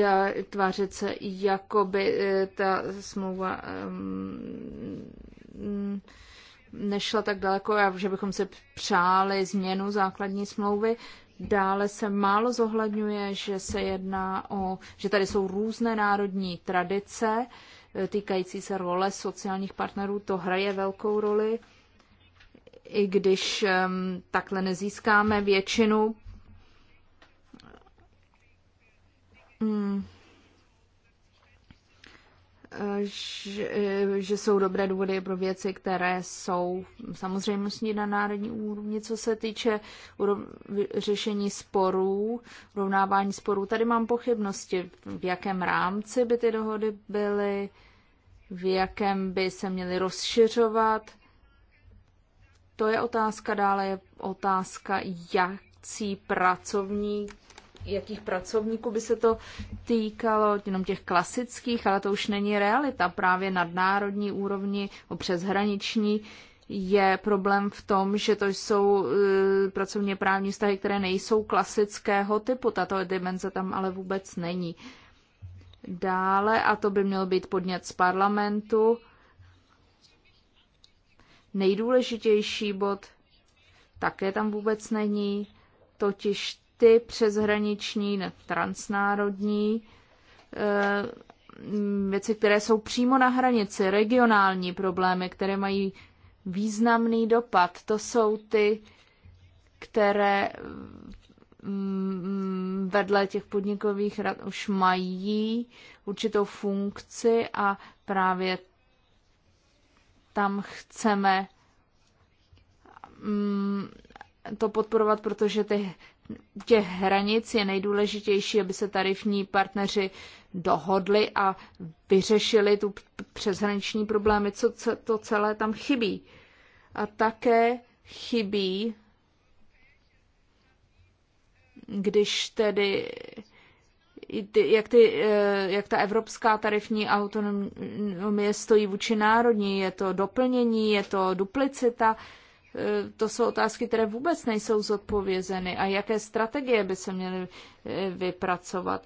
eh, tvářit se, jako by ta smlouva um, nešla tak daleko, že bychom se přáli změnu základní smlouvy. Dále se málo zohledňuje, že se jedná o, že tady jsou různé národní tradice e, týkající se role sociálních partnerů. To hraje velkou roli, i když um, takhle nezískáme většinu. Hmm že, že jsou dobré důvody pro věci, které jsou samozřejmě na národní úrovni. Co se týče řešení sporů, rovnávání sporů, tady mám pochybnosti, v jakém rámci by ty dohody byly, v jakém by se měly rozšiřovat. To je otázka, dále je otázka, jakcí pracovník jakých pracovníků by se to týkalo, jenom těch klasických, ale to už není realita. Právě nadnárodní úrovni, o přeshraniční, je problém v tom, že to jsou eh, pracovně právní vztahy, které nejsou klasického typu. Tato dimenze tam ale vůbec není. Dále, a to by mělo být podnět z parlamentu, nejdůležitější bod také tam vůbec není, totiž ty přeshraniční, na transnárodní eh, věci, které jsou přímo na hranici, regionální problémy, které mají významný dopad. To jsou ty, které mm, vedle těch podnikových rad už mají určitou funkci a právě tam chceme mm, to podporovat, protože ty těch hranic je nejdůležitější, aby se tarifní partneři dohodli a vyřešili tu přeshraniční problémy, co to celé tam chybí. A také chybí, když tedy jak, ty, eh, jak ta evropská tarifní autonomie stojí vůči národní, je to doplnění, je to duplicita, E, to jsou otázky, které vůbec nejsou zodpovězeny a jaké strategie by se měly e, vypracovat.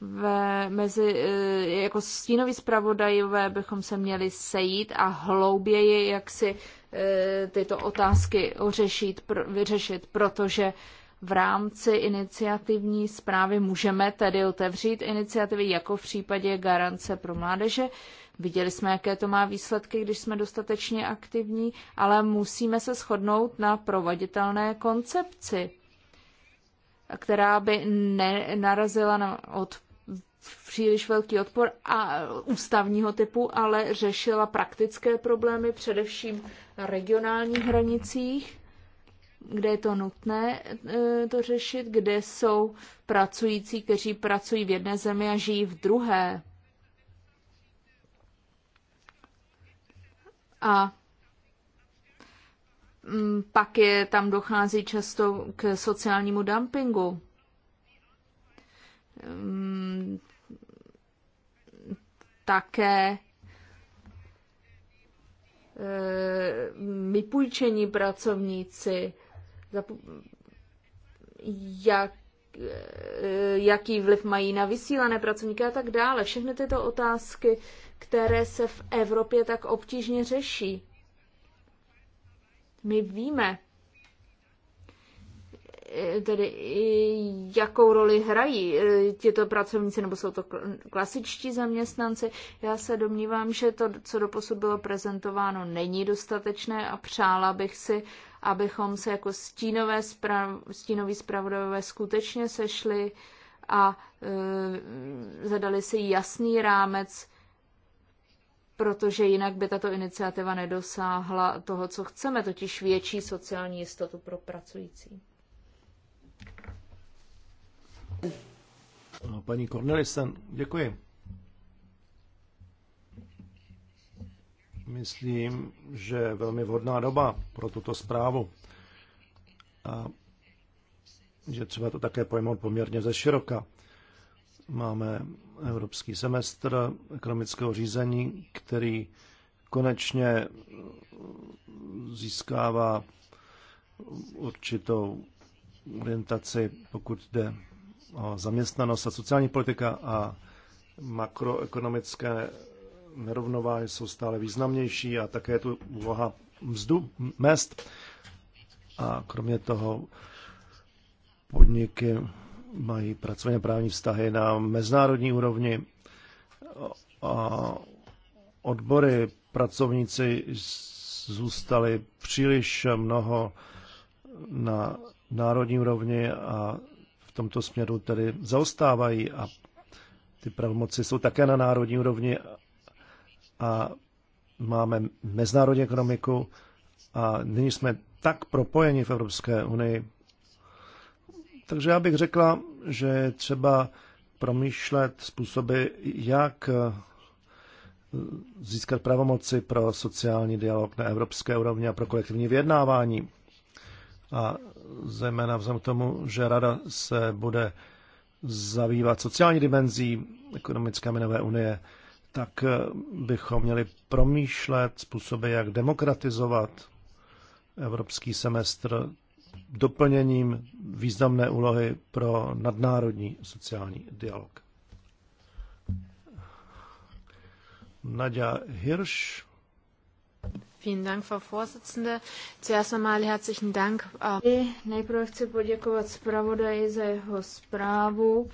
Ve, mezi, e, jako stínoví zpravodajové bychom se měli sejít a hlouběji jak si tyto otázky ořešit, vyřešit, protože v rámci iniciativní zprávy můžeme tedy otevřít iniciativy jako v případě garance pro mládeže, Viděli jsme, jaké to má výsledky, když jsme dostatečně aktivní, ale musíme se shodnout na proveditelné koncepci, která by nenarazila na od příliš velký odpor a ústavního typu, ale řešila praktické problémy především na regionálních hranicích, kde je to nutné e, to řešit, kde jsou pracující, kteří pracují v jedné zemi a žijí v druhé A mm, pak je tam dochází často k sociálnímu dumpingu. Mm, také eh, vypůjčení pracovníci, jak, eh, jaký vliv mají na vysílané pracovníky a tak dále. Všechny tyto otázky které se v Evropě tak obtížně řeší. My víme, eh, tedy jakou roli hrají eh, tyto pracovníci, nebo jsou to klasičtí zaměstnanci. Já se domnívám, že to, co do posud bylo prezentováno, není dostatečné a přála bych si, abychom se jako stínové sprav, stínoví spravodajové skutečně sešli a e, zadali si jasný rámec protože jinak by tato iniciativa nedosáhla toho, co chceme, totiž větší sociální jistotu pro pracující. No, paní Cornelisen, děkuji. Myslím, že je velmi vhodná doba pro tuto zprávu. A že třeba to také pojmout poměrně ze široka. Máme evropský semestr ekonomického řízení, který konečně získává určitou orientaci, pokud jde o zaměstnanost a sociální politika a makroekonomické nerovnováhy jsou stále významnější a také je tu úloha mzdu, mest. A kromě toho podniky mají pracovně právní vztahy na mezinárodní úrovni a odbory pracovníci zůstali příliš mnoho na národní úrovni a v tomto směru tedy zaostávají a ty pravomoci jsou také na národní úrovni a máme mezinárodní ekonomiku a nyní jsme tak propojeni v Evropské unii, takže já bych řekla, že třeba promýšlet způsoby, jak eh, získat pravomoci pro sociální dialog na evropské úrovni a pro kolektivní vyjednávání. A zejména vzhledem k tomu, že Rada se bude zabývat sociální dimenzí ekonomické minové unie, tak eh, bychom měli promýšlet způsoby, jak demokratizovat evropský semestr doplněním významné úlohy pro nadnárodní sociální dialog. Nadja Hirsch. Vielen Dank, Frau Vorsitzende. Zuerst einmal herzlichen Dank. Äh, nejprve chci poděkovat zpravodaji za jeho zprávu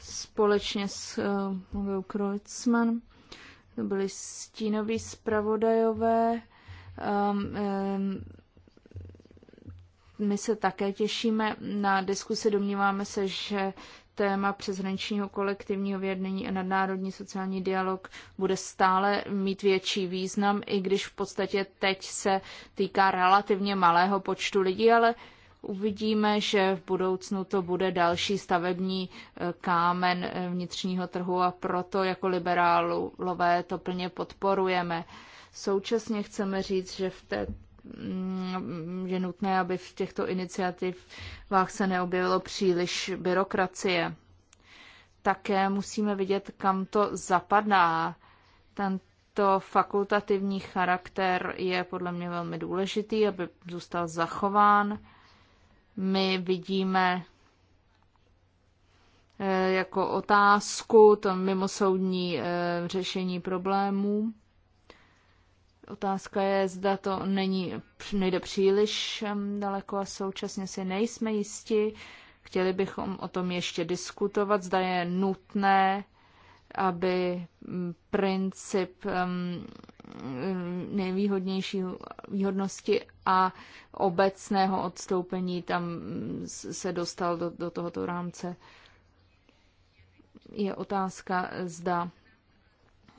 společně s äh, Mluvil Kreuzmann. To byli stínoví zpravodajové. Um, um, my se také těšíme na diskusi. Domníváme se, že téma přeshraničního kolektivního vyjednání a nadnárodní sociální dialog bude stále mít větší význam, i když v podstatě teď se týká relativně malého počtu lidí, ale uvidíme, že v budoucnu to bude další stavební eh, kámen eh, vnitřního trhu a proto jako liberálové to plně podporujeme. Současně chceme říct, že v té Mm, je nutné, aby v těchto iniciativách se neobjevilo příliš byrokracie. Také musíme vidět, kam to zapadá. Tento fakultativní charakter je podle mě velmi důležitý, aby zůstal zachován. My vidíme eh, jako otázku to mimosoudní eh, řešení problémů Otázka je, zda to není, nejde příliš daleko a současně si nejsme jisti. Chtěli bychom o tom ještě diskutovat, zda je nutné, aby mm, princip nejvýhodnější výhodnosti a obecného odstoupení tam mm, se dostal do, do tohoto rámce. Je otázka, zda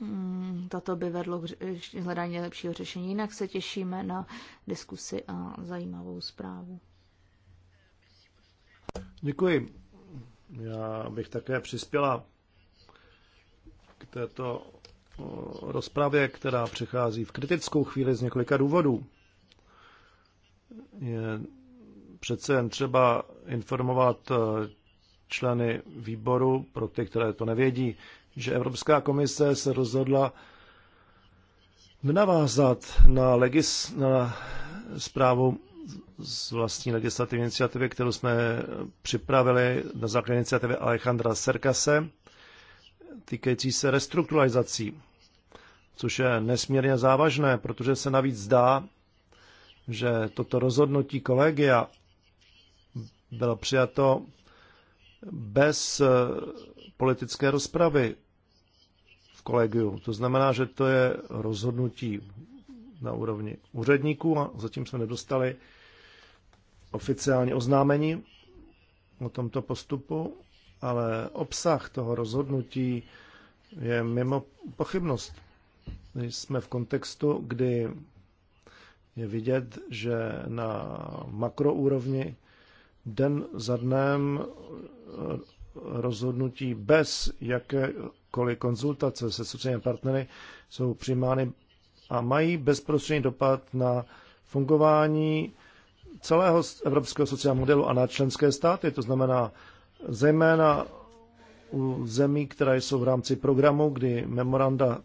Hmm, toto by vedlo k hledání lepšího řešení. Jinak se těšíme na diskusi a zajímavou zprávu. Děkuji. Já bych také přispěla k této rozpravě, která přechází v kritickou chvíli z několika důvodů. Je přece jen třeba informovat e, členy výboru, pro ty, které to nevědí, že Evropská komise se rozhodla navázat na, legis, na zprávu z vlastní legislativní iniciativy, kterou jsme připravili na základě iniciativy Alejandra Serkase, týkající se restrukturalizací, což je nesmírně závažné, protože se navíc zdá, že toto rozhodnutí kolegia bylo přijato bez politické rozpravy v kolegiu. To znamená, že to je rozhodnutí na úrovni úředníků a zatím jsme nedostali oficiální oznámení o tomto postupu, ale obsah toho rozhodnutí je mimo pochybnost. Jsme v kontextu, kdy je vidět, že na makroúrovni den za dnem rozhodnutí bez jakékoliv konzultace se sociálními partnery jsou přijímány a mají bezprostřední dopad na fungování celého evropského sociálního modelu a na členské státy. To znamená zejména u zemí, které jsou v rámci programu, kdy memoranda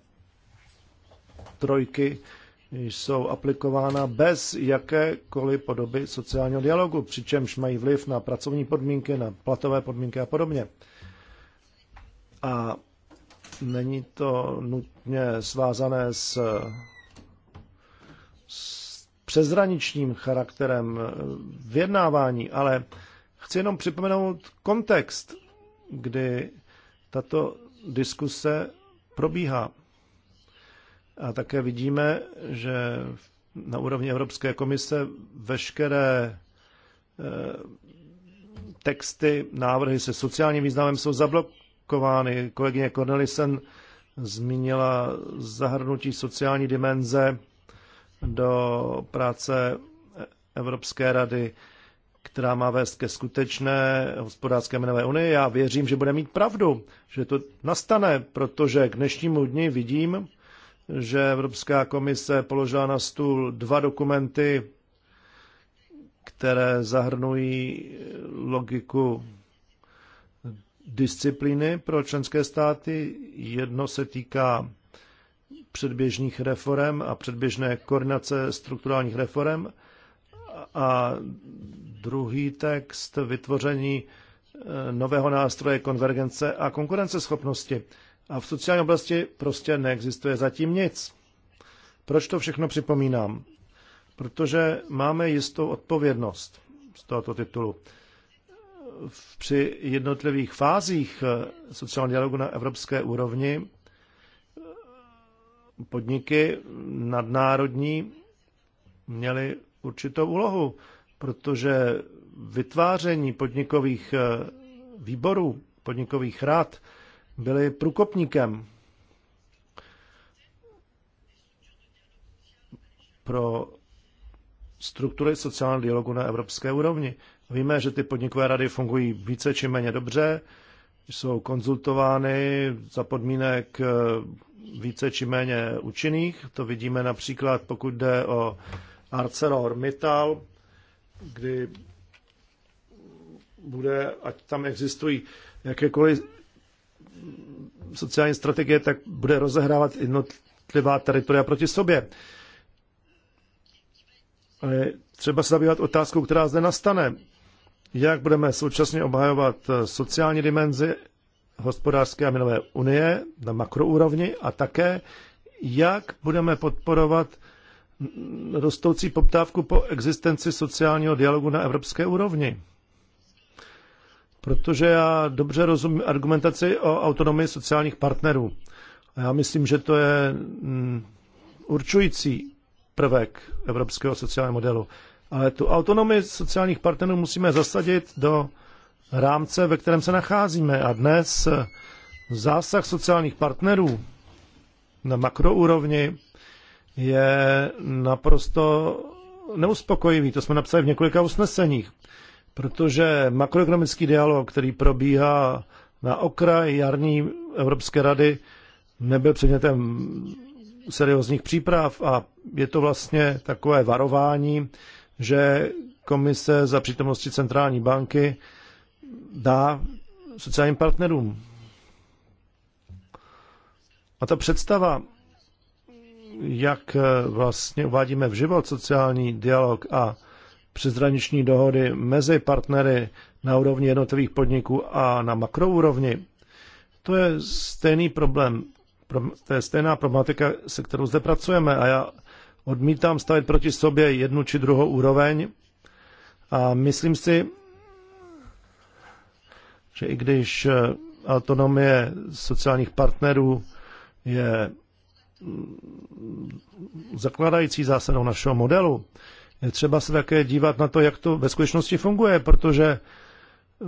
trojky jsou aplikována bez jakékoliv podoby sociálního dialogu, přičemž mají vliv na pracovní podmínky, na platové podmínky a podobně. A není to nutně svázané s, s přezraničním charakterem vyjednávání, ale chci jenom připomenout kontext, kdy tato diskuse probíhá. A také vidíme, že na úrovni Evropské komise veškeré eh, texty, návrhy se sociálním významem jsou zablokovány. Kolegyně Cornelisen zmínila zahrnutí sociální dimenze do práce Evropské rady, která má vést ke skutečné hospodářské měnové unii. Já věřím, že bude mít pravdu, že to nastane, protože k dnešnímu dni vidím, že Evropská komise položila na stůl dva dokumenty, které zahrnují logiku disciplíny pro členské státy. Jedno se týká předběžných reform a předběžné koordinace strukturálních reform a druhý text vytvoření nového nástroje konvergence a konkurenceschopnosti. A v sociální oblasti prostě neexistuje zatím nic. Proč to všechno připomínám? Protože máme jistou odpovědnost z tohoto titulu. Při jednotlivých fázích eh, sociálního dialogu na evropské úrovni eh, podniky nadnárodní měly určitou úlohu, protože vytváření podnikových eh, výborů, podnikových rad, byli průkopníkem pro struktury sociálního dialogu na evropské úrovni. Víme, že ty podnikové rady fungují více či méně dobře, jsou konzultovány za podmínek eh, více či méně účinných. To vidíme například, pokud jde o ArcelorMittal, kdy bude, ať tam existují jakékoliv sociální strategie, tak bude rozehrávat jednotlivá teritoria proti sobě. Ale třeba se zabývat otázkou, která zde nastane. Jak budeme současně obhajovat sociální dimenzi hospodářské a minové unie na makroúrovni a také, jak budeme podporovat rostoucí poptávku po existenci sociálního dialogu na evropské úrovni protože já dobře rozumím argumentaci o autonomii sociálních partnerů. A já myslím, že to je mm, určující prvek evropského sociálního modelu. Ale tu autonomii sociálních partnerů musíme zasadit do rámce, ve kterém se nacházíme. A dnes eh, zásah sociálních partnerů na makroúrovni je naprosto neuspokojivý. To jsme napsali v několika usneseních protože makroekonomický dialog, který probíhá na okraji jarní Evropské rady, nebyl předmětem seriózních příprav a je to vlastně takové varování, že komise za přítomnosti centrální banky dá sociálním partnerům. A ta představa, jak vlastně uvádíme v život sociální dialog a přizraniční dohody mezi partnery na úrovni jednotlivých podniků a na makroúrovni. To je stejný problém, to je stejná problematika, se kterou zde pracujeme a já odmítám stavit proti sobě jednu či druhou úroveň a myslím si, že i když eh, autonomie sociálních partnerů je mm, zakladající zásadou našeho modelu, je třeba se také dívat na to, jak to ve skutečnosti funguje, protože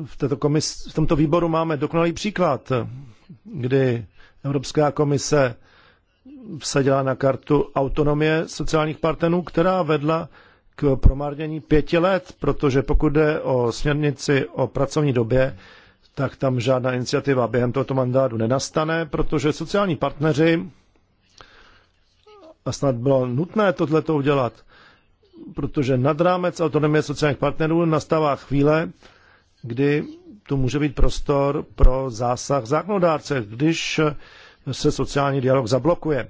v, této komis, v tomto výboru máme dokonalý příklad, kdy Evropská komise vsadila na kartu autonomie sociálních partnerů, která vedla k promarnění pěti let, protože pokud jde o směrnici o pracovní době, tak tam žádná iniciativa během tohoto mandátu nenastane, protože sociální partneři, a snad bylo nutné tohleto udělat, protože nad rámec autonomie sociálních partnerů nastává chvíle, kdy tu může být prostor pro zásah zákonodárce, když se sociální dialog zablokuje.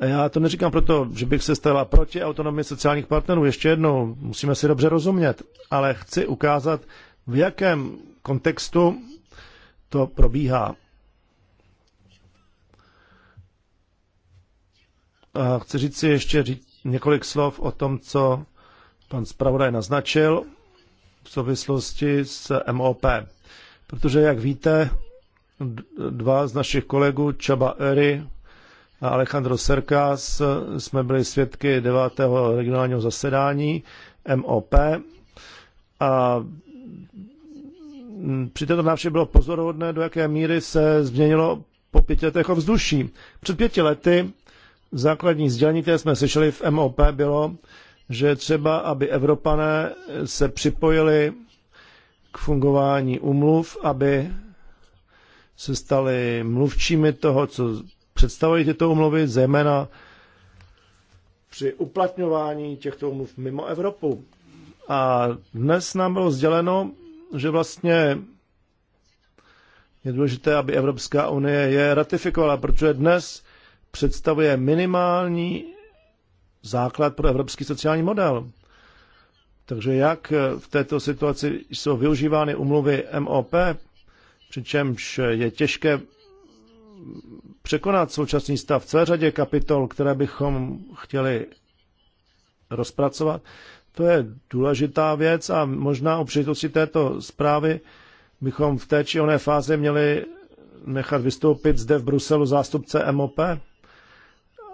Já to neříkám proto, že bych se stala proti autonomii sociálních partnerů. Ještě jednou, musíme si dobře rozumět, ale chci ukázat, v jakém kontextu to probíhá. A chci říct si ještě říct, několik slov o tom, co pan zpravodaj naznačil v souvislosti s MOP. Protože, jak víte, dva z našich kolegů, Čaba Ery a Alejandro Serkas, jsme byli svědky 9. regionálního zasedání MOP a při této návštěvě bylo pozoruhodné, do jaké míry se změnilo po pěti letech ovzduší. Před pěti lety Základní sdělení, které jsme slyšeli v MOP, bylo, že třeba, aby Evropané se připojili k fungování umluv, aby se stali mluvčími toho, co představují tyto umluvy, zejména při uplatňování těchto umluv mimo Evropu. A dnes nám bylo sděleno, že vlastně je důležité, aby Evropská unie je ratifikovala, protože dnes představuje minimální základ pro evropský sociální model. Takže jak v této situaci jsou využívány umluvy MOP, přičemž je těžké překonat současný stav v celé řadě kapitol, které bychom chtěli rozpracovat, to je důležitá věc a možná o příležitosti této zprávy bychom v té či oné fázi měli nechat vystoupit zde v Bruselu zástupce MOP,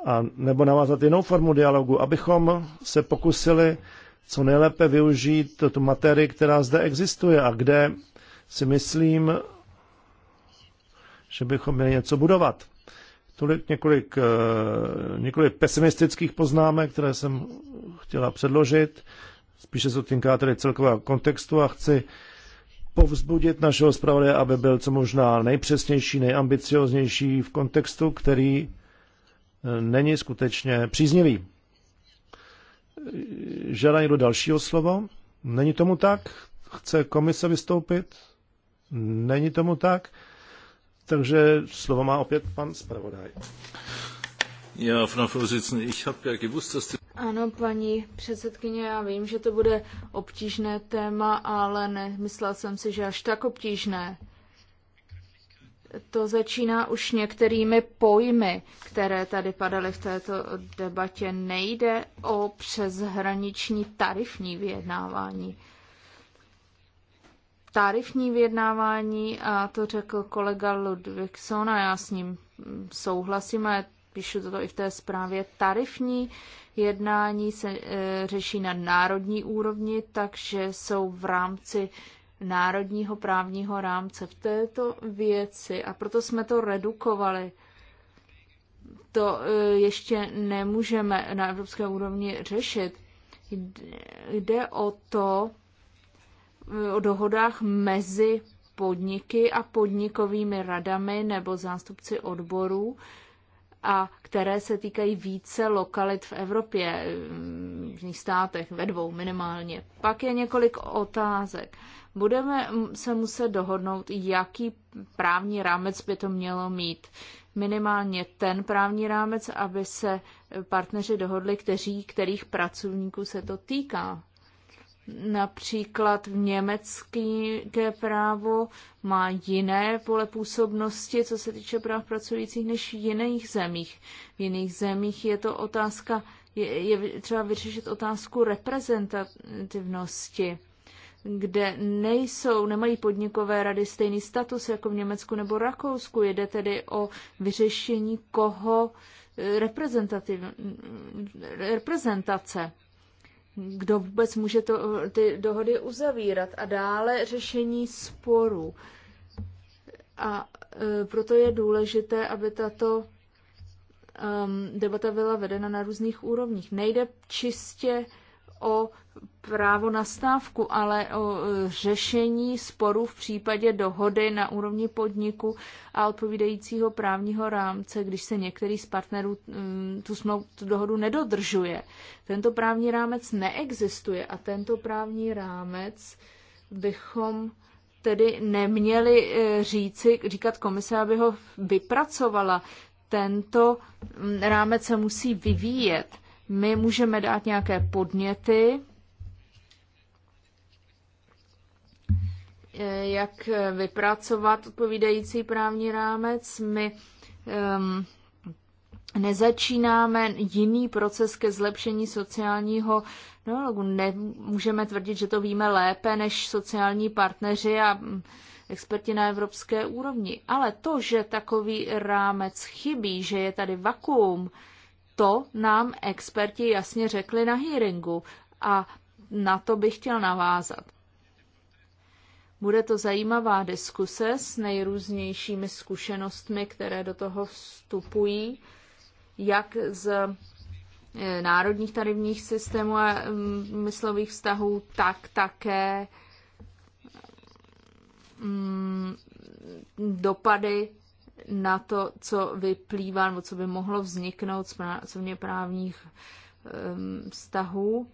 a nebo navázat jinou formu dialogu, abychom se pokusili co nejlépe využít tu materii, která zde existuje a kde si myslím, že bychom měli něco budovat. Tolik několik, eh, několik pesimistických poznámek, které jsem chtěla předložit. Spíše se týká tedy celkového kontextu a chci povzbudit našeho zpravodaje, aby byl co možná nejpřesnější, nejambicioznější v kontextu, který není skutečně příznivý. Žádá někdo dalšího slovo? Není tomu tak? Chce komise vystoupit? Není tomu tak? Takže slovo má opět pan zpravodaj. Já, Frau ich ja gewusst, dass die... Ano, paní předsedkyně, já vím, že to bude obtížné téma, ale nemyslela jsem si, že až tak obtížné to začíná už některými pojmy, které tady padaly v této debatě. Nejde o přeshraniční tarifní vyjednávání. Tarifní vyjednávání, a to řekl kolega Ludvigson, a já s ním souhlasím, a píšu toto i v té zprávě, tarifní jednání se e, řeší na národní úrovni, takže jsou v rámci e, národního právního rámce v této věci a proto jsme to redukovali. To e, ještě nemůžeme na evropské úrovni řešit. Jde o to, e, o dohodách mezi podniky a podnikovými radami nebo zástupci odborů, a které se týkají více lokalit v Evropě, e, v jiných státech, ve dvou minimálně. Pak je několik otázek budeme se muset dohodnout, jaký právní rámec by to mělo mít. Minimálně ten právní rámec, aby se partneři dohodli, kteří, kterých pracovníků se to týká. Například v německé právo má jiné pole působnosti, co se týče práv pracujících, než v jiných zemích. V jiných zemích je to otázka, je, je třeba vyřešit otázku reprezentativnosti kde nejsou, nemají podnikové rady stejný status jako v Německu nebo Rakousku. Jde tedy o vyřešení koho eh, reprezentativ, reprezentace. Kdo vůbec může to, ty dohody uzavírat a dále řešení sporů. A e, proto je důležité, aby tato e, debata byla vedena na různých úrovních. Nejde čistě o právo na stávku, ale o e, řešení sporů v případě dohody na úrovni podniku a odpovídajícího právního rámce, když se některý z partnerů mm, tu, smlou, tu dohodu nedodržuje. Tento právní rámec neexistuje a tento právní rámec bychom tedy neměli e, říci, říkat komise, aby ho vypracovala. Tento mm, rámec se musí vyvíjet. My můžeme dát nějaké podněty, Eh, jak vypracovat odpovídající právní rámec. My um, nezačínáme jiný proces ke zlepšení sociálního dialogu. No, Nemůžeme tvrdit, že to víme lépe než sociální partneři a mm, experti na evropské úrovni. Ale to, že takový rámec chybí, že je tady vakuum, to nám experti jasně řekli na hearingu a na to bych chtěl navázat. Bude to zajímavá diskuse s nejrůznějšími zkušenostmi, které do toho vstupují, jak z e, národních tarifních systémů a myslových vztahů, tak také dopady na to, co vyplývá nebo co by mohlo vzniknout z pracovně právních e, vztahů.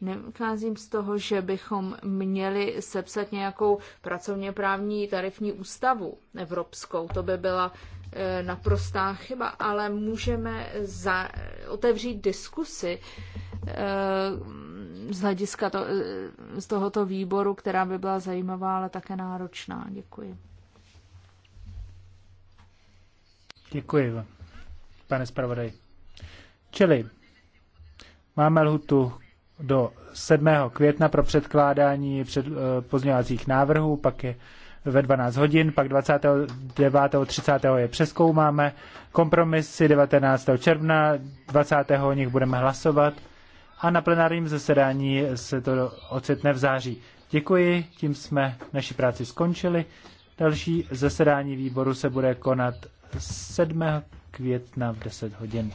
Nevycházím z toho, že bychom měli sepsat nějakou pracovně právní tarifní ústavu evropskou. To by byla e, naprostá chyba, ale můžeme za, otevřít diskusy e, z hlediska to, e, z tohoto výboru, která by byla zajímavá, ale také náročná. Děkuji. Děkuji vám, pane zpravodaj. Čili máme lhutu do 7. května pro předkládání před, eh, pozměňovacích návrhů, pak je ve 12 hodin, pak 29. 30. je přeskoumáme, kompromisy 19. června, 20. o nich budeme hlasovat a na plenárním zasedání se to ocitne v září. Děkuji, tím jsme naši práci skončili. Další zasedání výboru se bude konat 7. května v 10 hodin.